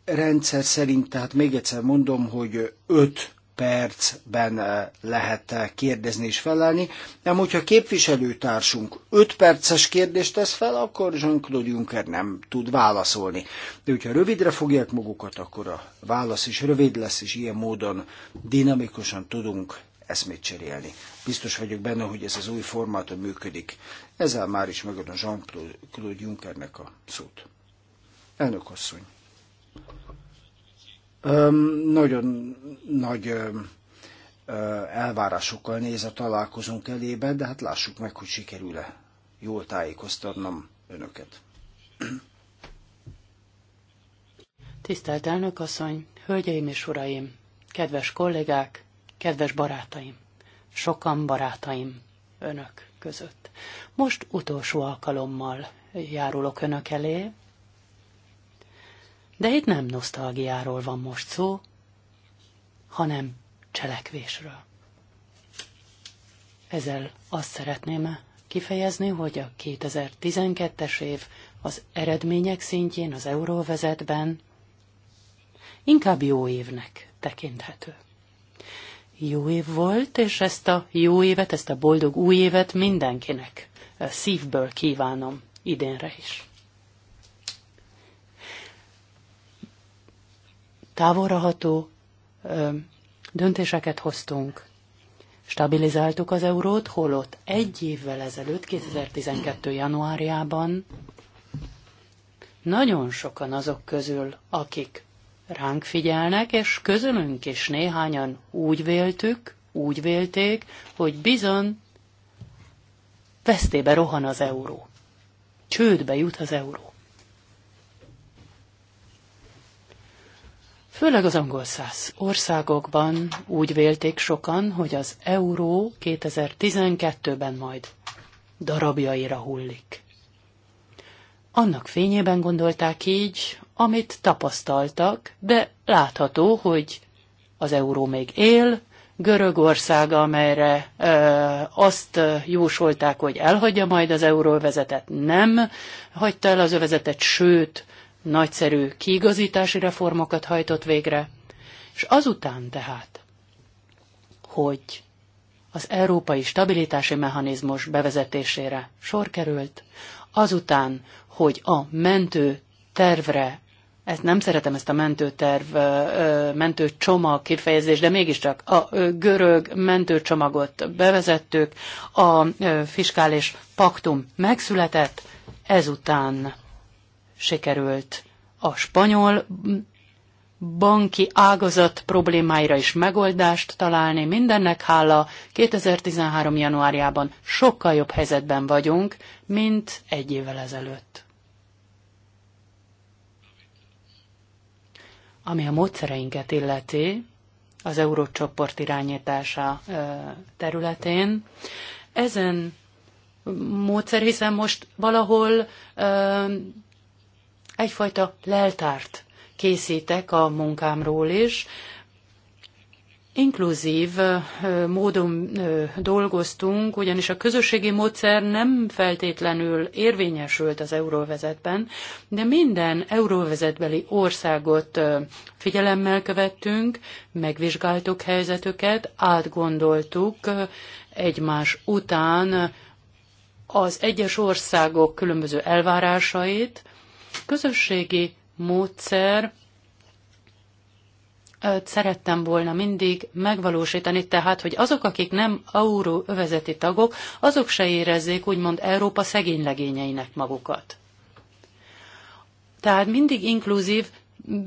rendszer szerint, tehát még egyszer mondom, hogy 5 percben eh, lehet eh, kérdezni és felelni. Nem, hogyha képviselőtársunk 5 perces kérdést tesz fel, akkor Jean-Claude Juncker nem tud válaszolni. De hogyha rövidre fogják magukat, akkor a válasz is rövid lesz, és ilyen módon dinamikusan tudunk eszmét cserélni. Biztos vagyok benne, hogy ez az új formátum működik. Ezzel már is megadom Jean-Claude Junckernek a szót. Elnök asszony! nagyon nagy elvárásokkal néz a találkozónk elébe, de hát lássuk meg, hogy sikerül-e jól tájékoztatnom önöket. Tisztelt elnök asszony, hölgyeim és uraim, kedves kollégák, kedves barátaim, sokan barátaim önök között. Most utolsó alkalommal járulok önök elé, de itt nem nosztalgiáról van most szó, hanem cselekvésről. Ezzel azt szeretném kifejezni, hogy a 2012-es év az eredmények szintjén az euróvezetben inkább jó évnek tekinthető. Jó év volt, és ezt a jó évet, ezt a boldog új évet mindenkinek szívből kívánom idénre is. távolraható döntéseket hoztunk. Stabilizáltuk az eurót, holott egy évvel ezelőtt, 2012. januárjában nagyon sokan azok közül, akik ránk figyelnek, és közülünk is néhányan úgy véltük, úgy vélték, hogy bizony vesztébe rohan az euró. Csődbe jut az euró. Főleg az angol száz országokban úgy vélték sokan, hogy az euró 2012-ben majd darabjaira hullik. Annak fényében gondolták így, amit tapasztaltak, de látható, hogy az euró még él, Görögország, amelyre ö, azt jósolták, hogy elhagyja majd az euróvezetet, nem hagyta el az övezetet, sőt, nagyszerű kiigazítási reformokat hajtott végre, és azután tehát, hogy az európai stabilitási mechanizmus bevezetésére sor került, azután, hogy a mentő tervre, ezt nem szeretem ezt a mentőterv, mentőcsomag kifejezést, de mégiscsak a görög mentőcsomagot bevezettük, a fiskális paktum megszületett, ezután sikerült a spanyol banki ágazat problémáira is megoldást találni. Mindennek hála 2013. januárjában sokkal jobb helyzetben vagyunk, mint egy évvel ezelőtt. Ami a módszereinket illeti, az eurócsoport irányítása területén, ezen módszer, hiszen most valahol egyfajta leltárt készítek a munkámról is, inkluzív módon dolgoztunk, ugyanis a közösségi módszer nem feltétlenül érvényesült az euróvezetben, de minden euróvezetbeli országot figyelemmel követtünk, megvizsgáltuk helyzetüket, átgondoltuk egymás után az egyes országok különböző elvárásait, közösségi módszer szerettem volna mindig megvalósítani, tehát, hogy azok, akik nem övezeti tagok, azok se érezzék úgymond Európa legényeinek magukat. Tehát mindig inkluzív,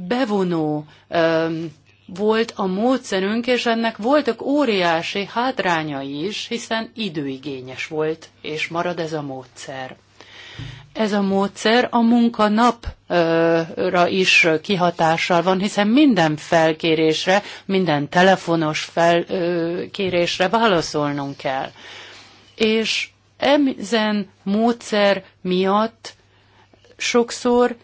bevonó öm, volt a módszerünk, és ennek voltak óriási hátrányai is, hiszen időigényes volt, és marad ez a módszer ez a módszer a munka napra is kihatással van, hiszen minden felkérésre, minden telefonos felkérésre válaszolnunk kell. És ezen módszer miatt sokszor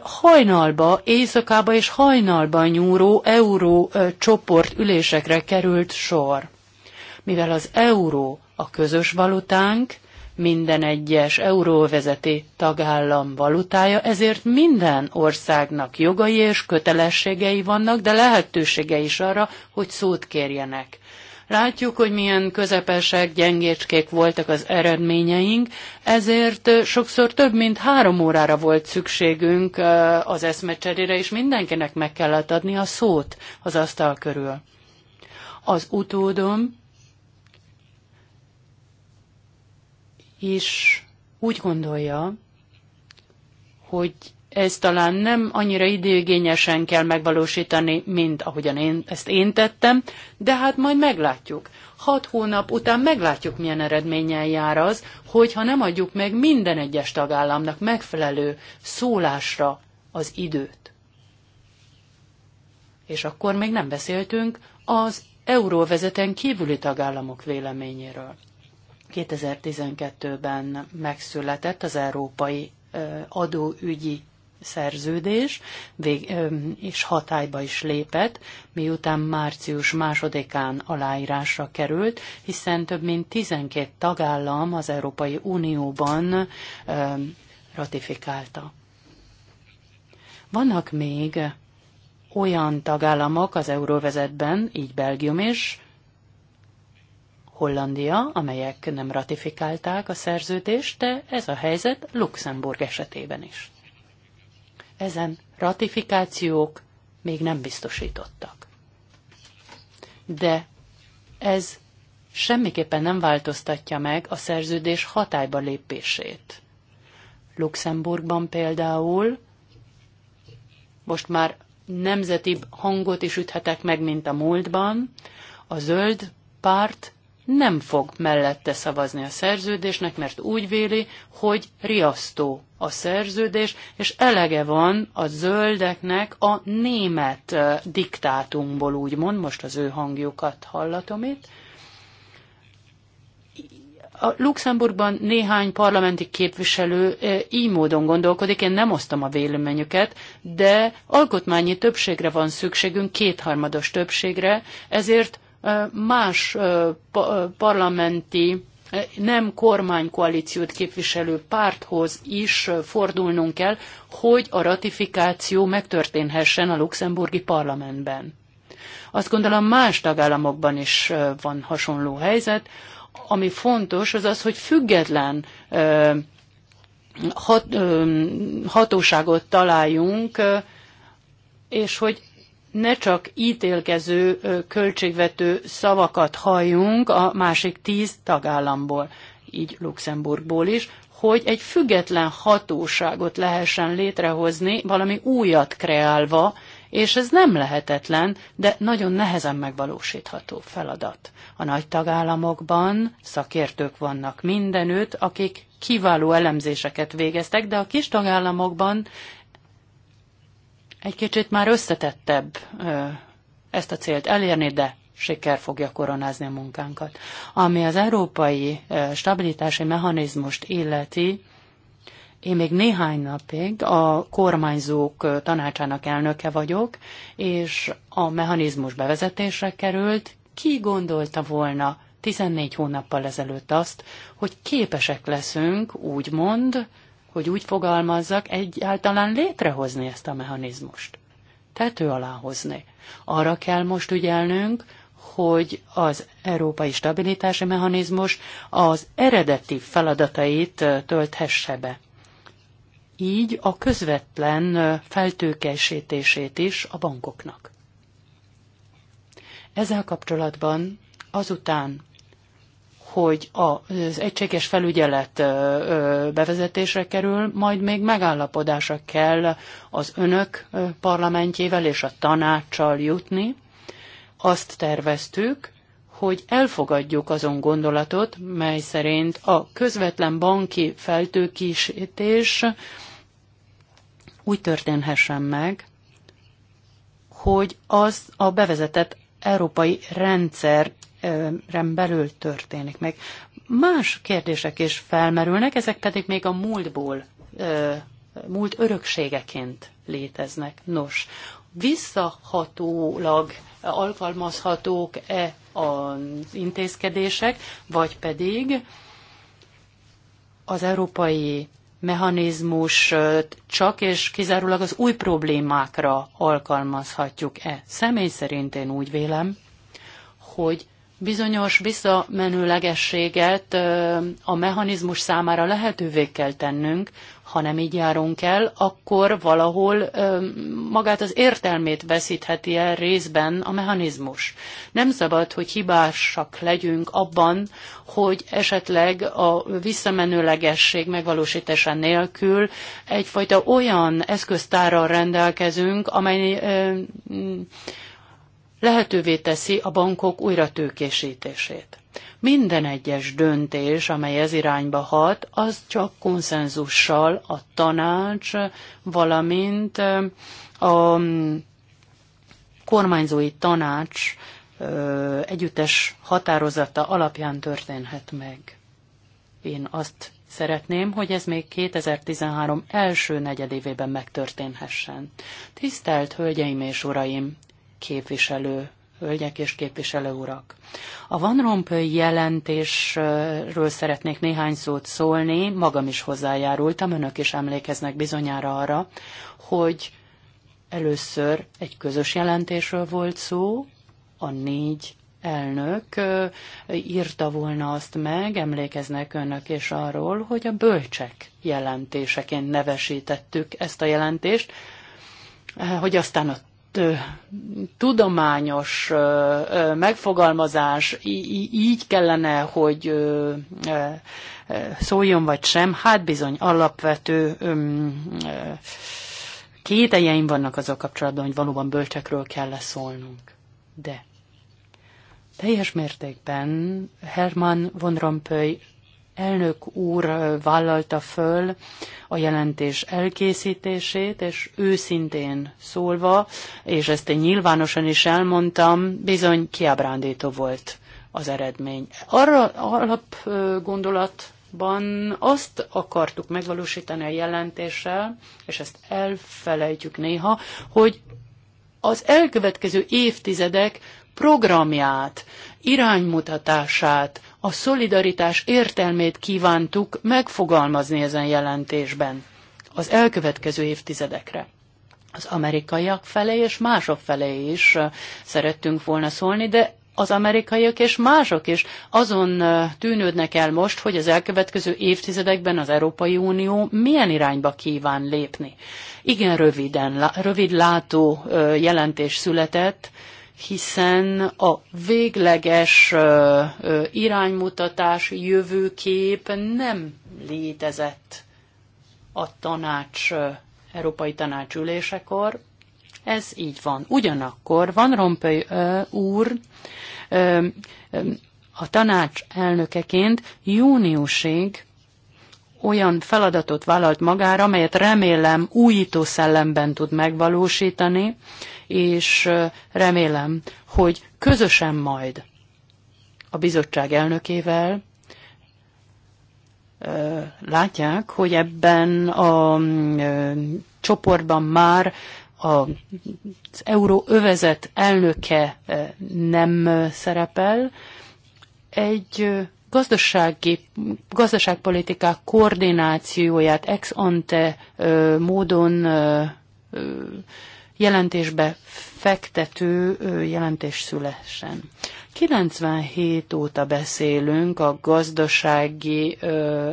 hajnalba, éjszakába és hajnalba nyúró euró csoport ülésekre került sor. Mivel az euró a közös valutánk, minden egyes euróvezeti tagállam valutája, ezért minden országnak jogai és kötelességei vannak, de lehetősége is arra, hogy szót kérjenek. Látjuk, hogy milyen közepesek, gyengécskék voltak az eredményeink, ezért sokszor több mint három órára volt szükségünk az eszmecserére, és mindenkinek meg kellett adni a szót az asztal körül. Az utódom és úgy gondolja, hogy ez talán nem annyira időgényesen kell megvalósítani, mint ahogyan én, ezt én tettem, de hát majd meglátjuk. Hat hónap után meglátjuk, milyen eredménnyel jár az, hogyha nem adjuk meg minden egyes tagállamnak megfelelő szólásra az időt. És akkor még nem beszéltünk az euróvezeten kívüli tagállamok véleményéről. 2012-ben megszületett az Európai Adóügyi Szerződés, és hatályba is lépett, miután március másodikán aláírásra került, hiszen több mint 12 tagállam az Európai Unióban ratifikálta. Vannak még olyan tagállamok az euróvezetben, így Belgium is, Hollandia, amelyek nem ratifikálták a szerződést, de ez a helyzet Luxemburg esetében is. Ezen ratifikációk még nem biztosítottak. De ez semmiképpen nem változtatja meg a szerződés hatályba lépését. Luxemburgban például most már nemzeti hangot is üthetek meg, mint a múltban, a zöld párt nem fog mellette szavazni a szerződésnek, mert úgy véli, hogy riasztó a szerződés, és elege van a zöldeknek a német diktátumból, úgymond, most az ő hangjukat hallatom itt. A Luxemburgban néhány parlamenti képviselő így módon gondolkodik, én nem osztom a véleményüket, de alkotmányi többségre van szükségünk, kétharmados többségre, ezért más parlamenti nem kormánykoalíciót képviselő párthoz is fordulnunk kell, hogy a ratifikáció megtörténhessen a luxemburgi parlamentben. Azt gondolom más tagállamokban is van hasonló helyzet. Ami fontos, az az, hogy független hatóságot találjunk, és hogy ne csak ítélkező, költségvető szavakat halljunk a másik tíz tagállamból, így Luxemburgból is, hogy egy független hatóságot lehessen létrehozni, valami újat kreálva, és ez nem lehetetlen, de nagyon nehezen megvalósítható feladat. A nagy tagállamokban szakértők vannak mindenütt, akik kiváló elemzéseket végeztek, de a kis tagállamokban egy kicsit már összetettebb ezt a célt elérni, de siker fogja koronázni a munkánkat. Ami az európai stabilitási mechanizmust illeti, én még néhány napig a kormányzók tanácsának elnöke vagyok, és a mechanizmus bevezetésre került. Ki gondolta volna 14 hónappal ezelőtt azt, hogy képesek leszünk, úgymond, hogy úgy fogalmazzak, egyáltalán létrehozni ezt a mechanizmust. Tető alá hozni. Arra kell most ügyelnünk, hogy az európai stabilitási mechanizmus az eredeti feladatait tölthesse be. Így a közvetlen feltőkesítését is a bankoknak. Ezzel kapcsolatban azután, hogy az egységes felügyelet bevezetésre kerül, majd még megállapodásra kell az önök parlamentjével és a tanácssal jutni. Azt terveztük, hogy elfogadjuk azon gondolatot, mely szerint a közvetlen banki feltőkísítés úgy történhessen meg, hogy az a bevezetett európai rendszer belül történik meg. Más kérdések is felmerülnek, ezek pedig még a múltból, múlt örökségeként léteznek. Nos, visszahatólag alkalmazhatók-e az intézkedések, vagy pedig az európai mechanizmus csak és kizárólag az új problémákra alkalmazhatjuk-e. Személy szerint én úgy vélem, hogy bizonyos visszamenőlegességet a mechanizmus számára lehetővé kell tennünk, ha nem így járunk el, akkor valahol magát az értelmét veszítheti el részben a mechanizmus. Nem szabad, hogy hibásak legyünk abban, hogy esetleg a visszamenőlegesség megvalósítása nélkül egyfajta olyan eszköztárral rendelkezünk, amely lehetővé teszi a bankok tőkésítését. Minden egyes döntés, amely ez irányba hat, az csak konszenzussal a tanács, valamint a kormányzói tanács együttes határozata alapján történhet meg. Én azt szeretném, hogy ez még 2013 első negyedévében megtörténhessen. Tisztelt Hölgyeim és Uraim! képviselő hölgyek és képviselő urak. A Van Rompuy jelentésről szeretnék néhány szót szólni, magam is hozzájárultam, önök is emlékeznek bizonyára arra, hogy először egy közös jelentésről volt szó, a négy elnök írta volna azt meg, emlékeznek önök és arról, hogy a bölcsek jelentéseként nevesítettük ezt a jelentést, hogy aztán a tudományos megfogalmazás, így kellene, hogy szóljon vagy sem, hát bizony alapvető kételjeim vannak azzal kapcsolatban, hogy valóban bölcsekről kell szólnunk. De teljes mértékben Herman von Rompuy elnök úr vállalta föl a jelentés elkészítését, és őszintén szólva, és ezt én nyilvánosan is elmondtam, bizony kiábrándító volt az eredmény. Arra alap gondolatban azt akartuk megvalósítani a jelentéssel, és ezt elfelejtjük néha, hogy az elkövetkező évtizedek programját, iránymutatását, a szolidaritás értelmét kívántuk megfogalmazni ezen jelentésben az elkövetkező évtizedekre. Az amerikaiak felé és mások felé is szerettünk volna szólni, de az amerikaiak és mások is azon tűnődnek el most, hogy az elkövetkező évtizedekben az Európai Unió milyen irányba kíván lépni. Igen röviden, rövid látó jelentés született, hiszen a végleges iránymutatás, jövőkép nem létezett a tanács, Európai Tanács ülésekor. Ez így van. Ugyanakkor Van Rompuy úr a tanács elnökeként júniusig olyan feladatot vállalt magára, amelyet remélem újító szellemben tud megvalósítani, és remélem, hogy közösen majd a bizottság elnökével látják, hogy ebben a mm, csoportban már az euróövezet elnöke nem szerepel. Egy gazdasági, gazdaságpolitikák koordinációját ex ante módon jelentésbe fektető jelentés szülessen. 97 óta beszélünk a gazdasági,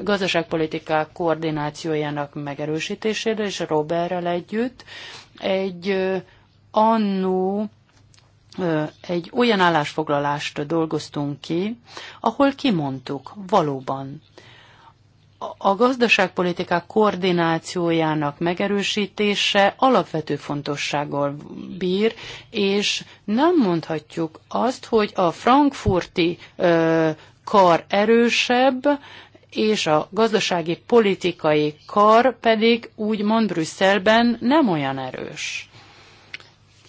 gazdaságpolitikák koordinációjának megerősítésére, és Robertrel együtt egy annó egy olyan állásfoglalást dolgoztunk ki, ahol kimondtuk valóban a gazdaságpolitikák koordinációjának megerősítése alapvető fontossággal bír, és nem mondhatjuk azt, hogy a frankfurti ö, kar erősebb, és a gazdasági politikai kar pedig úgymond Brüsszelben nem olyan erős.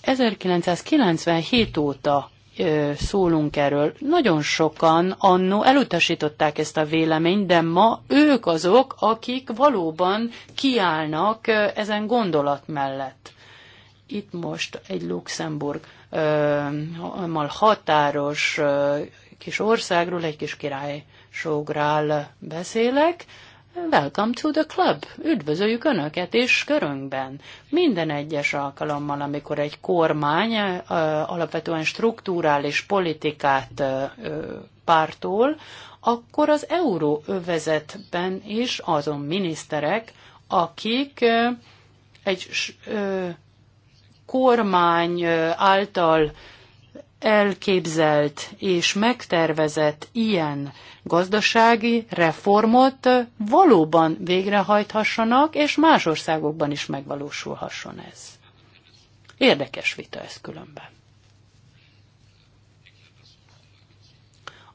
1997 óta szólunk erről. Nagyon sokan annó elutasították ezt a véleményt, de ma ők azok, akik valóban kiállnak ezen gondolat mellett. Itt most egy Luxemburg mal határos kis országról, egy kis király beszélek, Welcome to the club! Üdvözöljük Önöket is körünkben. Minden egyes alkalommal, amikor egy kormány alapvetően strukturális politikát pártol, akkor az euróövezetben is azon miniszterek, akik egy kormány által elképzelt és megtervezett ilyen gazdasági reformot valóban végrehajthassanak, és más országokban is megvalósulhasson ez. Érdekes vita ez különben.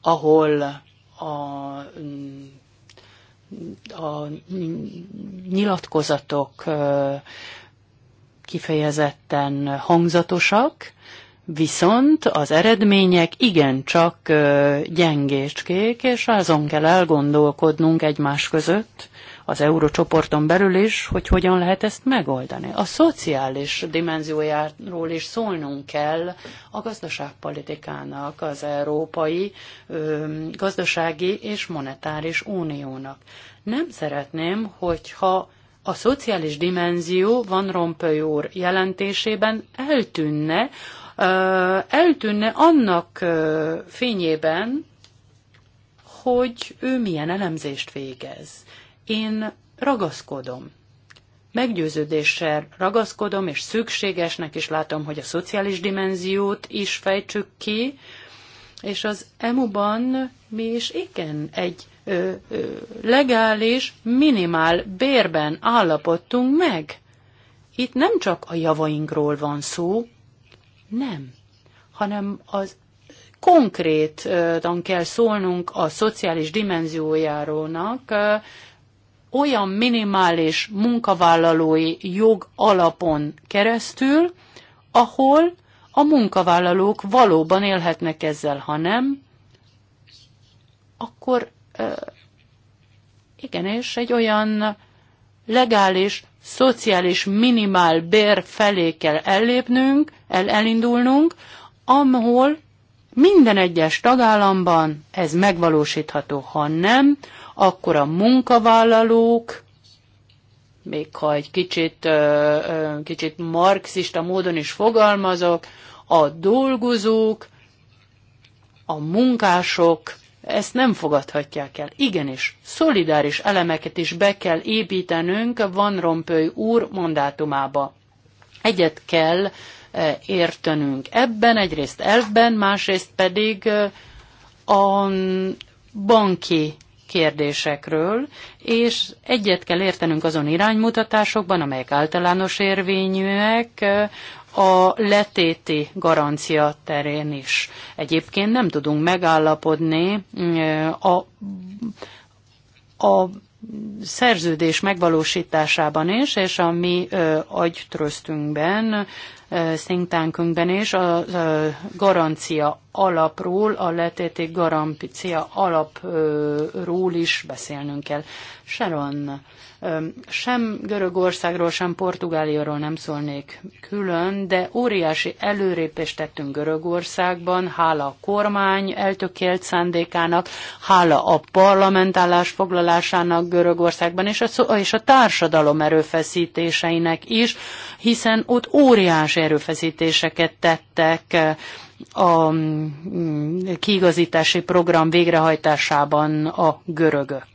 Ahol a, a nyilatkozatok kifejezetten hangzatosak, Viszont az eredmények igencsak gyengécskék, és azon kell elgondolkodnunk egymás között, az eurócsoporton belül is, hogy hogyan lehet ezt megoldani. A szociális dimenziójáról is szólnunk kell a gazdaságpolitikának, az Európai ö, Gazdasági és Monetáris Uniónak. Nem szeretném, hogyha a szociális dimenzió Van Rompuy úr jelentésében eltűnne, eltűnne annak fényében, hogy ő milyen elemzést végez. Én ragaszkodom meggyőződéssel ragaszkodom, és szükségesnek is látom, hogy a szociális dimenziót is fejtsük ki, és az EMU-ban mi is igen egy ö, ö, legális, minimál bérben állapodtunk meg. Itt nem csak a javainkról van szó, nem, hanem az konkrétan kell szólnunk a szociális dimenziójárónak, olyan minimális munkavállalói jog alapon keresztül, ahol a munkavállalók valóban élhetnek ezzel, ha nem, akkor igenis egy olyan legális szociális minimál bér felé kell ellépnünk, el, elindulnunk, ahol minden egyes tagállamban ez megvalósítható. Ha nem, akkor a munkavállalók, még ha egy kicsit, kicsit marxista módon is fogalmazok, a dolgozók, a munkások ezt nem fogadhatják el. Igenis, szolidáris elemeket is be kell építenünk Van Rompuy úr mandátumába. Egyet kell eh, értenünk ebben, egyrészt elfben, másrészt pedig eh, a banki kérdésekről, és egyet kell értenünk azon iránymutatásokban, amelyek általános érvényűek, eh, a letéti garancia terén is. Egyébként nem tudunk megállapodni a, a szerződés megvalósításában is, és a mi agytröztünkben, think is a garancia alapról, a letéti garancia alapról is beszélnünk kell. Sharon, sem Görögországról, sem Portugáliáról nem szólnék külön, de óriási előrépést tettünk Görögországban, hála a kormány eltökélt szándékának, hála a parlamentálás foglalásának Görögországban, és a, és a társadalom erőfeszítéseinek is, hiszen ott óriási erőfeszítéseket tettek a mm, kiigazítási program végrehajtásában a görögök.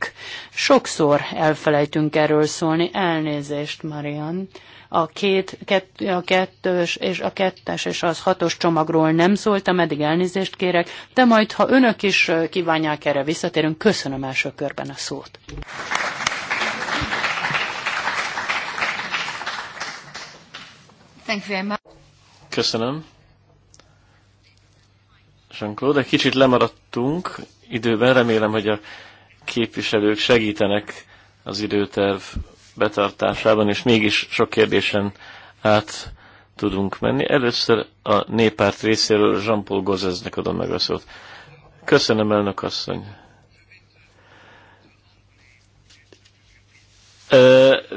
Sokszor elfelejtünk erről szólni, elnézést, Marian. A, két, kett, a kettős és a kettes és az hatos csomagról nem szóltam, eddig elnézést kérek, de majd, ha önök is kívánják erre visszatérünk, köszönöm első körben a szót. Köszönöm. Jean-Claude, egy kicsit lemaradtunk időben, remélem, hogy a képviselők segítenek az időterv betartásában, és mégis sok kérdésen át tudunk menni. Először a néppárt részéről Jean-Paul Gozeznek adom meg a szót. Köszönöm, elnök asszony.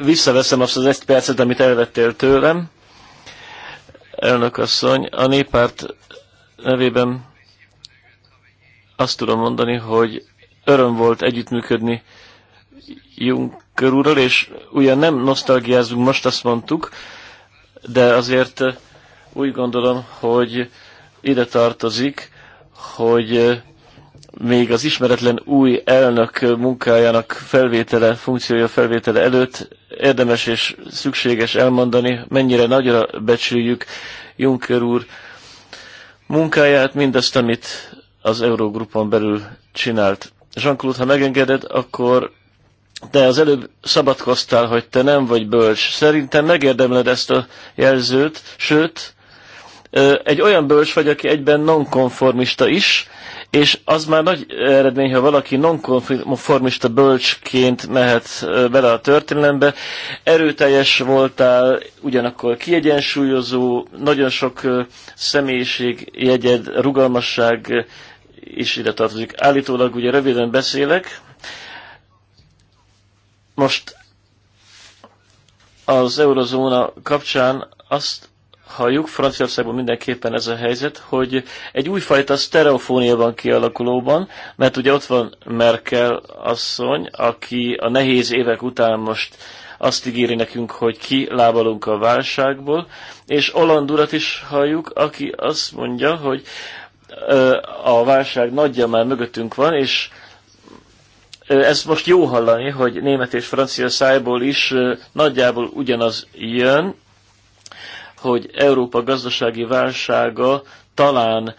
Visszaveszem azt az egy percet, amit elvettél tőlem. Elnök asszony, a néppárt nevében azt tudom mondani, hogy öröm volt együttműködni Juncker úrral, és ugyan nem nosztalgiázunk, most azt mondtuk, de azért úgy gondolom, hogy ide tartozik, hogy még az ismeretlen új elnök munkájának felvétele, funkciója felvétele előtt érdemes és szükséges elmondani, mennyire nagyra becsüljük Juncker úr munkáját, mindazt, amit az Eurogrupon belül csinált. jean ha megengeded, akkor de az előbb szabadkoztál, hogy te nem vagy bölcs. Szerintem megérdemled ezt a jelzőt, sőt, egy olyan bölcs vagy, aki egyben nonkonformista is, és az már nagy eredmény, ha valaki nonkonformista bölcsként mehet bele a történelembe. Erőteljes voltál, ugyanakkor kiegyensúlyozó, nagyon sok személyiség, jegyed, rugalmasság is ide tartozik. Állítólag ugye röviden beszélek. Most az eurozóna kapcsán azt halljuk, Franciaországban mindenképpen ez a helyzet, hogy egy újfajta sztereofónia van kialakulóban, mert ugye ott van Merkel asszony, aki a nehéz évek után most azt ígéri nekünk, hogy ki lábalunk a válságból, és Holland urat is halljuk, aki azt mondja, hogy a válság nagyja már mögöttünk van, és ez most jó hallani, hogy német és francia szájból is nagyjából ugyanaz jön, hogy Európa gazdasági válsága talán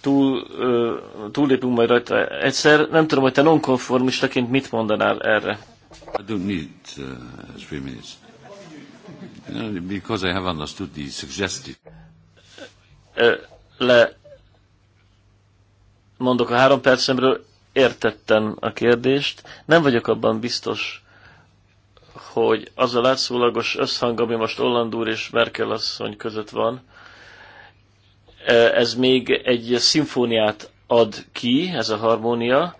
túl, túllépünk majd rajta egyszer. Nem tudom, hogy te nonkonformistaként mit mondanál erre. I don't need uh, three minutes. You know, because I have understood the suggested. Le mondok a három percemről, értettem a kérdést. Nem vagyok abban biztos, hogy az a látszólagos összhang, ami most Holland úr és Merkel asszony között van, e, ez még egy szimfóniát ad ki, ez a harmónia,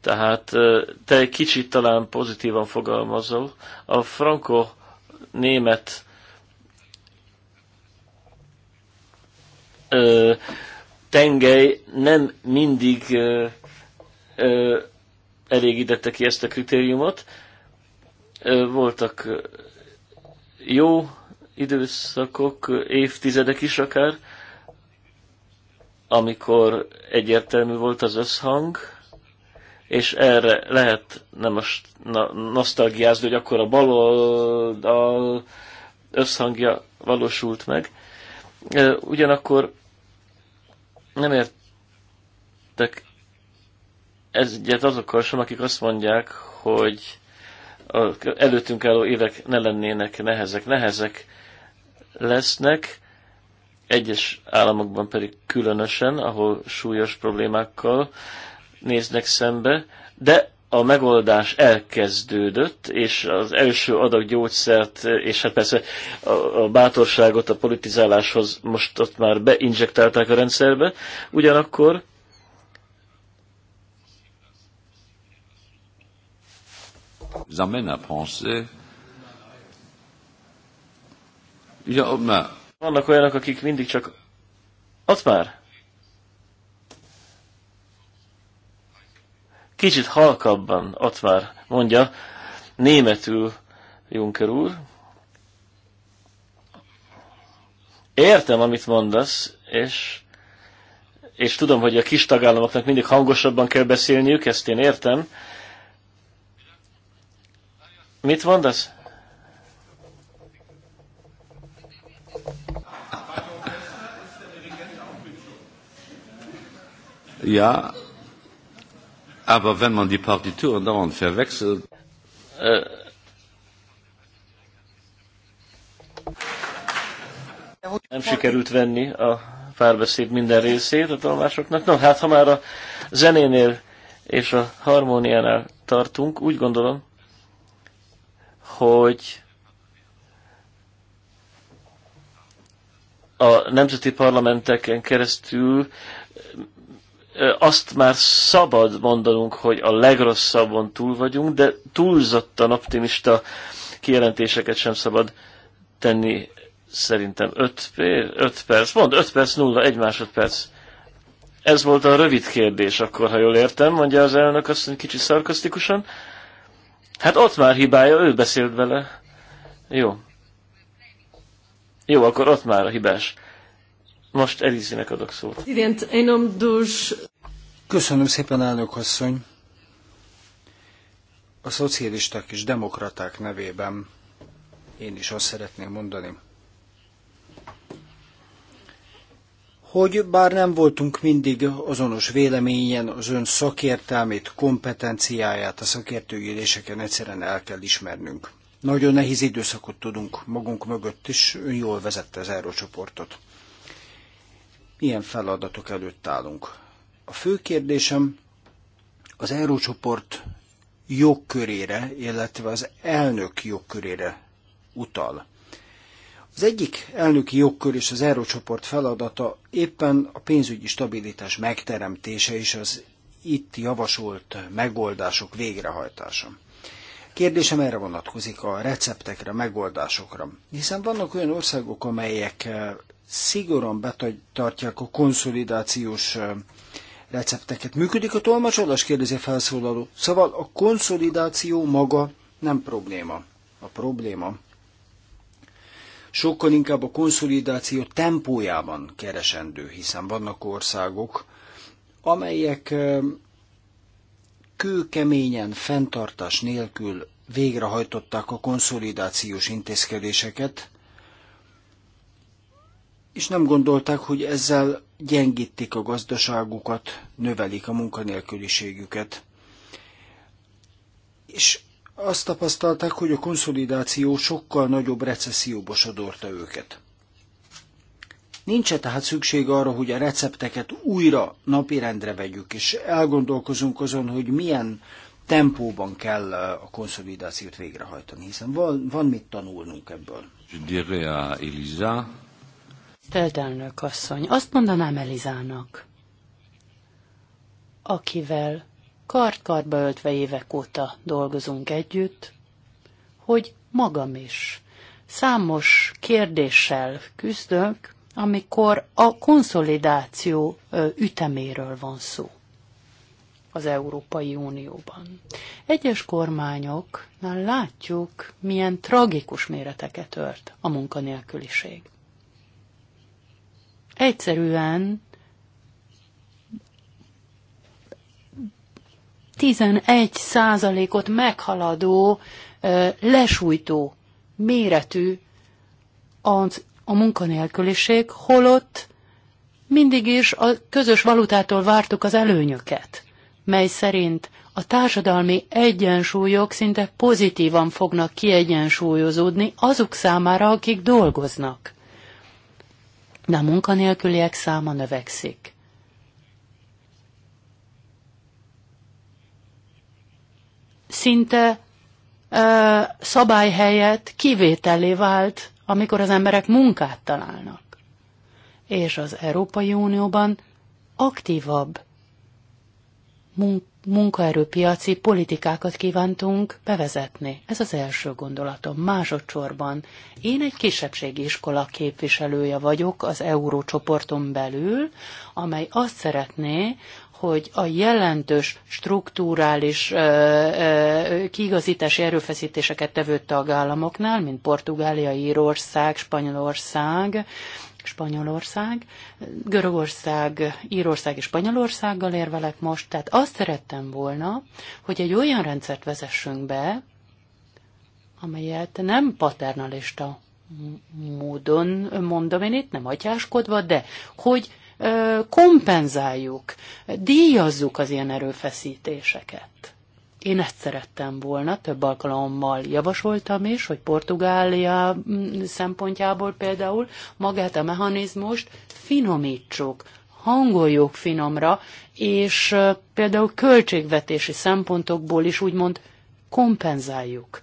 tehát e, te egy kicsit talán pozitívan fogalmazol. A franco-német e, tengely nem mindig ö, ö, elégítette ki ezt a kritériumot. Ö, voltak jó időszakok, évtizedek is akár, amikor egyértelmű volt az összhang, és erre lehet nem most nosztalgiázni, hogy akkor a baloldal összhangja valósult meg. Ugyanakkor nem értek ez egyet azokkal sem, akik azt mondják, hogy a előttünk álló évek ne lennének nehezek. Nehezek lesznek, egyes államokban pedig különösen, ahol súlyos problémákkal néznek szembe, de a megoldás elkezdődött, és az első adag gyógyszert, és hát persze a, a bátorságot a politizáláshoz most ott már beinjektálták a rendszerbe, ugyanakkor nous amène à penser. Vannak olyanok, akik mindig csak. Ott már! Kicsit halkabban Atvár mondja, németül Juncker úr. Értem, amit mondasz, és, és tudom, hogy a kis tagállamoknak mindig hangosabban kell beszélniük, ezt én értem. Mit mondasz? Ja, Aber ah, wenn man die Partituren dauernd verwechselt. Äh, nem sikerült venni a párbeszéd minden részét a tolmásoknak. No, hát ha már a zenénél és a harmóniánál tartunk, úgy gondolom, hogy a nemzeti parlamenteken keresztül azt már szabad mondanunk, hogy a legrosszabbon túl vagyunk, de túlzottan optimista kijelentéseket sem szabad tenni szerintem 5 5 perc, mond 5 perc, 0, 1 másodperc. Ez volt a rövid kérdés akkor, ha jól értem, mondja az elnök azt mondja, kicsit szarkasztikusan. Hát ott már hibája, ő beszélt vele. Jó. Jó, akkor ott már a hibás. Most Elizinek adok szót. Igen, én nem dus... Köszönöm szépen, elnök asszony! A szocialisták és demokraták nevében én is azt szeretném mondani, hogy bár nem voltunk mindig azonos véleményen, az ön szakértelmét, kompetenciáját a szakértőgyűléseken egyszerűen el kell ismernünk. Nagyon nehéz időszakot tudunk magunk mögött, és ön jól vezette az csoportot. Milyen feladatok előtt állunk? A fő kérdésem az Eurócsoport jogkörére, illetve az elnök jogkörére utal. Az egyik elnöki jogkör és az Eurócsoport feladata éppen a pénzügyi stabilitás megteremtése és az itt javasolt megoldások végrehajtása. Kérdésem erre vonatkozik a receptekre, megoldásokra. Hiszen vannak olyan országok, amelyek eh, szigorúan betartják a konszolidációs eh, recepteket. Működik a tolmácsolás? kérdezi a felszólaló. Szóval a konszolidáció maga nem probléma. A probléma sokkal inkább a konszolidáció tempójában keresendő, hiszen vannak országok, amelyek kőkeményen, fenntartás nélkül végrehajtották a konszolidációs intézkedéseket, és nem gondolták, hogy ezzel gyengítik a gazdaságukat, növelik a munkanélküliségüket. És azt tapasztalták, hogy a konszolidáció sokkal nagyobb recesszióba sodorta őket. nincs -e tehát szükség arra, hogy a recepteket újra napirendre vegyük, és elgondolkozunk azon, hogy milyen tempóban kell eh, a konszolidációt végrehajtani, hiszen van, van mit tanulnunk ebből. Je dirais à Elisa Feltelnök asszony, azt mondanám Elizának, akivel kart-kartba öltve évek óta dolgozunk együtt, hogy magam is számos kérdéssel küzdök, amikor a konszolidáció üteméről van szó az Európai Unióban. Egyes kormányoknál látjuk, milyen tragikus méreteket ölt a munkanélküliség egyszerűen 11 százalékot meghaladó, lesújtó méretű az a munkanélküliség, holott mindig is a közös valutától vártuk az előnyöket, mely szerint a társadalmi egyensúlyok szinte pozitívan fognak kiegyensúlyozódni azok számára, akik dolgoznak de a munkanélküliek száma növekszik. Szinte ö, szabály helyett kivételé vált, amikor az emberek munkát találnak. És az Európai Unióban aktívabb munka munkaerőpiaci politikákat kívántunk bevezetni. Ez az első gondolatom. Másodszorban én egy kisebbségi iskola képviselője vagyok az eurócsoporton belül, amely azt szeretné, hogy a jelentős struktúrális ö, ö, kiigazítási erőfeszítéseket tevő tagállamoknál, mint Portugália, Írország, Spanyolország, Spanyolország, Görögország, Írország és Spanyolországgal érvelek most, tehát azt szerettem volna, hogy egy olyan rendszert vezessünk be, amelyet nem paternalista módon mondom én itt, nem atyáskodva, de hogy kompenzáljuk, díjazzuk az ilyen erőfeszítéseket. Én ezt szerettem volna, több alkalommal javasoltam is, hogy Portugália mm, szempontjából például magát a mechanizmust finomítsuk, hangoljuk finomra, és például költségvetési szempontokból is úgymond kompenzáljuk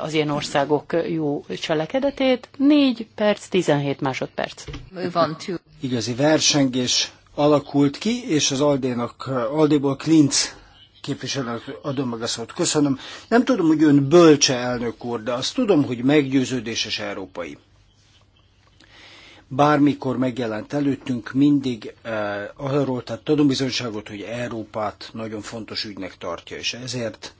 az ilyen országok jó cselekedetét. 4 perc, 17 másodperc. Igazi versengés alakult ki, és az Aldénak, Aldéból Klinc képviselőnek adom meg a szót. Köszönöm. Nem tudom, hogy ön bölcse elnök úr, de azt tudom, hogy meggyőződéses európai. Bármikor megjelent előttünk, mindig eh, arról tett bizonyságot, hogy Európát nagyon fontos ügynek tartja, és ezért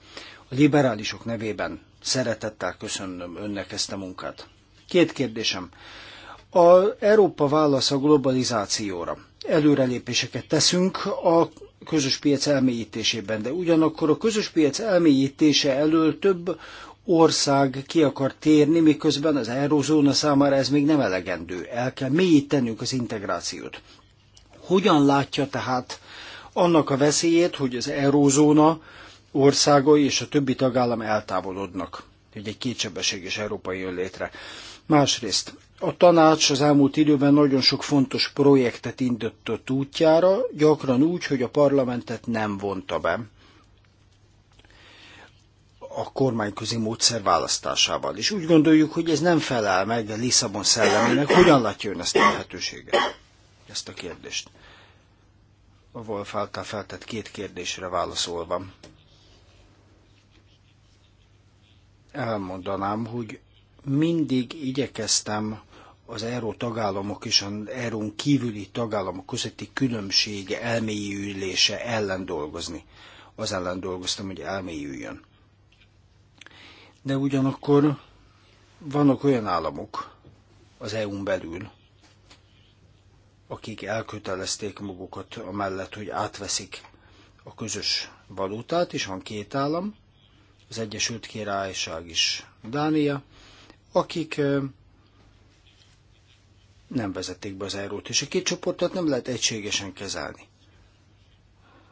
a liberálisok nevében szeretettel köszönöm önnek ezt a munkát. Két kérdésem. A Európa válasz a globalizációra. Előrelépéseket teszünk a közös piac elmélyítésében, de ugyanakkor a közös piac elmélyítése elől több ország ki akar térni, miközben az eurozóna számára ez még nem elegendő. El kell mélyítenünk az integrációt. Hogyan látja tehát annak a veszélyét, hogy az eurozóna országai és a többi tagállam eltávolodnak, hogy egy kétsebességes európai jön létre. Másrészt a tanács az elmúlt időben nagyon sok fontos projektet indított útjára, gyakran úgy, hogy a parlamentet nem vonta be a kormányközi módszer választásával. És úgy gondoljuk, hogy ez nem felel meg a Lisszabon szellemének. Hogyan látja ön ezt a lehetőséget? Ezt a kérdést. A Wolf által feltett két kérdésre válaszolva. Elmondanám, hogy mindig igyekeztem az euró tagállamok és az eurón kívüli tagállamok közötti különbség elmélyülése ellen dolgozni. Az ellen dolgoztam, hogy elmélyüljön. De ugyanakkor vannak olyan államok az EU-n belül, akik elkötelezték magukat amellett, hogy átveszik a közös valutát, és van két állam, az Egyesült Királyság is Dánia, akik nem vezették be az eurót, és a két csoportot nem lehet egységesen kezelni.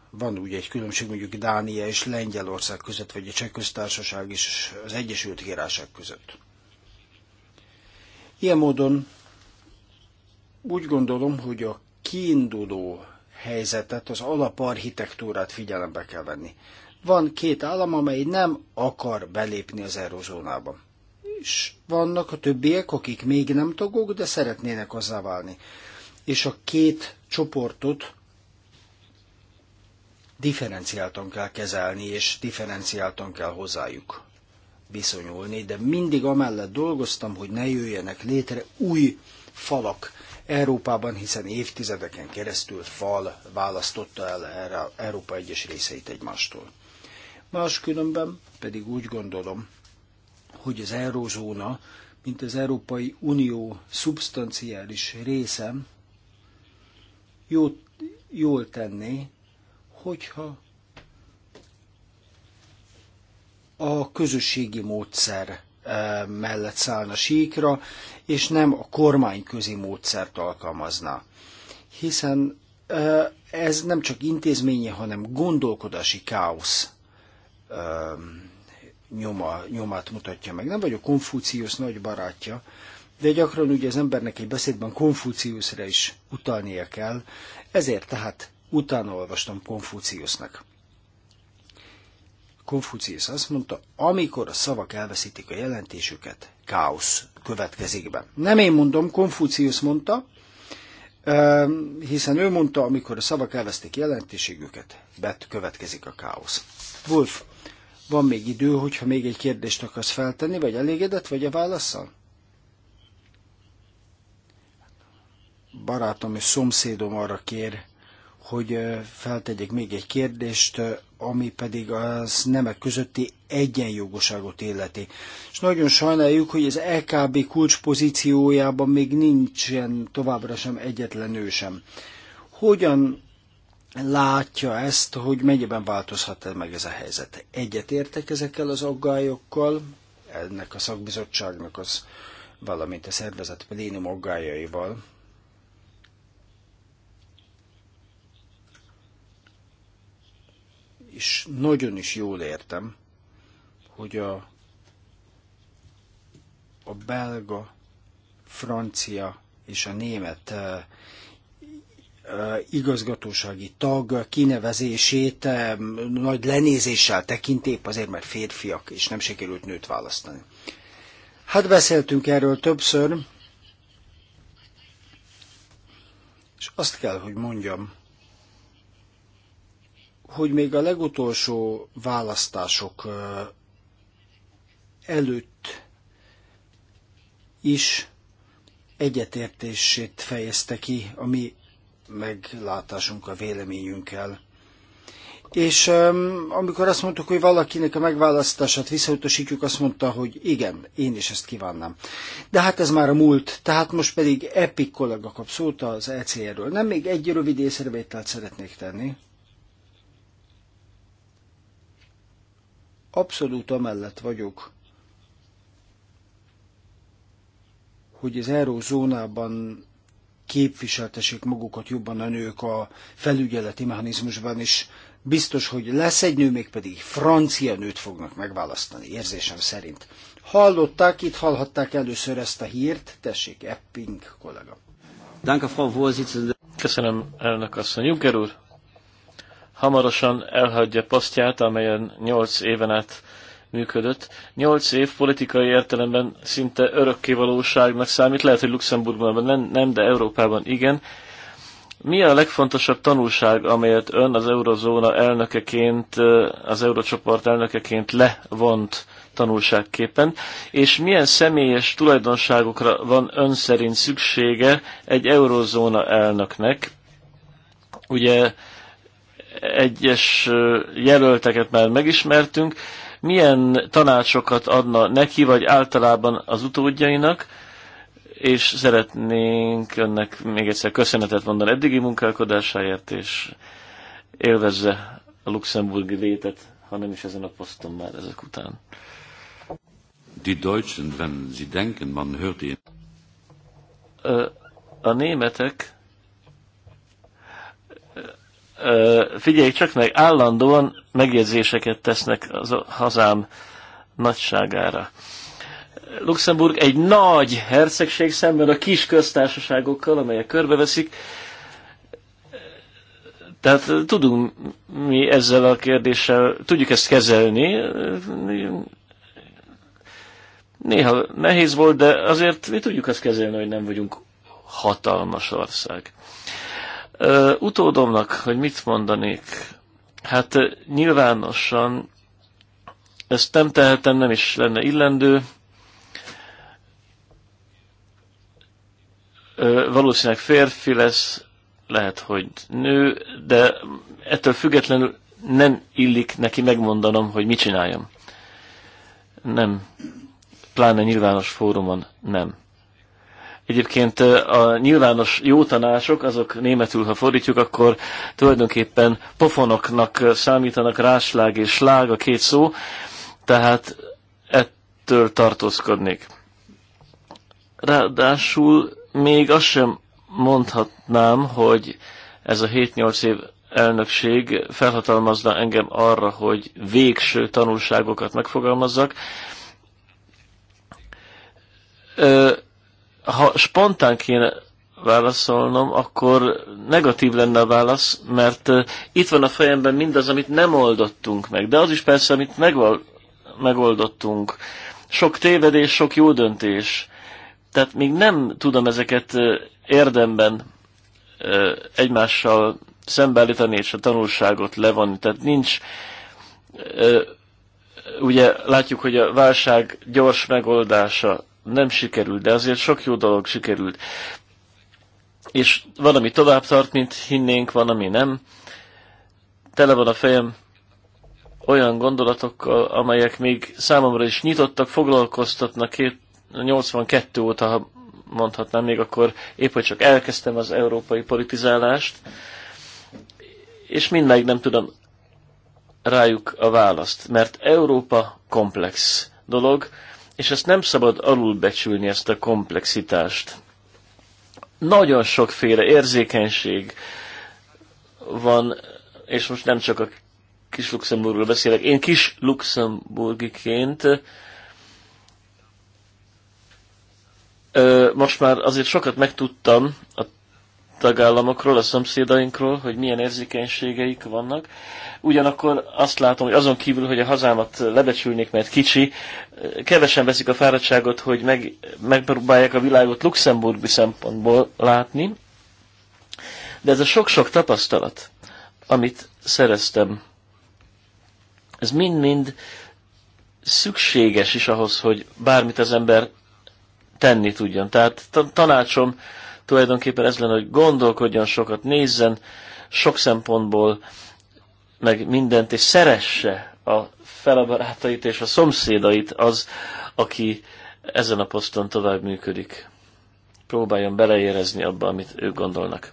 Van úgy egy különbség mondjuk Dánia és Lengyelország között, vagy a Cseh köztársaság és az Egyesült Királyság között. Ilyen módon úgy gondolom, hogy a kiinduló helyzetet, az alaparchitektúrát figyelembe kell venni. Van két állam, amely nem akar belépni az eurozónába is vannak a többiek, akik még nem tagok, de szeretnének hozzá válni. És a két csoportot differenciáltan kell kezelni, és differenciáltan kell hozzájuk viszonyulni, de mindig amellett dolgoztam, hogy ne jöjjenek létre új falak Európában, hiszen évtizedeken keresztül fal választotta el erre Európa egyes részeit egymástól. Máskülönben pedig úgy gondolom, hogy az eurozóna, mint az Európai Unió szubstanciális része, jót, jól tenné, hogyha a közösségi módszer e, mellett szállna síkra, és nem a kormányközi módszert alkalmazna. Hiszen e, ez nem csak intézményi, hanem gondolkodási káosz e, nyoma, nyomát mutatja meg. Nem vagyok Konfúciusz nagy barátja, de gyakran ugye az embernek egy beszédben Konfúciuszra is utalnia kell, ezért tehát utána olvastam Konfúciusznak. Konfúciusz azt mondta, amikor a szavak elveszítik a jelentésüket, káosz következik be. Nem én mondom, Konfúciusz mondta, hiszen ő mondta, amikor a szavak elvesztik jelentőségüket, bet következik a káosz. Wolf van még idő, hogyha még egy kérdést akarsz feltenni, vagy elégedett vagy a válaszsal? Barátom és szomszédom arra kér, hogy feltegyek még egy kérdést, ami pedig az nemek közötti egyenjogoságot illeti. És nagyon sajnáljuk, hogy az LKB kulcs pozíciójában még nincsen továbbra sem egyetlen ő sem. Hogyan látja ezt, hogy mennyiben változhat -e meg ez a helyzet. Egyetértek ezekkel az aggályokkal, ennek a szakbizottságnak az, valamint a szervezet plénum aggájaival. És nagyon is jól értem, hogy a, a belga, francia és a német uh, igazgatósági tag kinevezését nagy lenézéssel tekinték, azért mert férfiak, és nem sikerült nőt választani. Hát beszéltünk erről többször, és azt kell, hogy mondjam, hogy még a legutolsó választások előtt is egyetértését fejezte ki a mi meglátásunkkal, véleményünkkel. És um, amikor azt mondtuk, hogy valakinek a megválasztását visszautasítjuk, azt mondta, hogy igen, én is ezt kívánnám. De hát ez már a múlt, tehát most pedig epik kollega kap szót az ECR-ről. Nem, még egy rövid észrevételt szeretnék tenni. Abszolút amellett vagyok, hogy az eurózónában képviseltessék magukat jobban a nők a felügyeleti mechanizmusban is. Biztos, hogy lesz egy nő, mégpedig francia nőt fognak megválasztani, érzésem szerint. Hallották, itt hallhatták először ezt a hírt, tessék, Epping kollega. Köszönöm, elnök asszony. Juncker úr, hamarosan elhagyja posztját, amelyen 8 éven át működött. Nyolc év politikai értelemben szinte örökkévalóságnak számít, lehet, hogy Luxemburgban nem, nem, de Európában igen. Mi a legfontosabb tanulság, amelyet ön az eurozóna elnökeként, az eurocsoport elnökeként levont tanulságképpen, és milyen személyes tulajdonságokra van ön szerint szüksége egy eurozóna elnöknek? Ugye egyes jelölteket már megismertünk, milyen tanácsokat adna neki, vagy általában az utódjainak, és szeretnénk önnek még egyszer köszönetet mondani eddigi munkálkodásáért, és élvezze a luxemburgi létet, ha nem is ezen a poszton már ezek után. Die Deutschen, wenn sie denken, man hört ihn. A németek, figyelj csak meg, állandóan megjegyzéseket tesznek az hazám nagyságára. Luxemburg egy nagy hercegség szemben a kis köztársaságokkal, amelyek körbeveszik. Tehát tudunk mi ezzel a kérdéssel, tudjuk ezt kezelni. Néha nehéz volt, de azért mi tudjuk ezt kezelni, hogy nem vagyunk hatalmas ország. Utódomnak, hogy mit mondanék Hát nyilvánosan ezt nem tehetem, nem is lenne illendő. Valószínűleg férfi lesz, lehet, hogy nő, de ettől függetlenül nem illik neki megmondanom, hogy mit csináljam. Nem. Pláne nyilvános fórumon nem. Egyébként a nyilvános jó tanácsok, azok németül, ha fordítjuk, akkor tulajdonképpen pofonoknak számítanak ráslág és slág a két szó, tehát ettől tartózkodnék. Ráadásul még azt sem mondhatnám, hogy ez a 7-8 év elnökség felhatalmazna engem arra, hogy végső tanulságokat megfogalmazzak. Ö, ha spontán kéne válaszolnom, akkor negatív lenne a válasz, mert itt van a fejemben mindaz, amit nem oldottunk meg, de az is persze, amit megoldottunk. Sok tévedés, sok jó döntés. Tehát még nem tudom ezeket érdemben egymással szembeállítani és a tanulságot levonni. Tehát nincs, ugye látjuk, hogy a válság gyors megoldása nem sikerült, de azért sok jó dolog sikerült. És van, ami tovább tart, mint hinnénk, van, ami nem. Tele van a fejem olyan gondolatokkal, amelyek még számomra is nyitottak, foglalkoztatnak 82 óta, ha mondhatnám még akkor, épp hogy csak elkezdtem az európai politizálást, és mindmeg nem tudom rájuk a választ, mert Európa komplex dolog, és ezt nem szabad alulbecsülni, ezt a komplexitást. Nagyon sokféle érzékenység van, és most nem csak a kis Luxemburgról beszélek, én kis luxemburgiként most már azért sokat megtudtam a tagállamokról, a szomszédainkról, hogy milyen érzékenységeik vannak. Ugyanakkor azt látom, hogy azon kívül, hogy a hazámat lebecsülnék, mert kicsi, kevesen veszik a fáradtságot, hogy meg, megpróbálják a világot luxemburgi szempontból látni. De ez a sok-sok tapasztalat, amit szereztem, ez mind-mind szükséges is ahhoz, hogy bármit az ember tenni tudjon. Tehát tanácsom tulajdonképpen ez lenne, hogy gondolkodjon sokat, nézzen sok szempontból meg mindent, és szeresse a felabarátait és a szomszédait az, aki ezen a poszton tovább működik. Próbáljon beleérezni abba, amit ők gondolnak.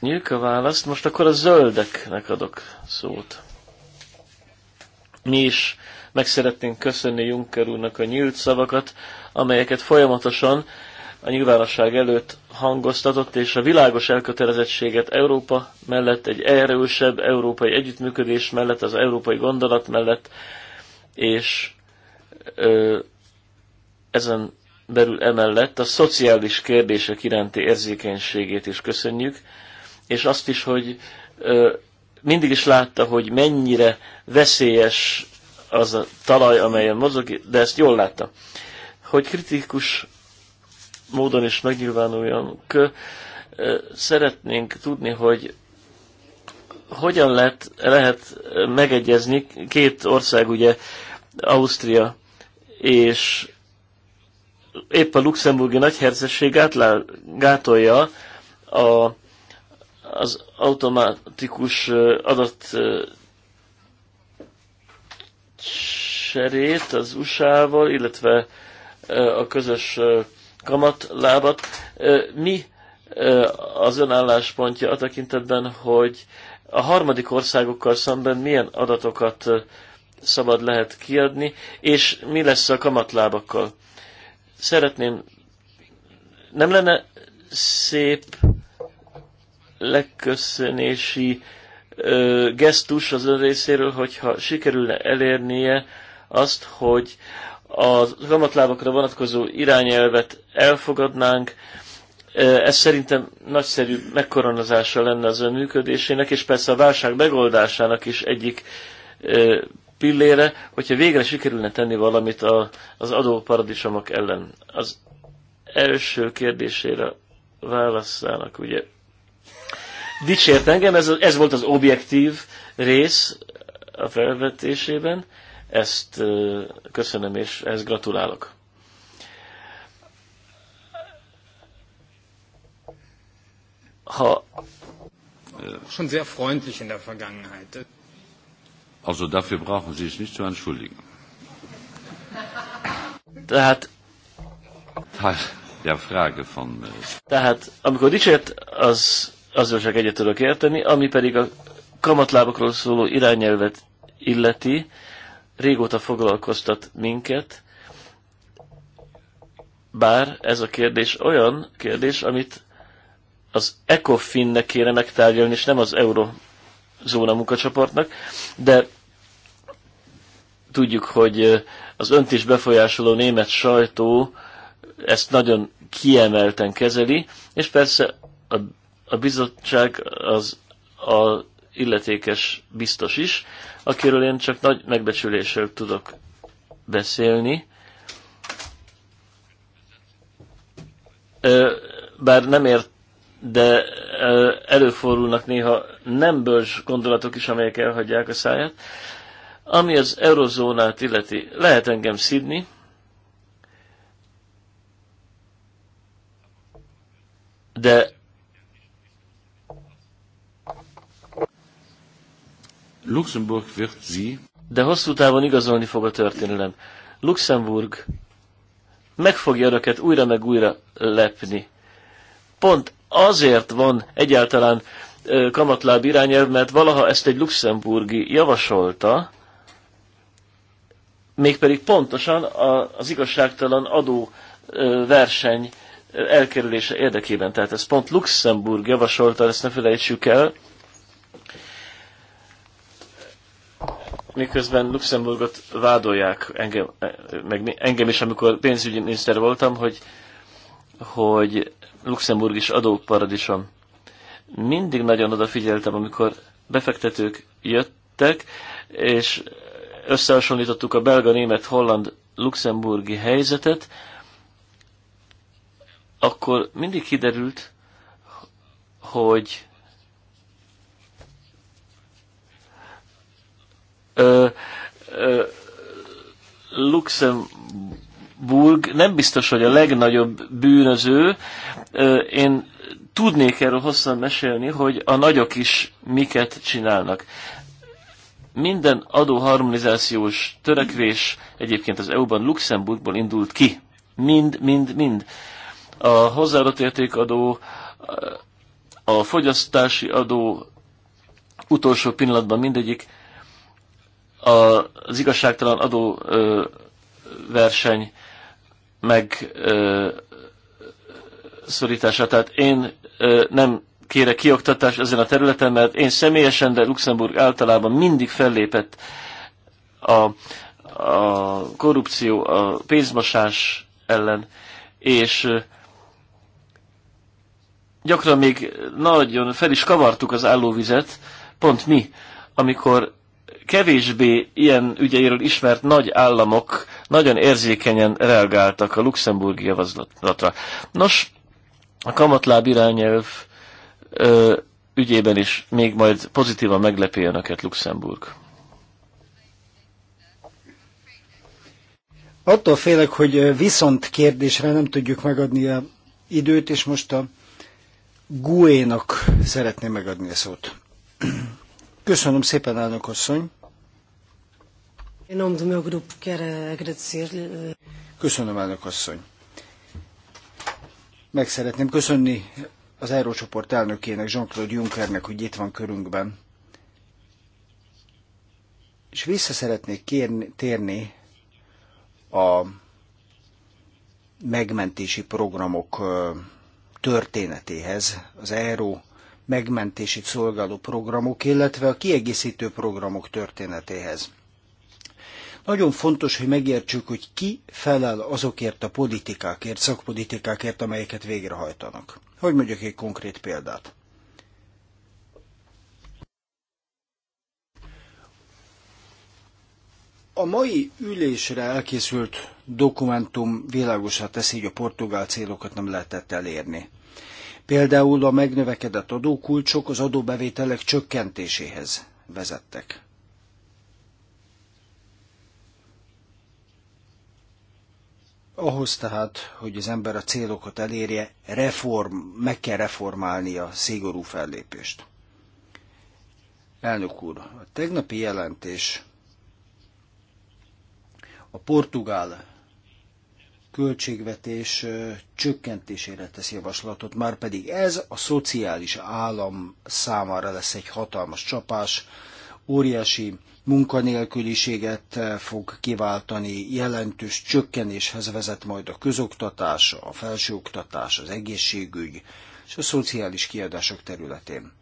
Nyűk a választ, most akkor a zöldeknek adok szót. Mi is meg szeretnénk köszönni Juncker úrnak a nyílt szavakat, amelyeket folyamatosan a nyilvánosság előtt hangoztatott, és a világos elkötelezettséget Európa mellett, egy erősebb európai együttműködés mellett, az európai gondolat mellett, és ö, ezen belül emellett a szociális kérdések iránti érzékenységét is köszönjük, és azt is, hogy ö, mindig is látta, hogy mennyire veszélyes az a talaj, amelyen mozog, de ezt jól látta hogy kritikus módon is megnyilvánuljunk, szeretnénk tudni, hogy hogyan lehet, lehet megegyezni két ország, ugye Ausztria és épp a luxemburgi nagyherzesség gátolja a, az automatikus adat cserét az USA-val, illetve a közös kamatlábat. Mi az önálláspontja a tekintetben, hogy a harmadik országokkal szemben milyen adatokat szabad lehet kiadni, és mi lesz a kamatlábakkal. Szeretném, nem lenne szép legköszönési ö, gesztus az ön részéről, hogyha sikerülne elérnie azt, hogy a romatlábakra vonatkozó irányelvet elfogadnánk, ez szerintem nagyszerű megkoronozása lenne az ön működésének, és persze a válság megoldásának is egyik pillére, hogyha végre sikerülne tenni valamit az adóparadicsomok ellen. Az első kérdésére válaszának, ugye. Dicsért engem, ez, ez volt az objektív rész a felvetésében. Ezt köszönöm, és ezt gratulálok. Ha schon sehr freundlich in der Vergangenheit. Also dafür brauchen Sie es nicht zu entschuldigen. Tehát der Frage von... Äh, Tehát, amikor dicsért, az, azzal csak egyet tudok érteni, ami pedig a kamatlábakról szóló irányelvet illeti, régóta foglalkoztat minket, bár ez a kérdés olyan kérdés, amit az ECOFIN-nek kéne megtárgyalni, és nem az Eurozóna munkacsoportnak, de tudjuk, hogy az önt is befolyásoló német sajtó ezt nagyon kiemelten kezeli, és persze a, a bizottság az a illetékes biztos is, akiről én csak nagy megbecsüléssel tudok beszélni. Bár nem ért, de előfordulnak néha nem bölcs gondolatok is, amelyek elhagyják a száját. Ami az eurozónát illeti, lehet engem szidni, de Luxemburg wird sie... De hosszú távon igazolni fog a történelem. Luxemburg meg fogja önöket újra meg újra lepni. Pont azért van egyáltalán kamatláb irányelv, mert valaha ezt egy luxemburgi javasolta, mégpedig pontosan az igazságtalan adó verseny elkerülése érdekében. Tehát ez pont Luxemburg javasolta, ezt ne felejtsük el, miközben Luxemburgot vádolják, engem, eh, meg engem is, amikor pénzügyi miniszter voltam, hogy, hogy Luxemburg is adóparadicsom. Mindig nagyon odafigyeltem, amikor befektetők jöttek, és összehasonlítottuk a belga, német, holland, luxemburgi helyzetet, akkor mindig kiderült, hogy ö, ö, Luxemburg nem biztos, hogy a legnagyobb bűnöző. Ö, én tudnék erről hosszan mesélni, hogy a nagyok is miket csinálnak. Minden adóharmonizációs törekvés egyébként az EU-ban Luxemburgból indult ki. Mind, mind, mind. A hozzáadott értékadó, a fogyasztási adó utolsó pillanatban mindegyik az igazságtalan verseny meg szorítása. Tehát én nem kérek kioktatást ezen a területen, mert én személyesen, de Luxemburg általában mindig fellépett a, a korrupció, a pénzmosás ellen, és gyakran még nagyon fel is kavartuk az állóvizet, pont mi, amikor kevésbé ilyen ügyeiről ismert nagy államok nagyon érzékenyen reagáltak a luxemburgi javaslatra. Nos, a kamatláb irányelv ö, ügyében is még majd pozitívan meglepi önöket Luxemburg. Attól félek, hogy viszont kérdésre nem tudjuk megadni a időt, és most a Guénak szeretném megadni a szót. Köszönöm szépen, elnök asszony. Eh, Köszönöm, elnök asszony. Meg szeretném köszönni az Eurócsoport elnökének, Jean-Claude Junckernek, hogy itt van körünkben. És vissza szeretnék kérni, térni a megmentési programok eh, történetéhez, az Euró megmentését szolgáló programok, illetve a kiegészítő programok történetéhez. Nagyon fontos, hogy megértsük, hogy ki felel azokért a politikákért, szakpolitikákért, amelyeket végrehajtanak. Hogy mondjak egy konkrét példát? A mai ülésre elkészült dokumentum világosá teszi, hogy a portugál célokat nem lehetett elérni. Például a megnövekedett adókulcsok az adóbevételek csökkentéséhez vezettek. Ahhoz tehát, hogy az ember a célokat elérje, reform, meg kell reformálni a szigorú fellépést. Elnök úr, a tegnapi jelentés a portugál költségvetés csökkentésére tesz javaslatot, már pedig ez a szociális állam számára lesz egy hatalmas csapás, óriási munkanélküliséget fog kiváltani, jelentős csökkenéshez vezet majd a közoktatás, a felsőoktatás, az egészségügy és a szociális kiadások területén.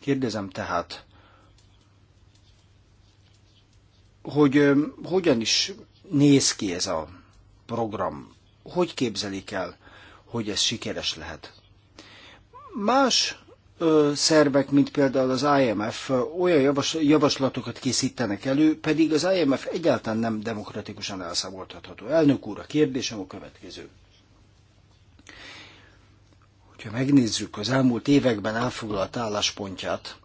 Kérdezem tehát, hogy hogyan is néz ki ez a program. Hogy képzelik el, hogy ez sikeres lehet? Más ö, szervek, mint például az IMF, olyan javas, javaslatokat készítenek elő, pedig az IMF egyáltalán nem demokratikusan elszámoltatható. Elnök úr, a kérdésem a következő. Hogyha megnézzük az elmúlt években elfoglalt álláspontját,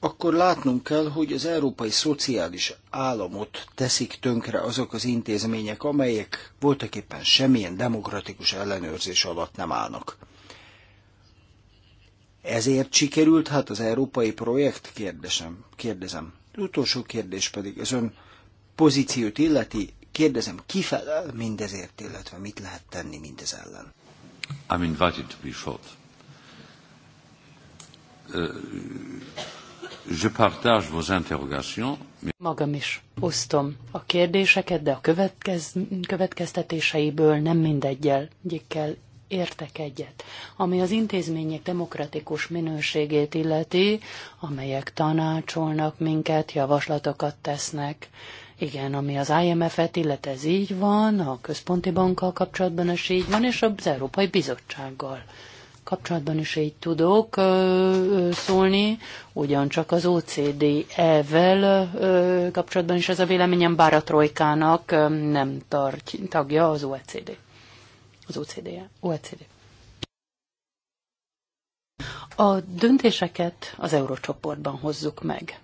akkor látnunk kell, hogy az európai szociális államot teszik tönkre azok az intézmények, amelyek voltaképpen semmilyen demokratikus ellenőrzés alatt nem állnak. Ezért sikerült hát az európai projekt, kérdezem. kérdezem. Utolsó kérdés pedig az ön pozíciót illeti, kérdezem, ki felel mindezért, illetve mit lehet tenni mindez ellen? I'm invited to be short. Uh, je partage vos interrogations. Magam is osztom a kérdéseket, de a következ, következtetéseiből nem mindegyel egyikkel értek egyet. Ami az intézmények demokratikus minőségét illeti, amelyek tanácsolnak minket, javaslatokat tesznek. Igen, ami az IMF-et illet, ez így van, a központi bankkal kapcsolatban is így van, és az Európai Bizottsággal kapcsolatban is így tudok szólni, ugyancsak az OCD vel kapcsolatban is ez a véleményem, bár a trojkának nem tart, tagja az OECD. Az OCD. E. OECD. A döntéseket az eurócsoportban hozzuk meg.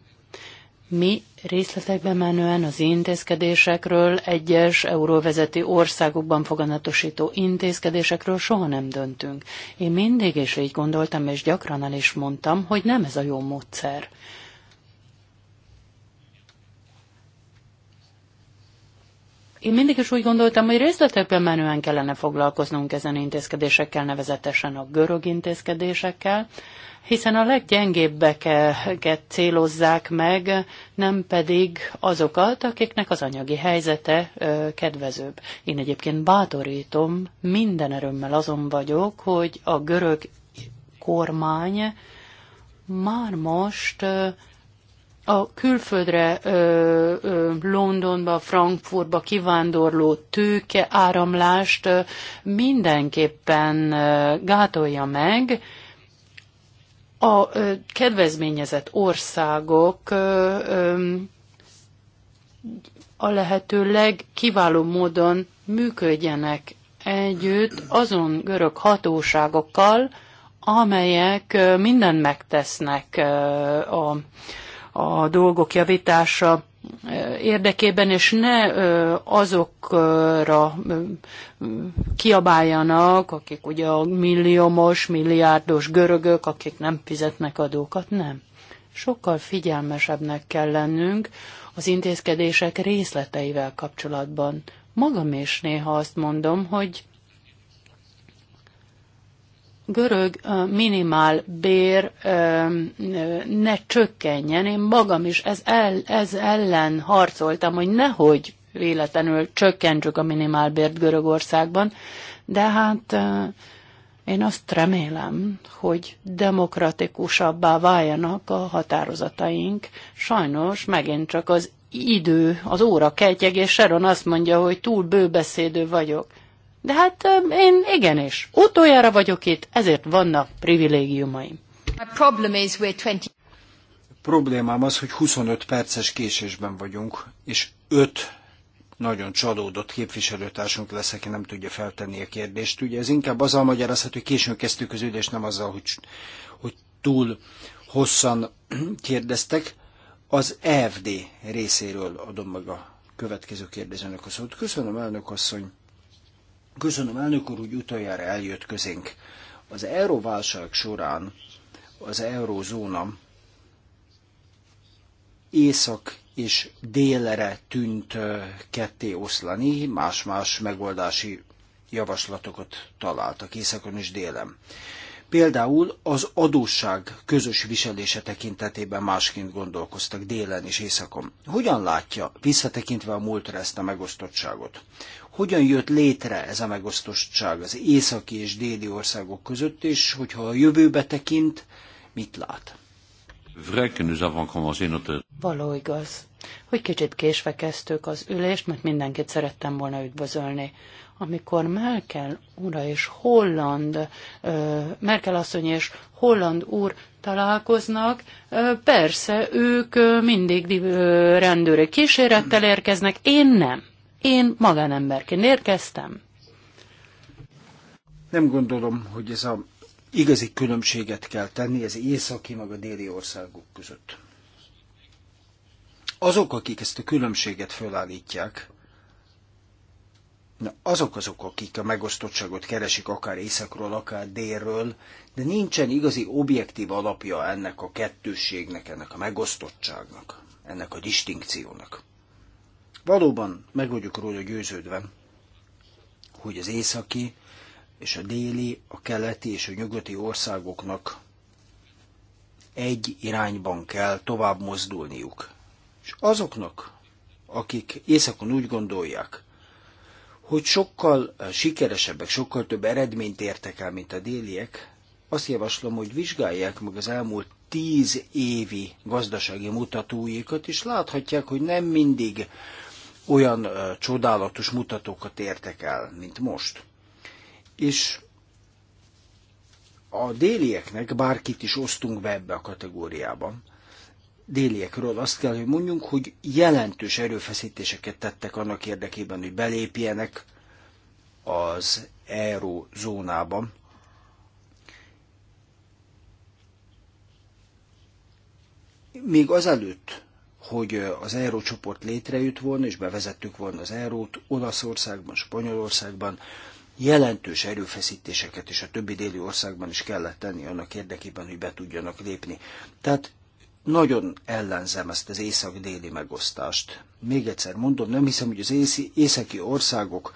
Mi részletekben menően az intézkedésekről, egyes euróvezeti országokban foganatosító intézkedésekről soha nem döntünk. Én mindig is így gondoltam, és gyakran el is mondtam, hogy nem ez a jó módszer. Én mindig is úgy gondoltam, hogy részletekben menően kellene foglalkoznunk ezen intézkedésekkel, nevezetesen a görög intézkedésekkel, hiszen a leggyengébbeket célozzák meg, nem pedig azokat, akiknek az anyagi helyzete ö, kedvezőbb. Én egyébként bátorítom, minden erőmmel azon vagyok, hogy a görög kormány már most ö, a külföldre, ö, ö, Londonba, Frankfurtba kivándorló tőke áramlást ö, mindenképpen ö, gátolja meg, a kedvezményezett országok a lehető legkiváló módon működjenek együtt azon görög hatóságokkal, amelyek mindent megtesznek a, a dolgok javítása érdekében, és ne azokra kiabáljanak, akik ugye a milliómos, milliárdos görögök, akik nem fizetnek adókat, nem. Sokkal figyelmesebbnek kell lennünk az intézkedések részleteivel kapcsolatban. Magam is néha azt mondom, hogy görög minimál bér ne csökkenjen. Én magam is ez, el, ez ellen harcoltam, hogy nehogy véletlenül csökkentsük a minimálbért Görögországban, de hát én azt remélem, hogy demokratikusabbá váljanak a határozataink. Sajnos megint csak az idő, az óra kegyeg, és Sharon azt mondja, hogy túl bőbeszédő vagyok. De hát én igenis, utoljára vagyok itt, ezért vannak privilégiumaim. A problem is we're 20 problémám az, hogy 25 perces késésben vagyunk, és 5 nagyon csalódott képviselőtársunk lesz, aki nem tudja feltenni a kérdést. Ugye ez inkább azzal magyarázható, hogy későn kezdtük az ülést, nem azzal, hogy, hogy túl hosszan kérdeztek. Az EFD részéről adom meg a következő kérdésnek a szót. Köszönöm, elnök asszony! Köszönöm, elnök úr, hogy utoljára eljött közénk. Az euróválság során az eurózóna észak és délre tűnt ketté oszlani, más-más megoldási javaslatokat találtak északon és délen. Például az adósság közös viselése tekintetében másként gondolkoztak délen és északon. Hogyan látja, visszatekintve a múltra ezt a megosztottságot? hogyan jött létre ez a megosztottság az északi és déli országok között, és hogyha a jövőbe tekint, mit lát? Való igaz, hogy kicsit késve kezdtük az ülést, mert mindenkit szerettem volna üdvözölni. Amikor Merkel ura és Holland, Merkel asszony és Holland úr találkoznak, persze ők mindig rendőri kísérettel érkeznek, én nem én magánemberként érkeztem. Nem gondolom, hogy ez a igazi különbséget kell tenni az északi meg a déli országok között. Azok, akik ezt a különbséget fölállítják, Na, azok azok, akik a megosztottságot keresik akár északról, akár délről, de nincsen igazi objektív alapja ennek a kettősségnek, ennek a megosztottságnak, ennek a distinkciónak. Valóban meg vagyok róla győződve, hogy az északi és a déli, a keleti és a nyugati országoknak egy irányban kell tovább mozdulniuk. És azoknak, akik északon úgy gondolják, hogy sokkal sikeresebbek, sokkal több eredményt értek el, mint a déliek, azt javaslom, hogy vizsgálják meg az elmúlt tíz évi gazdasági mutatóikat, és láthatják, hogy nem mindig olyan csodálatos mutatókat értek el, mint most. És a délieknek, bárkit is osztunk be ebbe a kategóriában, déliekről azt kell, hogy mondjunk, hogy jelentős erőfeszítéseket tettek annak érdekében, hogy belépjenek az eurozónában. Még azelőtt, hogy az eurócsoport létrejött volna, és bevezettük volna az eurót Olaszországban, Spanyolországban, jelentős erőfeszítéseket és a többi déli országban is kellett tenni annak érdekében, hogy be tudjanak lépni. Tehát nagyon ellenzem ezt az észak-déli megosztást. Még egyszer mondom, nem hiszem, hogy az északi országok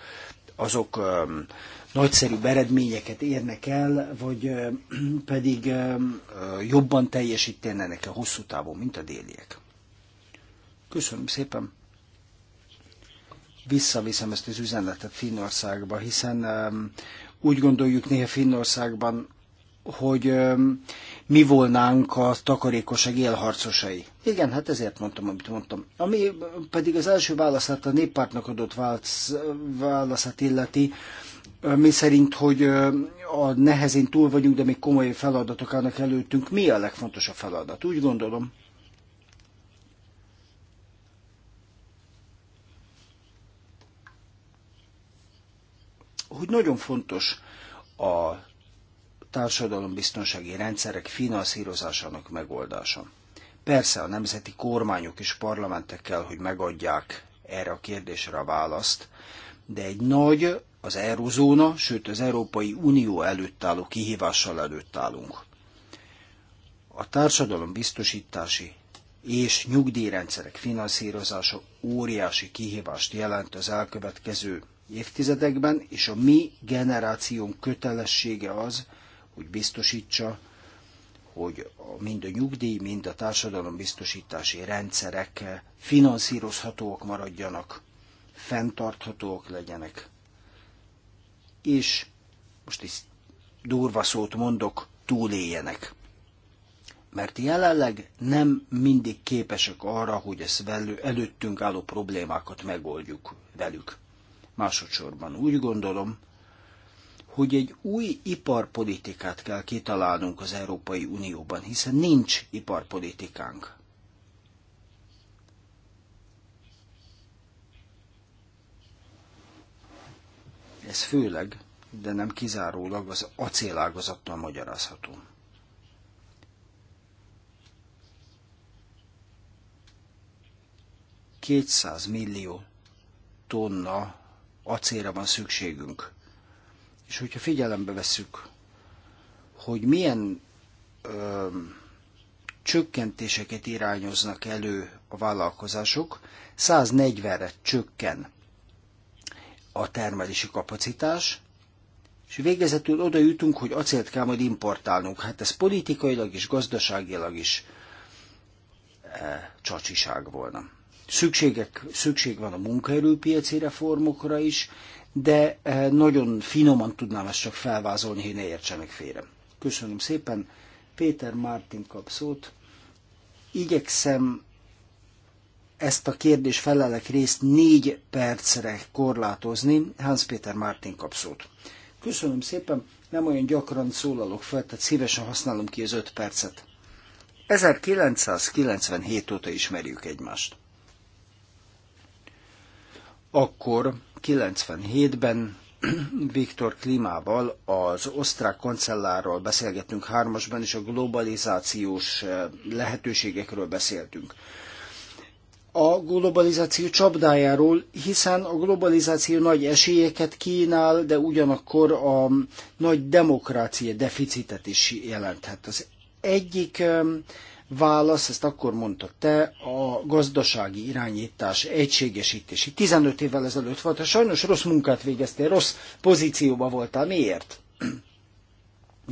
azok um, nagyszerű eredményeket érnek el, vagy um, pedig um, jobban teljesítenek a hosszú távon, mint a déliek. Köszönöm szépen. Visszaviszem ezt az üzenetet Finnországba, hiszen um, úgy gondoljuk néha Finnországban, hogy um, mi volnánk a takarékosság élharcosai. Igen, hát ezért mondtam, amit mondtam. Ami pedig az első válaszát a néppártnak adott válasz, válaszát illeti, mi szerint, hogy a nehezén túl vagyunk, de még komoly feladatok állnak előttünk. Mi a legfontosabb feladat? Úgy gondolom, hogy nagyon fontos a társadalombiztonsági rendszerek finanszírozásának megoldása. Persze a nemzeti kormányok és parlamentekkel, hogy megadják erre a kérdésre a választ, de egy nagy, az eurozóna, sőt az Európai Unió előtt álló kihívással előtt állunk. A társadalom biztosítási és nyugdíjrendszerek finanszírozása óriási kihívást jelent az elkövetkező évtizedekben, és a mi generációnk kötelessége az, hogy biztosítsa, hogy mind a nyugdíj, mind a társadalombiztosítási rendszerek finanszírozhatóak maradjanak, fenntarthatóak legyenek. És most is durva szót mondok, túléljenek. Mert jelenleg nem mindig képesek arra, hogy ezt előttünk álló problémákat megoldjuk velük. Másodszorban úgy gondolom, hogy egy új iparpolitikát kell kitalálnunk az Európai Unióban, hiszen nincs iparpolitikánk. Ez főleg, de nem kizárólag az acélágazattal magyarázható. Kétszáz millió tonna acélra van szükségünk. És hogyha figyelembe vesszük, hogy milyen ö, csökkentéseket irányoznak elő a vállalkozások, 140-re csökken a termelési kapacitás, és végezetül oda jutunk, hogy acélt kell majd importálnunk. Hát ez politikailag és gazdaságilag is e, csacsiság volna. Szükségek, szükség van a munkaerőpiaci reformokra is, de eh, nagyon finoman tudnám ezt csak felvázolni, hogy ne értsenek félre. Köszönöm szépen. Péter Mártin kap szót. Igyekszem ezt a kérdés felelek részt négy percre korlátozni. Hans Péter Mártin kap szót. Köszönöm szépen, nem olyan gyakran szólalok fel, tehát szívesen használom ki az öt percet. 1997 óta ismerjük egymást akkor 97-ben *clears throat* Viktor Klimával, az osztrák kancellárral beszélgettünk hármasban, és a globalizációs eh, lehetőségekről beszéltünk. A globalizáció csapdájáról, hiszen a globalizáció nagy esélyeket kínál, de ugyanakkor a nagy demokrácia deficitet is jelenthet. Az egyik eh, válasz, ezt akkor mondta te, a gazdasági irányítás egységesítési. 15 évvel ezelőtt volt, ha sajnos rossz munkát végeztél, rossz pozícióba voltál. Miért? *clears throat*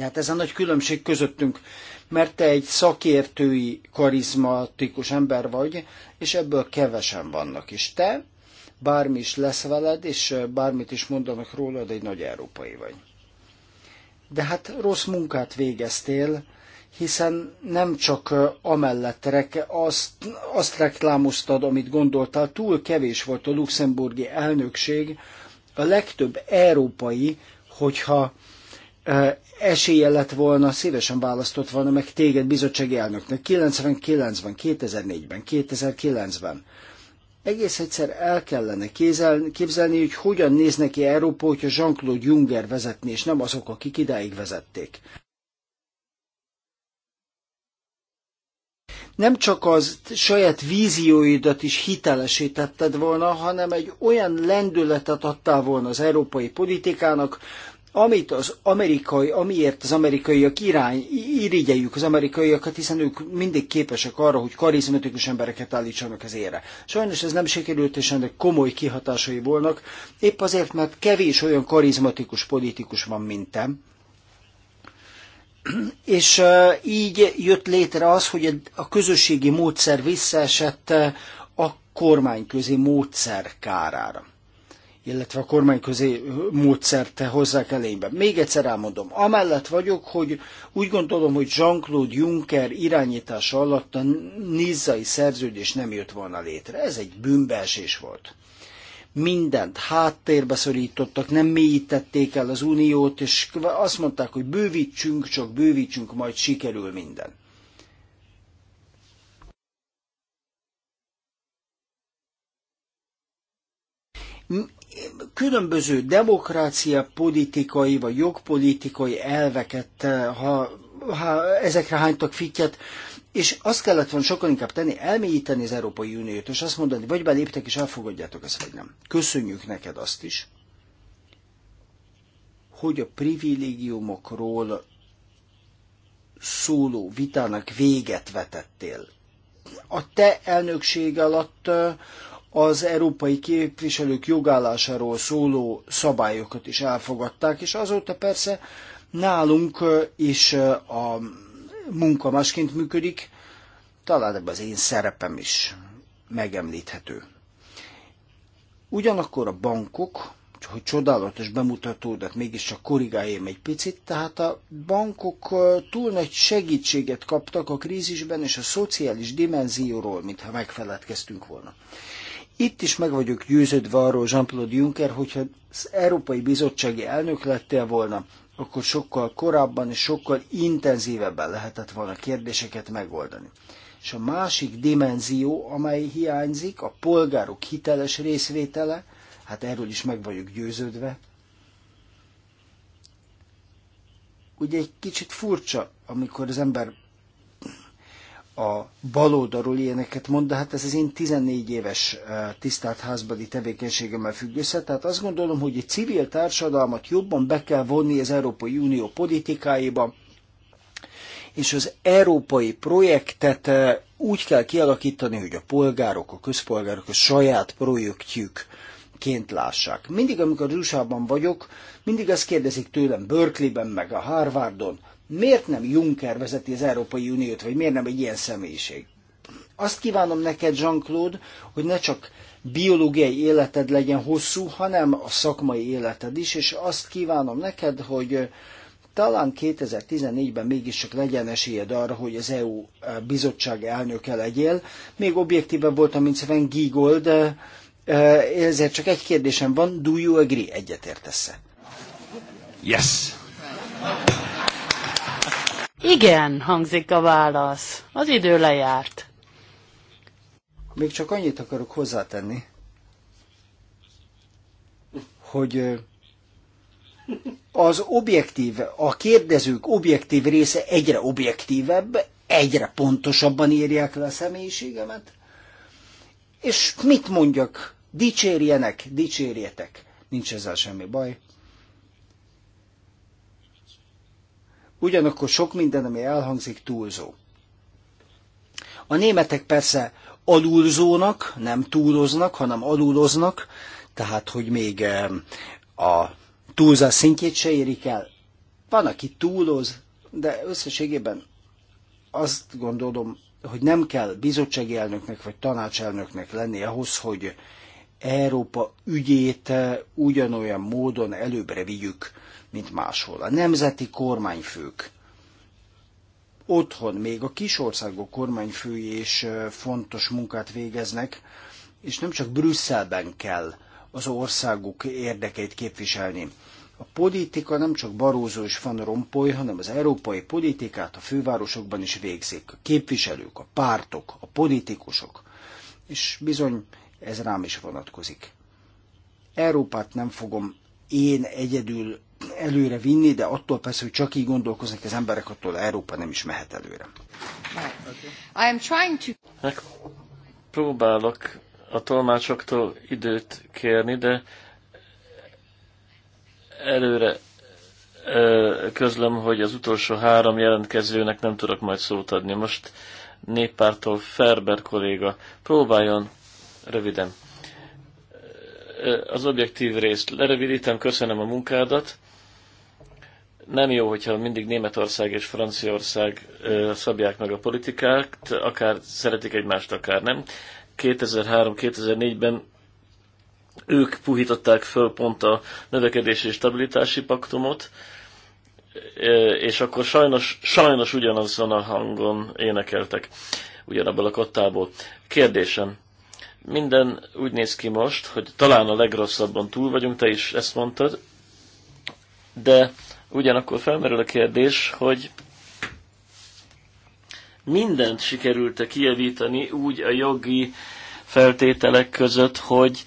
Hát ez a nagy különbség közöttünk, mert te egy szakértői, karizmatikus ember vagy, és ebből kevesen vannak. És te, bármi is lesz veled, és bármit is mondanak rólad, egy nagy európai vagy. De hát rossz munkát végeztél, hiszen nem csak amellett reke, azt, azt reklámoztad, amit gondoltál, túl kevés volt a luxemburgi elnökség, a legtöbb európai, hogyha esélye lett volna, szívesen választott volna meg téged bizottsági elnöknek 99-ben, 2004-ben, 2009-ben. Egész egyszer el kellene képzelni, hogy hogyan néz neki Európa, hogyha Jean-Claude Juncker vezetni, és nem azok, akik idáig vezették. nem csak az saját vízióidat is hitelesítetted volna, hanem egy olyan lendületet adtál volna az európai politikának, amit az amerikai, amiért az amerikaiak irány, irigyeljük az amerikaiakat, hiszen ők mindig képesek arra, hogy karizmatikus embereket állítsanak az ére. Sajnos ez nem sikerült, és ennek komoly kihatásai volnak, épp azért, mert kevés olyan karizmatikus politikus van, mint te, és így jött létre az, hogy a közösségi módszer visszaesett a kormányközi módszer kárára illetve a kormányközi módszert hozzák elénybe. Még egyszer elmondom, amellett vagyok, hogy úgy gondolom, hogy Jean-Claude Juncker irányítása alatt a nizzai szerződés nem jött volna létre. Ez egy bűnbeesés volt mindent háttérbe szorítottak, nem mélyítették el az uniót, és azt mondták, hogy bővítsünk, csak bővítsünk, majd sikerül minden. Különböző demokrácia politikai vagy jogpolitikai elveket, ha, ha ezekre hánytak fityet, és azt kellett volna sokkal inkább tenni, elmélyíteni az Európai Uniót, és azt mondani, vagy beléptek és elfogadjátok ezt, vagy nem. Köszönjük neked azt is, hogy a privilégiumokról szóló vitának véget vetettél. A te elnökség alatt az európai képviselők jogállásáról szóló szabályokat is elfogadták, és azóta persze nálunk is a munka másként működik, talán ebben az én szerepem is megemlíthető. Ugyanakkor a bankok, hogy csodálatos mégis hát mégiscsak korrigáljam egy picit, tehát a bankok túl nagy segítséget kaptak a krízisben, és a szociális dimenzióról, mintha megfeledkeztünk volna. Itt is meg vagyok győződve arról Jean-Claude Juncker, hogyha az Európai Bizottsági elnök lettél volna, akkor sokkal korábban és sokkal intenzívebben lehetett volna kérdéseket megoldani. És a másik dimenzió, amely hiányzik, a polgárok hiteles részvétele, hát erről is meg vagyok győződve. Ugye egy kicsit furcsa, amikor az ember a baloldalról ilyeneket mond, de hát ez az én 14 éves eh, tisztelt házbeli tevékenységemmel függ össze. Tehát azt gondolom, hogy egy civil társadalmat jobban be kell vonni az Európai Unió politikáiba, és az európai projektet eh, úgy kell kialakítani, hogy a polgárok, a közpolgárok a saját projektjük ként lássák. Mindig, amikor usa vagyok, mindig azt kérdezik tőlem Berkeleyben, meg a Harvardon, Miért nem Juncker vezeti az Európai Uniót, vagy miért nem egy ilyen személyiség? Azt kívánom neked, Jean-Claude, hogy ne csak biológiai életed legyen hosszú, hanem a szakmai életed is, és azt kívánom neked, hogy talán 2014-ben mégiscsak legyen esélyed arra, hogy az EU bizottság elnöke legyél. Még objektíven voltam, mint Sven Giegold, ezért csak egy kérdésem van, do you agree? Egyetértesz-e? Yes! Igen, hangzik a válasz. Az idő lejárt. Még csak annyit akarok hozzátenni, hogy az objektív, a kérdezők objektív része egyre objektívebb, egyre pontosabban írják le a személyiségemet, és mit mondjak? Dicsérjenek, dicsérjetek. Nincs ezzel semmi baj. Ugyanakkor sok minden, ami elhangzik, túlzó. A németek persze alulzónak, nem túloznak, hanem aluloznak, tehát hogy még a túlzás szintjét se érik el. Van, aki túloz, de összességében azt gondolom, hogy nem kell bizottsági elnöknek vagy tanácselnöknek lenni ahhoz, hogy Európa ügyét eh, ugyanolyan módon előbbre vigyük, mint máshol. A nemzeti kormányfők otthon még a kisországok kormányfői is fontos munkát végeznek, és nem csak Brüsszelben kell az országuk érdekeit képviselni. A politika nem csak Barózó és Van Rompuy, hanem az európai politikát a fővárosokban is végzik. A képviselők, a pártok, a politikusok. És bizony ez rám is vonatkozik. Európát nem fogom én egyedül előre vinni, de attól persze, hogy csak így gondolkoznak az emberek, attól Európa nem is mehet előre. I am trying to... Próbálok a tolmácsoktól időt kérni, de előre közlöm, hogy az utolsó három jelentkezőnek nem tudok majd szót adni. Most néppártól Ferber kolléga. Próbáljon röviden. Az objektív részt lerövidítem, köszönöm a munkádat nem jó, hogyha mindig Németország és Franciaország szabják meg a politikát, akár szeretik egymást, akár nem. 2003-2004-ben ők puhították föl pont a növekedési és stabilitási paktumot, és akkor sajnos, sajnos ugyanazon a hangon énekeltek, ugyanabból a kottából. Kérdésem, minden úgy néz ki most, hogy talán a legrosszabban túl vagyunk, te is ezt mondtad, de Ugyanakkor felmerül a kérdés, hogy mindent sikerült-e kijavítani úgy a jogi feltételek között, hogy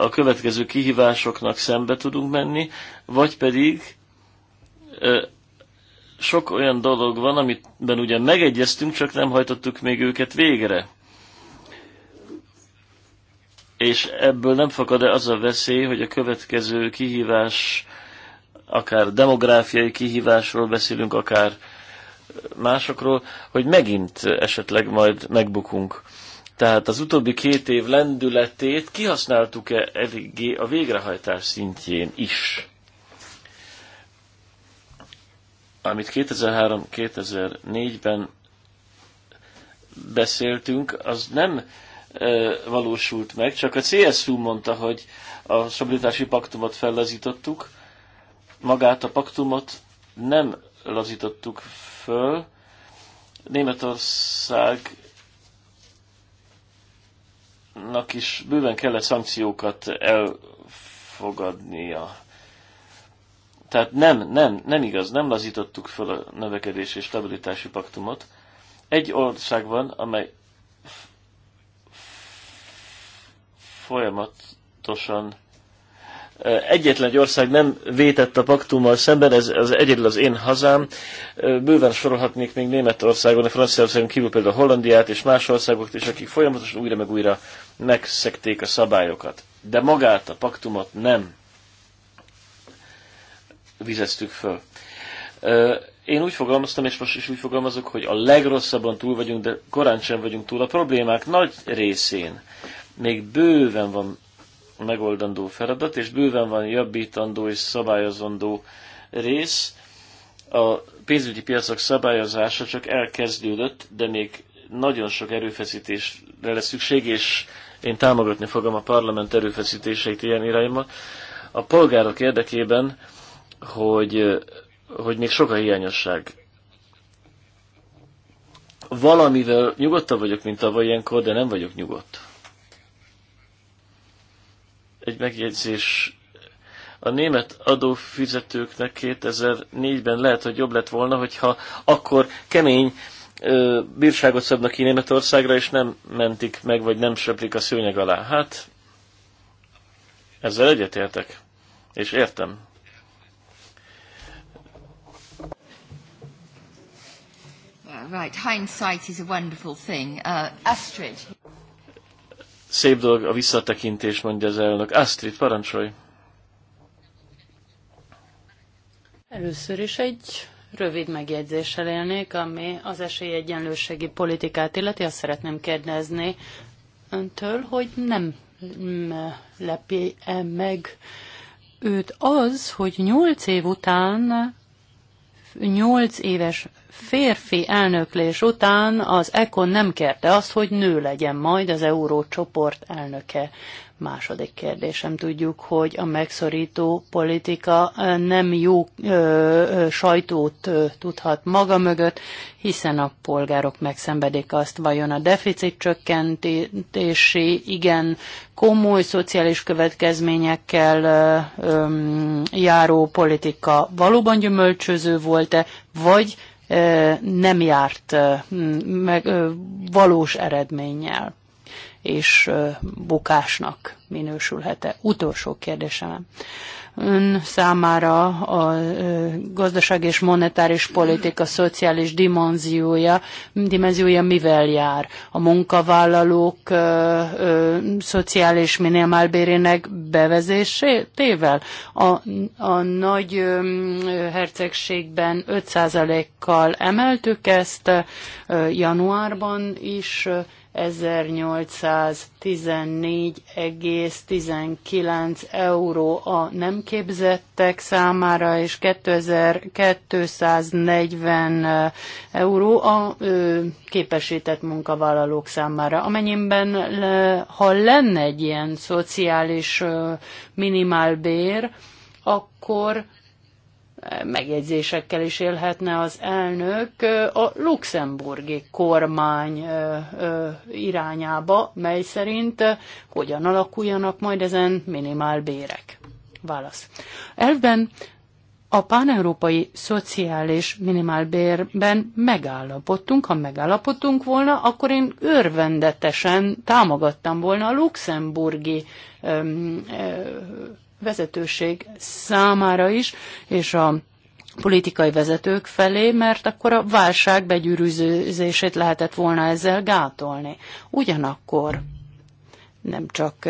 a következő kihívásoknak szembe tudunk menni, vagy pedig sok olyan dolog van, amiben ugyan megegyeztünk, csak nem hajtottuk még őket végre. És ebből nem fakad-e az a veszély, hogy a következő kihívás akár demográfiai kihívásról beszélünk, akár másokról, hogy megint esetleg majd megbukunk. Tehát az utóbbi két év lendületét kihasználtuk-e eléggé a végrehajtás szintjén is? Amit 2003-2004-ben beszéltünk, az nem e, valósult meg, csak a CSU mondta, hogy a stabilitási paktumot fellazítottuk, magát a paktumot nem lazítottuk föl. Németországnak is bőven kellett szankciókat elfogadnia. Tehát nem, nem, nem igaz, nem lazítottuk föl a növekedés és stabilitási paktumot. Egy ország van, amely folyamatosan egyetlen egy ország nem vétett a paktummal szemben, ez, ez egyedül az én hazám. Bőven sorolhatnék még Németországon, a Franciaországon kívül például Hollandiát és más országokat is, akik folyamatosan újra meg újra megszekték a szabályokat. De magát a paktumot nem vizeztük föl. Én úgy fogalmaztam, és most is úgy fogalmazok, hogy a legrosszabban túl vagyunk, de korán sem vagyunk túl a problémák nagy részén. Még bőven van megoldandó feladat, és bőven van jobbítandó és szabályozandó rész. A pénzügyi piacok szabályozása csak elkezdődött, de még nagyon sok erőfeszítésre lesz szükség, és én támogatni fogom a parlament erőfeszítéseit ilyen irányban. A polgárok érdekében, hogy, hogy még sok a hiányosság. Valamivel nyugodtabb vagyok, mint tavaly ilyenkor, de nem vagyok nyugodt egy megjegyzés. A német adófizetőknek 2004-ben lehet, hogy jobb lett volna, hogyha akkor kemény ö, bírságot szabnak ki Németországra, és nem mentik meg, vagy nem söplik a szőnyeg alá. Hát, ezzel egyetértek, és értem. Right, hindsight is a wonderful thing. Uh, Astrid. Szép dolog a visszatekintés, mondja az elnök. Astrid, parancsolj! Először is egy rövid megjegyzéssel élnék, ami az esélyegyenlőségi politikát illeti. Azt szeretném kérdezni öntől, hogy nem lepi -e meg őt az, hogy nyolc év után nyolc éves férfi elnöklés után az ECON nem kérte azt, hogy nő legyen majd az eurócsoport elnöke. Második kérdésem tudjuk, hogy a megszorító politika nem jó ö, sajtót ö, tudhat maga mögött, hiszen a polgárok megszenvedik azt, vajon a deficit csökkentési igen komoly szociális következményekkel ö, ö, járó politika valóban gyümölcsöző volt-e, vagy ö, nem járt ö, meg, ö, valós eredménnyel és bukásnak minősülhet-e? Utolsó kérdésem. Ön számára a gazdaság és monetáris politika szociális dimenziója, dimenziója mivel jár? A munkavállalók ö, ö, szociális minimálbérének bevezésével? A, a nagy ö, hercegségben 5%-kal emeltük ezt ö, januárban is. Ö, 1814,19 euró a nem képzettek számára, és 2240 euró a képesített munkavállalók számára. Amennyiben, ha lenne egy ilyen szociális minimálbér, akkor megjegyzésekkel is élhetne az elnök a luxemburgi kormány irányába, mely szerint hogyan alakuljanak majd ezen minimál bérek. Válasz. Elvben a páneurópai szociális minimálbérben megállapodtunk, ha megállapodtunk volna, akkor én örvendetesen támogattam volna a luxemburgi öm, öm, vezetőség számára is, és a politikai vezetők felé, mert akkor a válság begyűrűzését lehetett volna ezzel gátolni. Ugyanakkor nem csak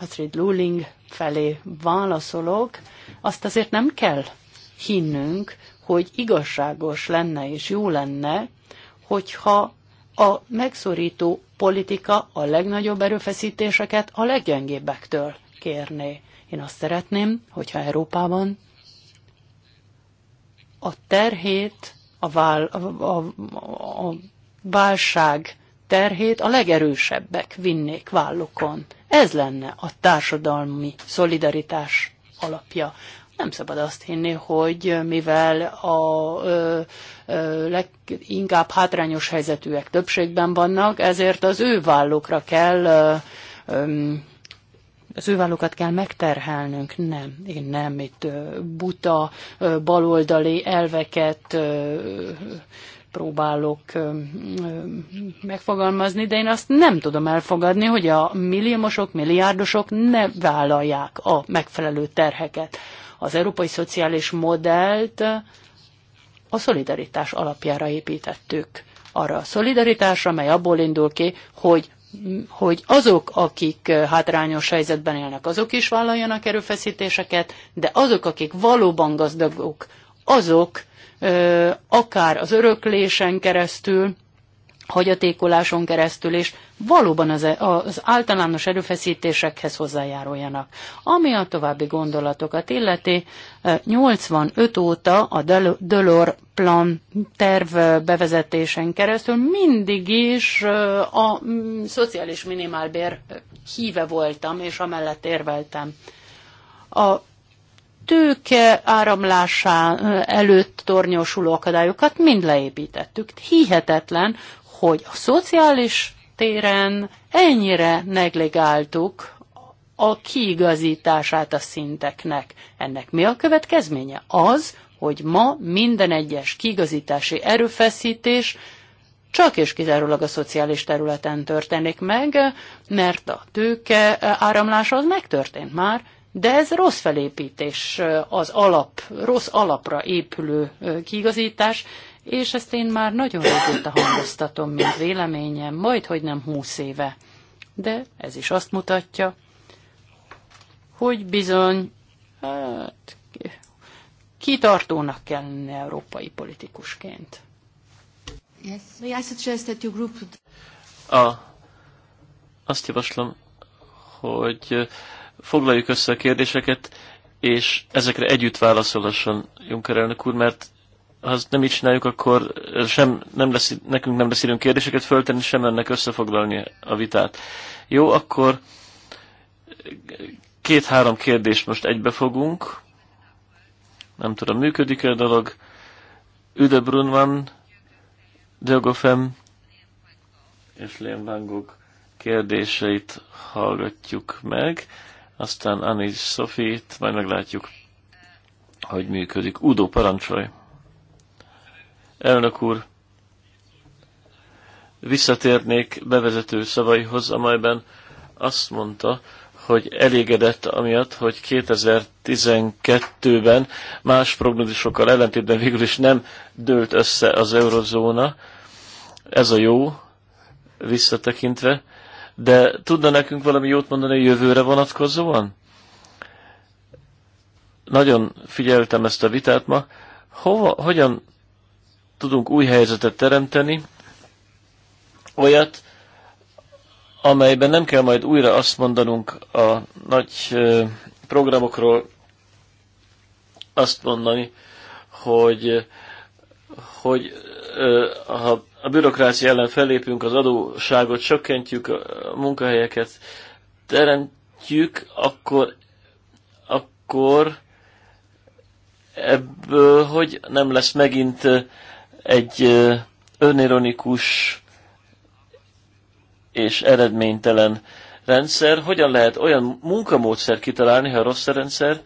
Astrid Luling felé válaszolok, azt azért nem kell hinnünk, hogy igazságos lenne és jó lenne, hogyha a megszorító politika a legnagyobb erőfeszítéseket a leggyengébbektől kérné. Én azt szeretném, hogyha Európában a terhét, a, vál, a, a, a válság terhét a legerősebbek vinnék vállukon. Ez lenne a társadalmi szolidaritás alapja. Nem szabad azt hinni, hogy mivel a ö, ö, leginkább hátrányos helyzetűek többségben vannak, ezért az ő vállukra kell ö, ö, az ővállókat kell megterhelnünk. Nem, én nem itt buta, baloldali elveket próbálok megfogalmazni, de én azt nem tudom elfogadni, hogy a milliómosok, milliárdosok ne vállalják a megfelelő terheket. Az európai szociális modellt a szolidaritás alapjára építettük. Arra a szolidaritásra, mely abból indul ki, hogy hogy azok, akik hátrányos helyzetben élnek, azok is vállaljanak erőfeszítéseket, de azok, akik valóban gazdagok, azok akár az öröklésen keresztül, hagyatékoláson keresztül, és valóban az, e- az általános erőfeszítésekhez hozzájáruljanak. Ami a további gondolatokat illeti, 85 e, óta a Dölor plan terv e, bevezetésen keresztül mindig is a szociális minimálbér híve voltam, és amellett érveltem. A tőke áramlásá előtt tornyosuló akadályokat mind leépítettük. Hihetetlen, hogy a szociális téren ennyire negligáltuk a kiigazítását a szinteknek. Ennek mi a következménye? Az, hogy ma minden egyes kiigazítási erőfeszítés csak és kizárólag a szociális területen történik meg, mert a tőke áramlása az megtörtént már, de ez rossz felépítés, az alap, rossz alapra épülő kiigazítás, és ezt én már nagyon régóta hangoztatom, mint véleményem, majd hogy nem húsz éve. De ez is azt mutatja, hogy bizony hát, kitartónak kell lenni európai politikusként. Yes. A, azt javaslom, hogy foglaljuk össze a kérdéseket, és ezekre együtt válaszolhasson Juncker elnök úr, mert ha azt nem így csináljuk, akkor sem nem lesz, nekünk nem lesz időnk kérdéseket föltenni, sem ennek összefoglalni a vitát. Jó, akkor két-három kérdést most egybefogunk. Nem tudom, működik-e a dolog. Üde Brunman, Diogofem és Liam Van Gogh kérdéseit hallgatjuk meg, aztán Anis Sofit, majd meglátjuk, hogy működik. Udo, parancsolj! Elnök úr, visszatérnék bevezető szavaihoz, amelyben azt mondta, hogy elégedett amiatt, hogy 2012-ben más prognózisokkal ellentétben végül is nem dőlt össze az eurozóna. Ez a jó, visszatekintve. De tudna nekünk valami jót mondani a jövőre vonatkozóan? Nagyon figyeltem ezt a vitát ma. Hova, hogyan tudunk új helyzetet teremteni, olyat, amelyben nem kell majd újra azt mondanunk a nagy programokról, azt mondani, hogy, hogy ha a bürokrácia ellen fellépünk, az adóságot csökkentjük, a munkahelyeket teremtjük, akkor, akkor ebből hogy nem lesz megint egy önironikus és eredménytelen rendszer. Hogyan lehet olyan munkamódszer kitalálni, ha rossz a rendszer,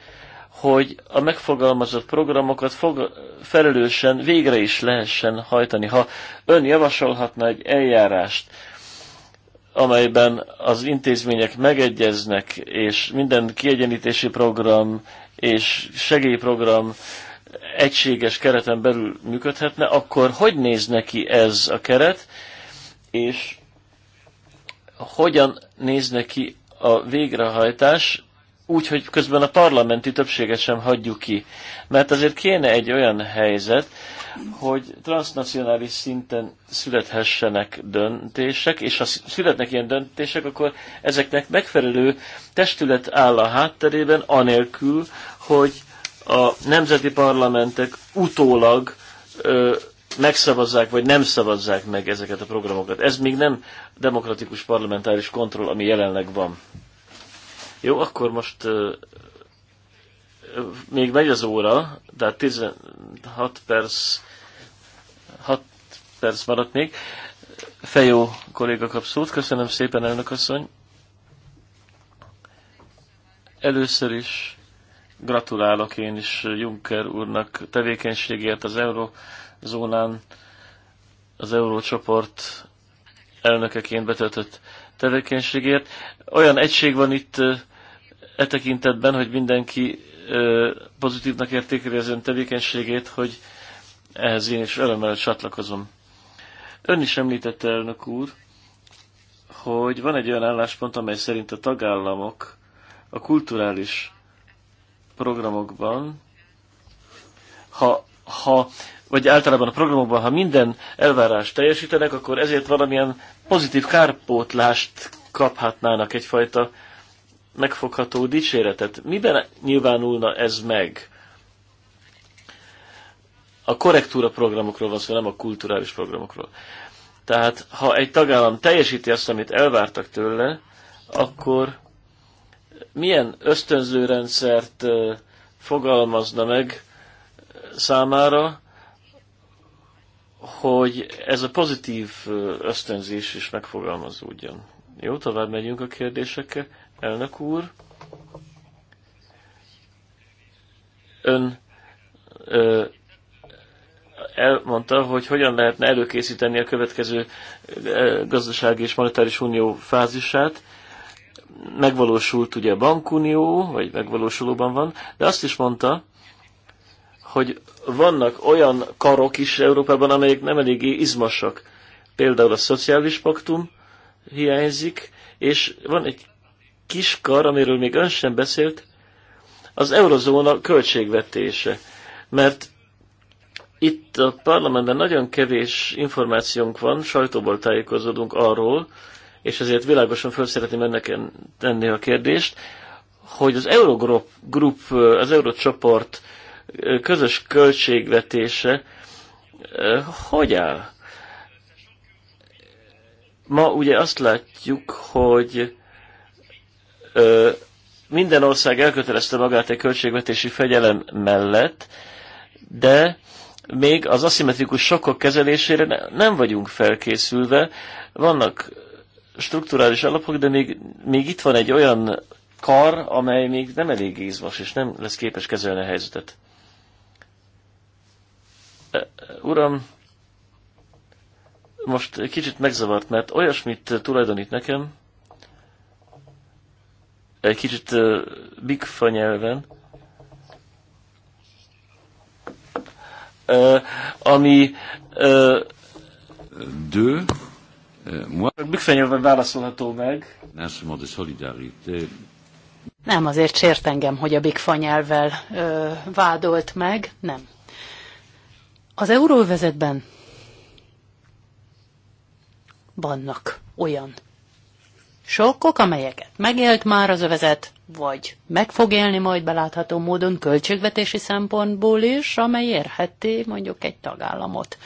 hogy a megfogalmazott programokat fog, felelősen végre is lehessen hajtani. Ha ön javasolhatna egy eljárást, amelyben az intézmények megegyeznek, és minden kiegyenítési program és segélyprogram egységes kereten belül működhetne, akkor hogy néz neki ez a keret, és hogyan néz neki a végrehajtás, úgy, hogy közben a parlamenti többséget sem hagyjuk ki. Mert azért kéne egy olyan helyzet, hogy transnacionális szinten születhessenek döntések, és ha születnek ilyen döntések, akkor ezeknek megfelelő testület áll a hátterében, anélkül, hogy a nemzeti parlamentek utólag ö, megszavazzák, vagy nem szavazzák meg ezeket a programokat. Ez még nem demokratikus parlamentáris kontroll, ami jelenleg van. Jó, akkor most ö, ö, még megy az óra, de 16 hát perc, 6 perc maradt még. Fejó kolléga kap szót. Köszönöm szépen, elnök asszony. Először is Gratulálok én is Juncker úrnak tevékenységért az eurozónán, az eurócsoport elnökeként betöltött tevékenységért. Olyan egység van itt e tekintetben, hogy mindenki pozitívnak értékeli az ön tevékenységét, hogy ehhez én is örömmel csatlakozom. Ön is említette, elnök úr, hogy van egy olyan álláspont, amely szerint a tagállamok a kulturális programokban, ha, ha vagy általában a programokban, ha minden elvárást teljesítenek, akkor ezért valamilyen pozitív kárpótlást kaphatnának egyfajta megfogható dicséretet. Miben nyilvánulna ez meg? A korrektúra programokról van szó, nem a kulturális programokról. Tehát, ha egy tagállam teljesíti azt, amit elvártak tőle, akkor milyen ösztönző rendszert fogalmazna meg számára, hogy ez a pozitív ösztönzés is megfogalmazódjon. Jó, tovább megyünk a kérdésekkel. Elnök úr, ön ö, elmondta, hogy hogyan lehetne előkészíteni a következő gazdasági és monetáris unió fázisát megvalósult ugye a bankunió, vagy megvalósulóban van, de azt is mondta, hogy vannak olyan karok is Európában, amelyek nem eléggé izmasak. Például a szociális paktum hiányzik, és van egy kis kar, amiről még ön sem beszélt, az eurozóna költségvetése. Mert itt a parlamentben nagyon kevés információnk van, sajtóból tájékozódunk arról, és ezért világosan föl szeretném ennek tenni a kérdést, hogy az Eurogroup, group, az Eurocsoport közös költségvetése hogy áll? Ma ugye azt látjuk, hogy minden ország elkötelezte magát egy költségvetési fegyelem mellett, de még az aszimmetrikus sokok kezelésére nem vagyunk felkészülve. Vannak strukturális alapok, de még, még itt van egy olyan kar, amely még nem elég ízvas, és nem lesz képes kezelni a helyzetet. Uram, most kicsit megzavart, mert olyasmit tulajdonít nekem, egy kicsit uh, bigfa nyelven, uh, ami uh, De? Bükfenyőben válaszolható meg. Nem azért sért engem, hogy a nyelvvel ö, vádolt meg, nem. Az euróvezetben vannak olyan sokkok, amelyeket megélt már az övezet, vagy meg fog élni majd belátható módon költségvetési szempontból is, amely érheti mondjuk egy tagállamot.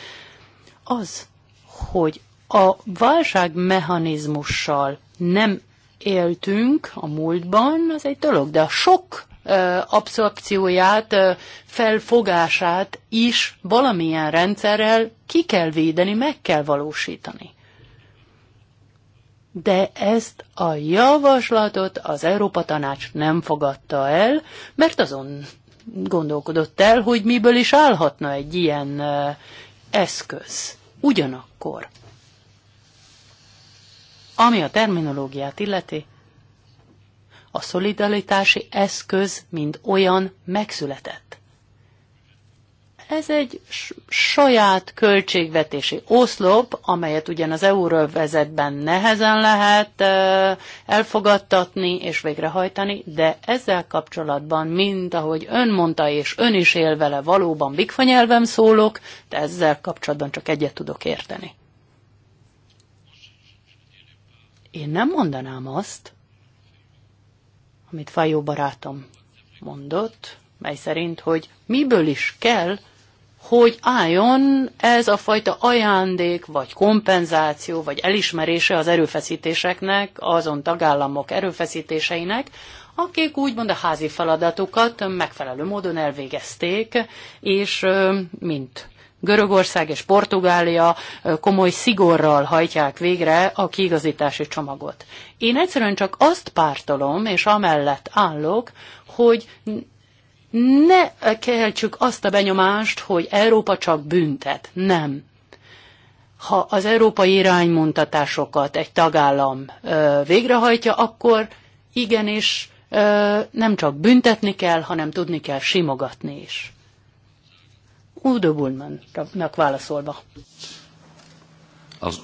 Az, hogy a válságmechanizmussal nem éltünk a múltban, az egy dolog, de a sok abszorpcióját, felfogását is valamilyen rendszerrel ki kell védeni, meg kell valósítani. De ezt a javaslatot az Európa Tanács nem fogadta el, mert azon gondolkodott el, hogy miből is állhatna egy ilyen eszköz. Ugyanakkor ami a terminológiát illeti, a szolidaritási eszköz, mint olyan megszületett. Ez egy saját költségvetési oszlop, amelyet ugyan az euróvezetben nehezen lehet elfogadtatni és végrehajtani, de ezzel kapcsolatban, mint ahogy ön mondta, és ön is él vele, valóban bigfanyelvem szólok, de ezzel kapcsolatban csak egyet tudok érteni. Én nem mondanám azt, amit Fajó barátom mondott, mely szerint, hogy miből is kell, hogy álljon ez a fajta ajándék, vagy kompenzáció, vagy elismerése az erőfeszítéseknek, azon tagállamok erőfeszítéseinek, akik úgymond a házi feladatukat megfelelő módon elvégezték, és mint Görögország és Portugália komoly szigorral hajtják végre a kiigazítási csomagot. Én egyszerűen csak azt pártolom, és amellett állok, hogy ne keltsük azt a benyomást, hogy Európa csak büntet. Nem. Ha az európai iránymutatásokat egy tagállam ö, végrehajtja, akkor igenis ö, nem csak büntetni kell, hanem tudni kell simogatni is. Udo Bullmannak válaszolva. Az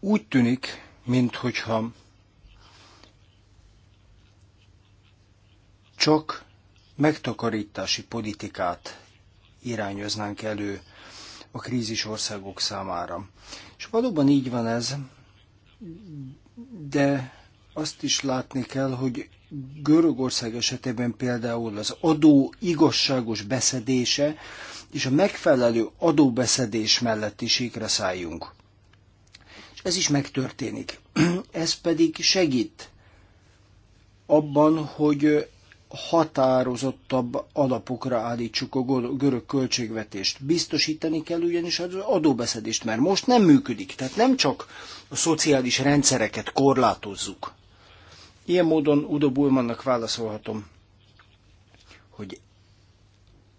Úgy tűnik, minthogyha csak megtakarítási politikát irányoznánk elő a krízis országok számára. És valóban így van ez, de azt is látni kell, hogy Görögország esetében például az adó igazságos beszedése és a megfelelő adóbeszedés mellett is ékre szálljunk. És ez is megtörténik. *clears throat* Ez pedig segít abban, hogy határozottabb alapokra állítsuk a görög költségvetést. Biztosítani kell ugyanis az adóbeszedést, mert most nem működik. Tehát nem csak a szociális rendszereket korlátozzuk, Ilyen módon Udo Bulmannak válaszolhatom, hogy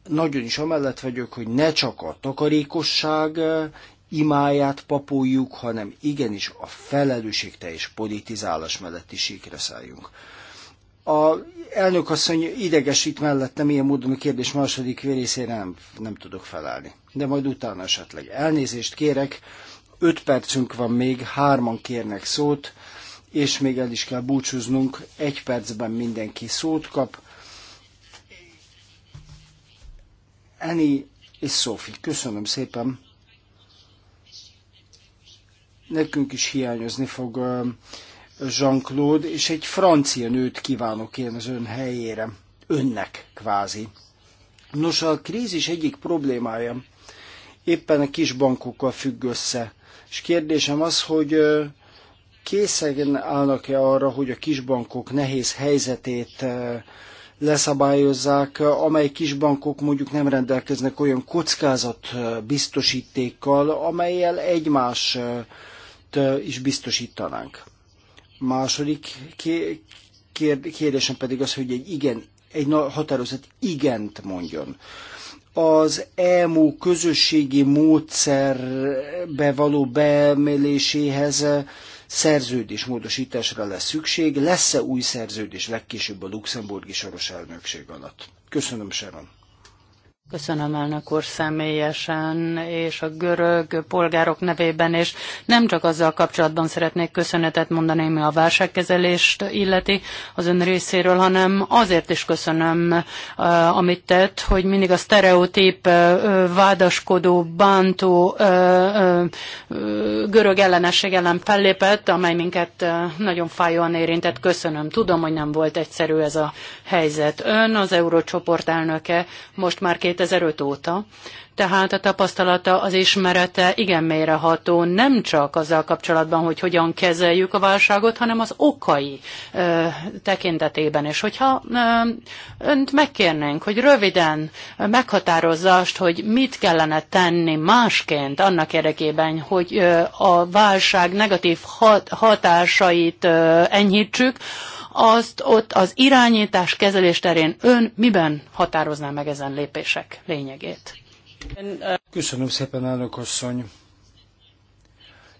nagyon is amellett vagyok, hogy ne csak a takarékosság eh, imáját papoljuk, hanem igenis a felelősségteljes politizálás mellett is sikre szálljunk. A elnök asszony idegesít mellettem ilyen módon a kérdés második részére nem, nem tudok felállni. De majd utána esetleg elnézést kérek, öt percünk van még, hárman kérnek szót, és még el is kell búcsúznunk, egy percben mindenki szót kap. Eni és Szófi, köszönöm szépen. Nekünk is hiányozni fog Jean-Claude, és egy francia nőt kívánok én az ön helyére, önnek kvázi. Nos, a krízis egyik problémája éppen a kis bankokkal függ össze. És kérdésem az, hogy készen állnak-e arra, hogy a kisbankok nehéz helyzetét eh, leszabályozzák, amely kisbankok mondjuk nem rendelkeznek olyan kockázat eh, biztosítékkal, amelyel egymást eh, is biztosítanánk. Második kérdésem pedig az, hogy egy igen, egy határozott igent mondjon az EMU közösségi módszerbe való beemeléséhez szerződés módosításra lesz szükség, lesz-e új szerződés legkésőbb a luxemburgi soros elnökség alatt? Köszönöm, Sharon. Köszönöm elnök úr személyesen, és a görög polgárok nevében, és nem csak azzal kapcsolatban szeretnék köszönetet mondani, ami a válságkezelést illeti az ön részéről, hanem azért is köszönöm, eh, amit tett, hogy mindig a sztereotíp, eh, vádaskodó, bántó eh, görög ellenesség ellen fellépett, amely minket nagyon fájóan érintett. Köszönöm. Tudom, hogy nem volt egyszerű ez a helyzet. Ön az eurócsoport elnöke, most már két 2005 óta, tehát a tapasztalata, az ismerete igen mélyreható, nem csak azzal kapcsolatban, hogy hogyan kezeljük a válságot, hanem az okai ö, tekintetében. És hogyha ö, önt megkérnénk, hogy röviden meghatározza azt, hogy mit kellene tenni másként annak érdekében, hogy ö, a válság negatív hat, hatásait ö, enyhítsük, azt ott az irányítás kezelés terén ön miben határozná meg ezen lépések lényegét? Köszönöm szépen, elnök asszony.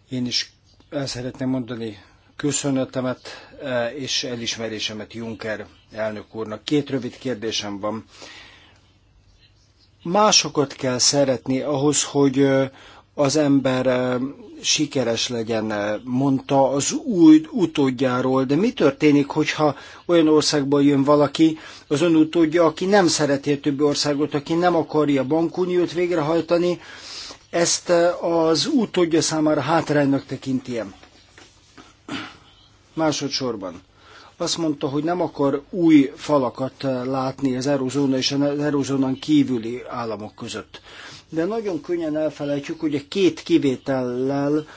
Én is el szeretném mondani köszönetemet e, és elismerésemet Juncker elnök úrnak. Két rövid kérdésem van. Másokat kell szeretni ahhoz, hogy e, az ember eh, sikeres legyen, eh, mondta az új utódjáról. De mi történik, hogyha olyan országból jön valaki, az ön utódja, aki nem szereti a többi országot, aki nem akarja bankuniót végrehajtani, ezt eh, az utódja számára hátránynak tekintiem. Másodszorban azt mondta, hogy nem akar új falakat látni az eurozóna és az eurozónán kívüli államok között de nagyon könnyen elfelejtjük, hogy a két kivétellel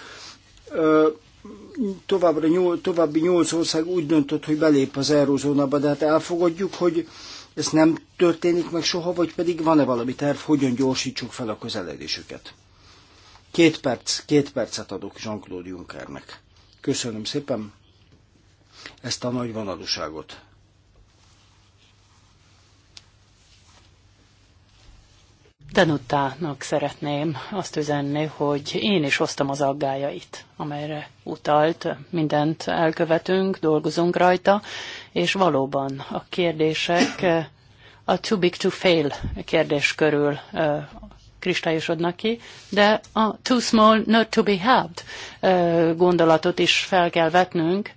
továbbra nyol, további nyolc ország úgy döntött, hogy belép az eurozónába, de hát elfogadjuk, hogy ez nem történik meg soha, vagy pedig van-e valami terv, hogyan gyorsítsuk fel a közeledésüket. Két perc, két percet adok Jean-Claude Junckernek. Köszönöm szépen ezt a nagy vonalúságot. Danutának szeretném azt üzenni, hogy én is osztom az aggájait, amelyre utalt, mindent elkövetünk, dolgozunk rajta, és valóban a kérdések a too big to fail kérdés körül kristályosodnak ki, de a too small not to be helped gondolatot is fel kell vetnünk,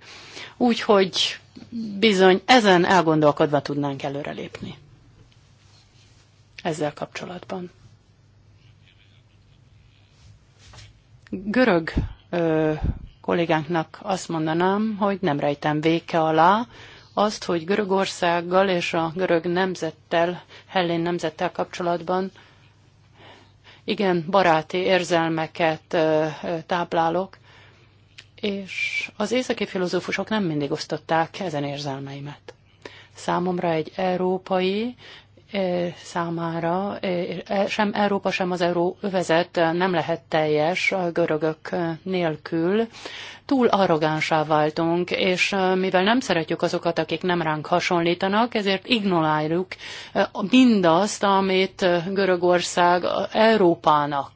úgyhogy bizony ezen elgondolkodva tudnánk előrelépni ezzel kapcsolatban. Görög ö, kollégánknak azt mondanám, hogy nem rejtem véke alá azt, hogy Görögországgal és a görög nemzettel, hellén nemzettel kapcsolatban igen baráti érzelmeket táplálok, és az északi filozófusok nem mindig osztották ezen érzelmeimet. Számomra egy európai számára e, sem Európa, sem az euróövezet nem lehet teljes a görögök nélkül túl arrogánsá váltunk, és mivel nem szeretjük azokat, akik nem ránk hasonlítanak, ezért ignoráljuk mindazt, amit Görögország Európának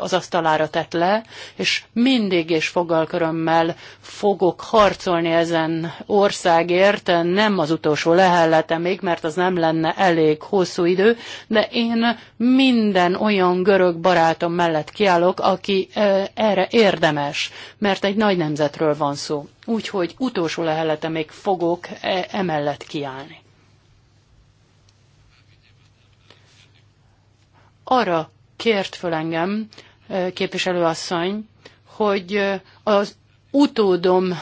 az asztalára tett le, és mindig és fogalkörömmel fogok harcolni ezen országért, nem az utolsó még mert az nem lenne elég hosszú idő, de én minden olyan görög barátom mellett kiállok, aki erre érdemes, mert mert egy nagy nemzetről van szó. Úgyhogy utolsó lehelete még fogok e, emellett kiállni. Arra kért föl engem e, képviselőasszony, hogy e, az utódomnak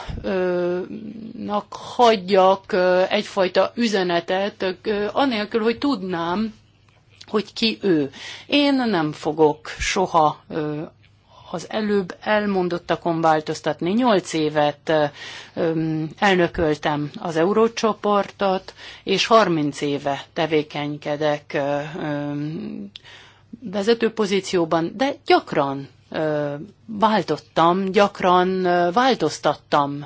hagyjak egyfajta üzenetet, anélkül, hogy tudnám, hogy ki ő. Én nem fogok soha az előbb elmondottakon változtatni. Nyolc évet elnököltem az eurócsoportot, és 30 éve tevékenykedek vezető pozícióban, de gyakran váltottam, gyakran változtattam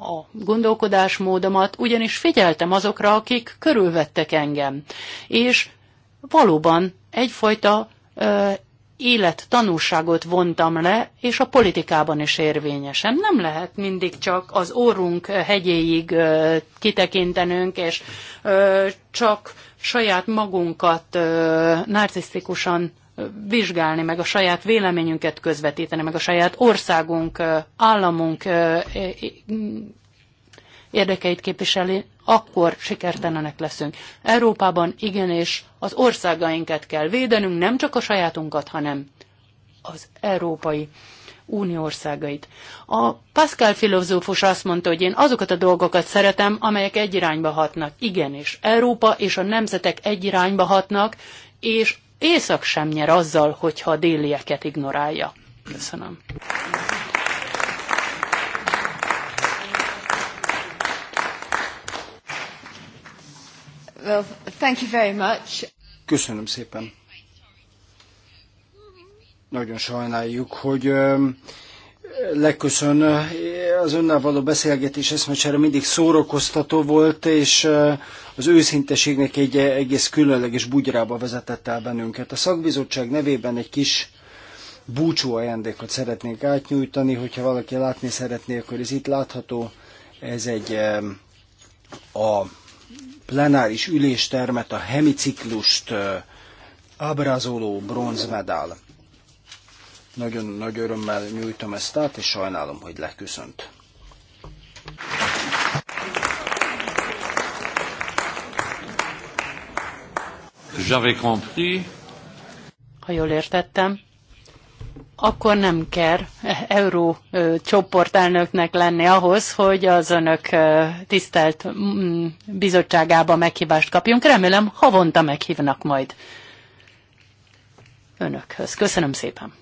a gondolkodásmódomat, ugyanis figyeltem azokra, akik körülvettek engem. És valóban egyfajta élet tanúságot vontam le, és a politikában is érvényesem Nem lehet mindig csak az orrunk hegyéig kitekintenünk, és csak saját magunkat narcisztikusan vizsgálni, meg a saját véleményünket közvetíteni, meg a saját országunk, államunk érdekeit képviseli, akkor sikertelenek leszünk. Európában igenis az országainkat kell védenünk, nem csak a sajátunkat, hanem az európai unió országait. A Pascal filozófus azt mondta, hogy én azokat a dolgokat szeretem, amelyek egy irányba hatnak. Igenis, Európa és a nemzetek egy irányba hatnak, és észak sem nyer azzal, hogyha a délieket ignorálja. Köszönöm. Well, thank you very much. Köszönöm szépen. Nagyon sajnáljuk, hogy leköszön eh, az önnel való beszélgetés eszmecsere mindig szórakoztató volt, és eh, az őszinteségnek egy eh, egész különleges bugyrába vezetett el bennünket. A szakbizottság nevében egy kis búcsú ajándékot szeretnénk átnyújtani, hogyha valaki látni szeretné, akkor ez itt látható. Ez egy a plenáris üléstermet, a hemiciklust ábrázoló bronzmedál. Nagyon nagy örömmel nyújtom ezt át, és sajnálom, hogy leköszönt. J'avais compris. Ha jól értettem, akkor nem kell euró csoportelnöknek lenni ahhoz, hogy az önök tisztelt mm, bizottságába meghívást kapjunk. Remélem havonta meghívnak majd önökhöz. Köszönöm szépen.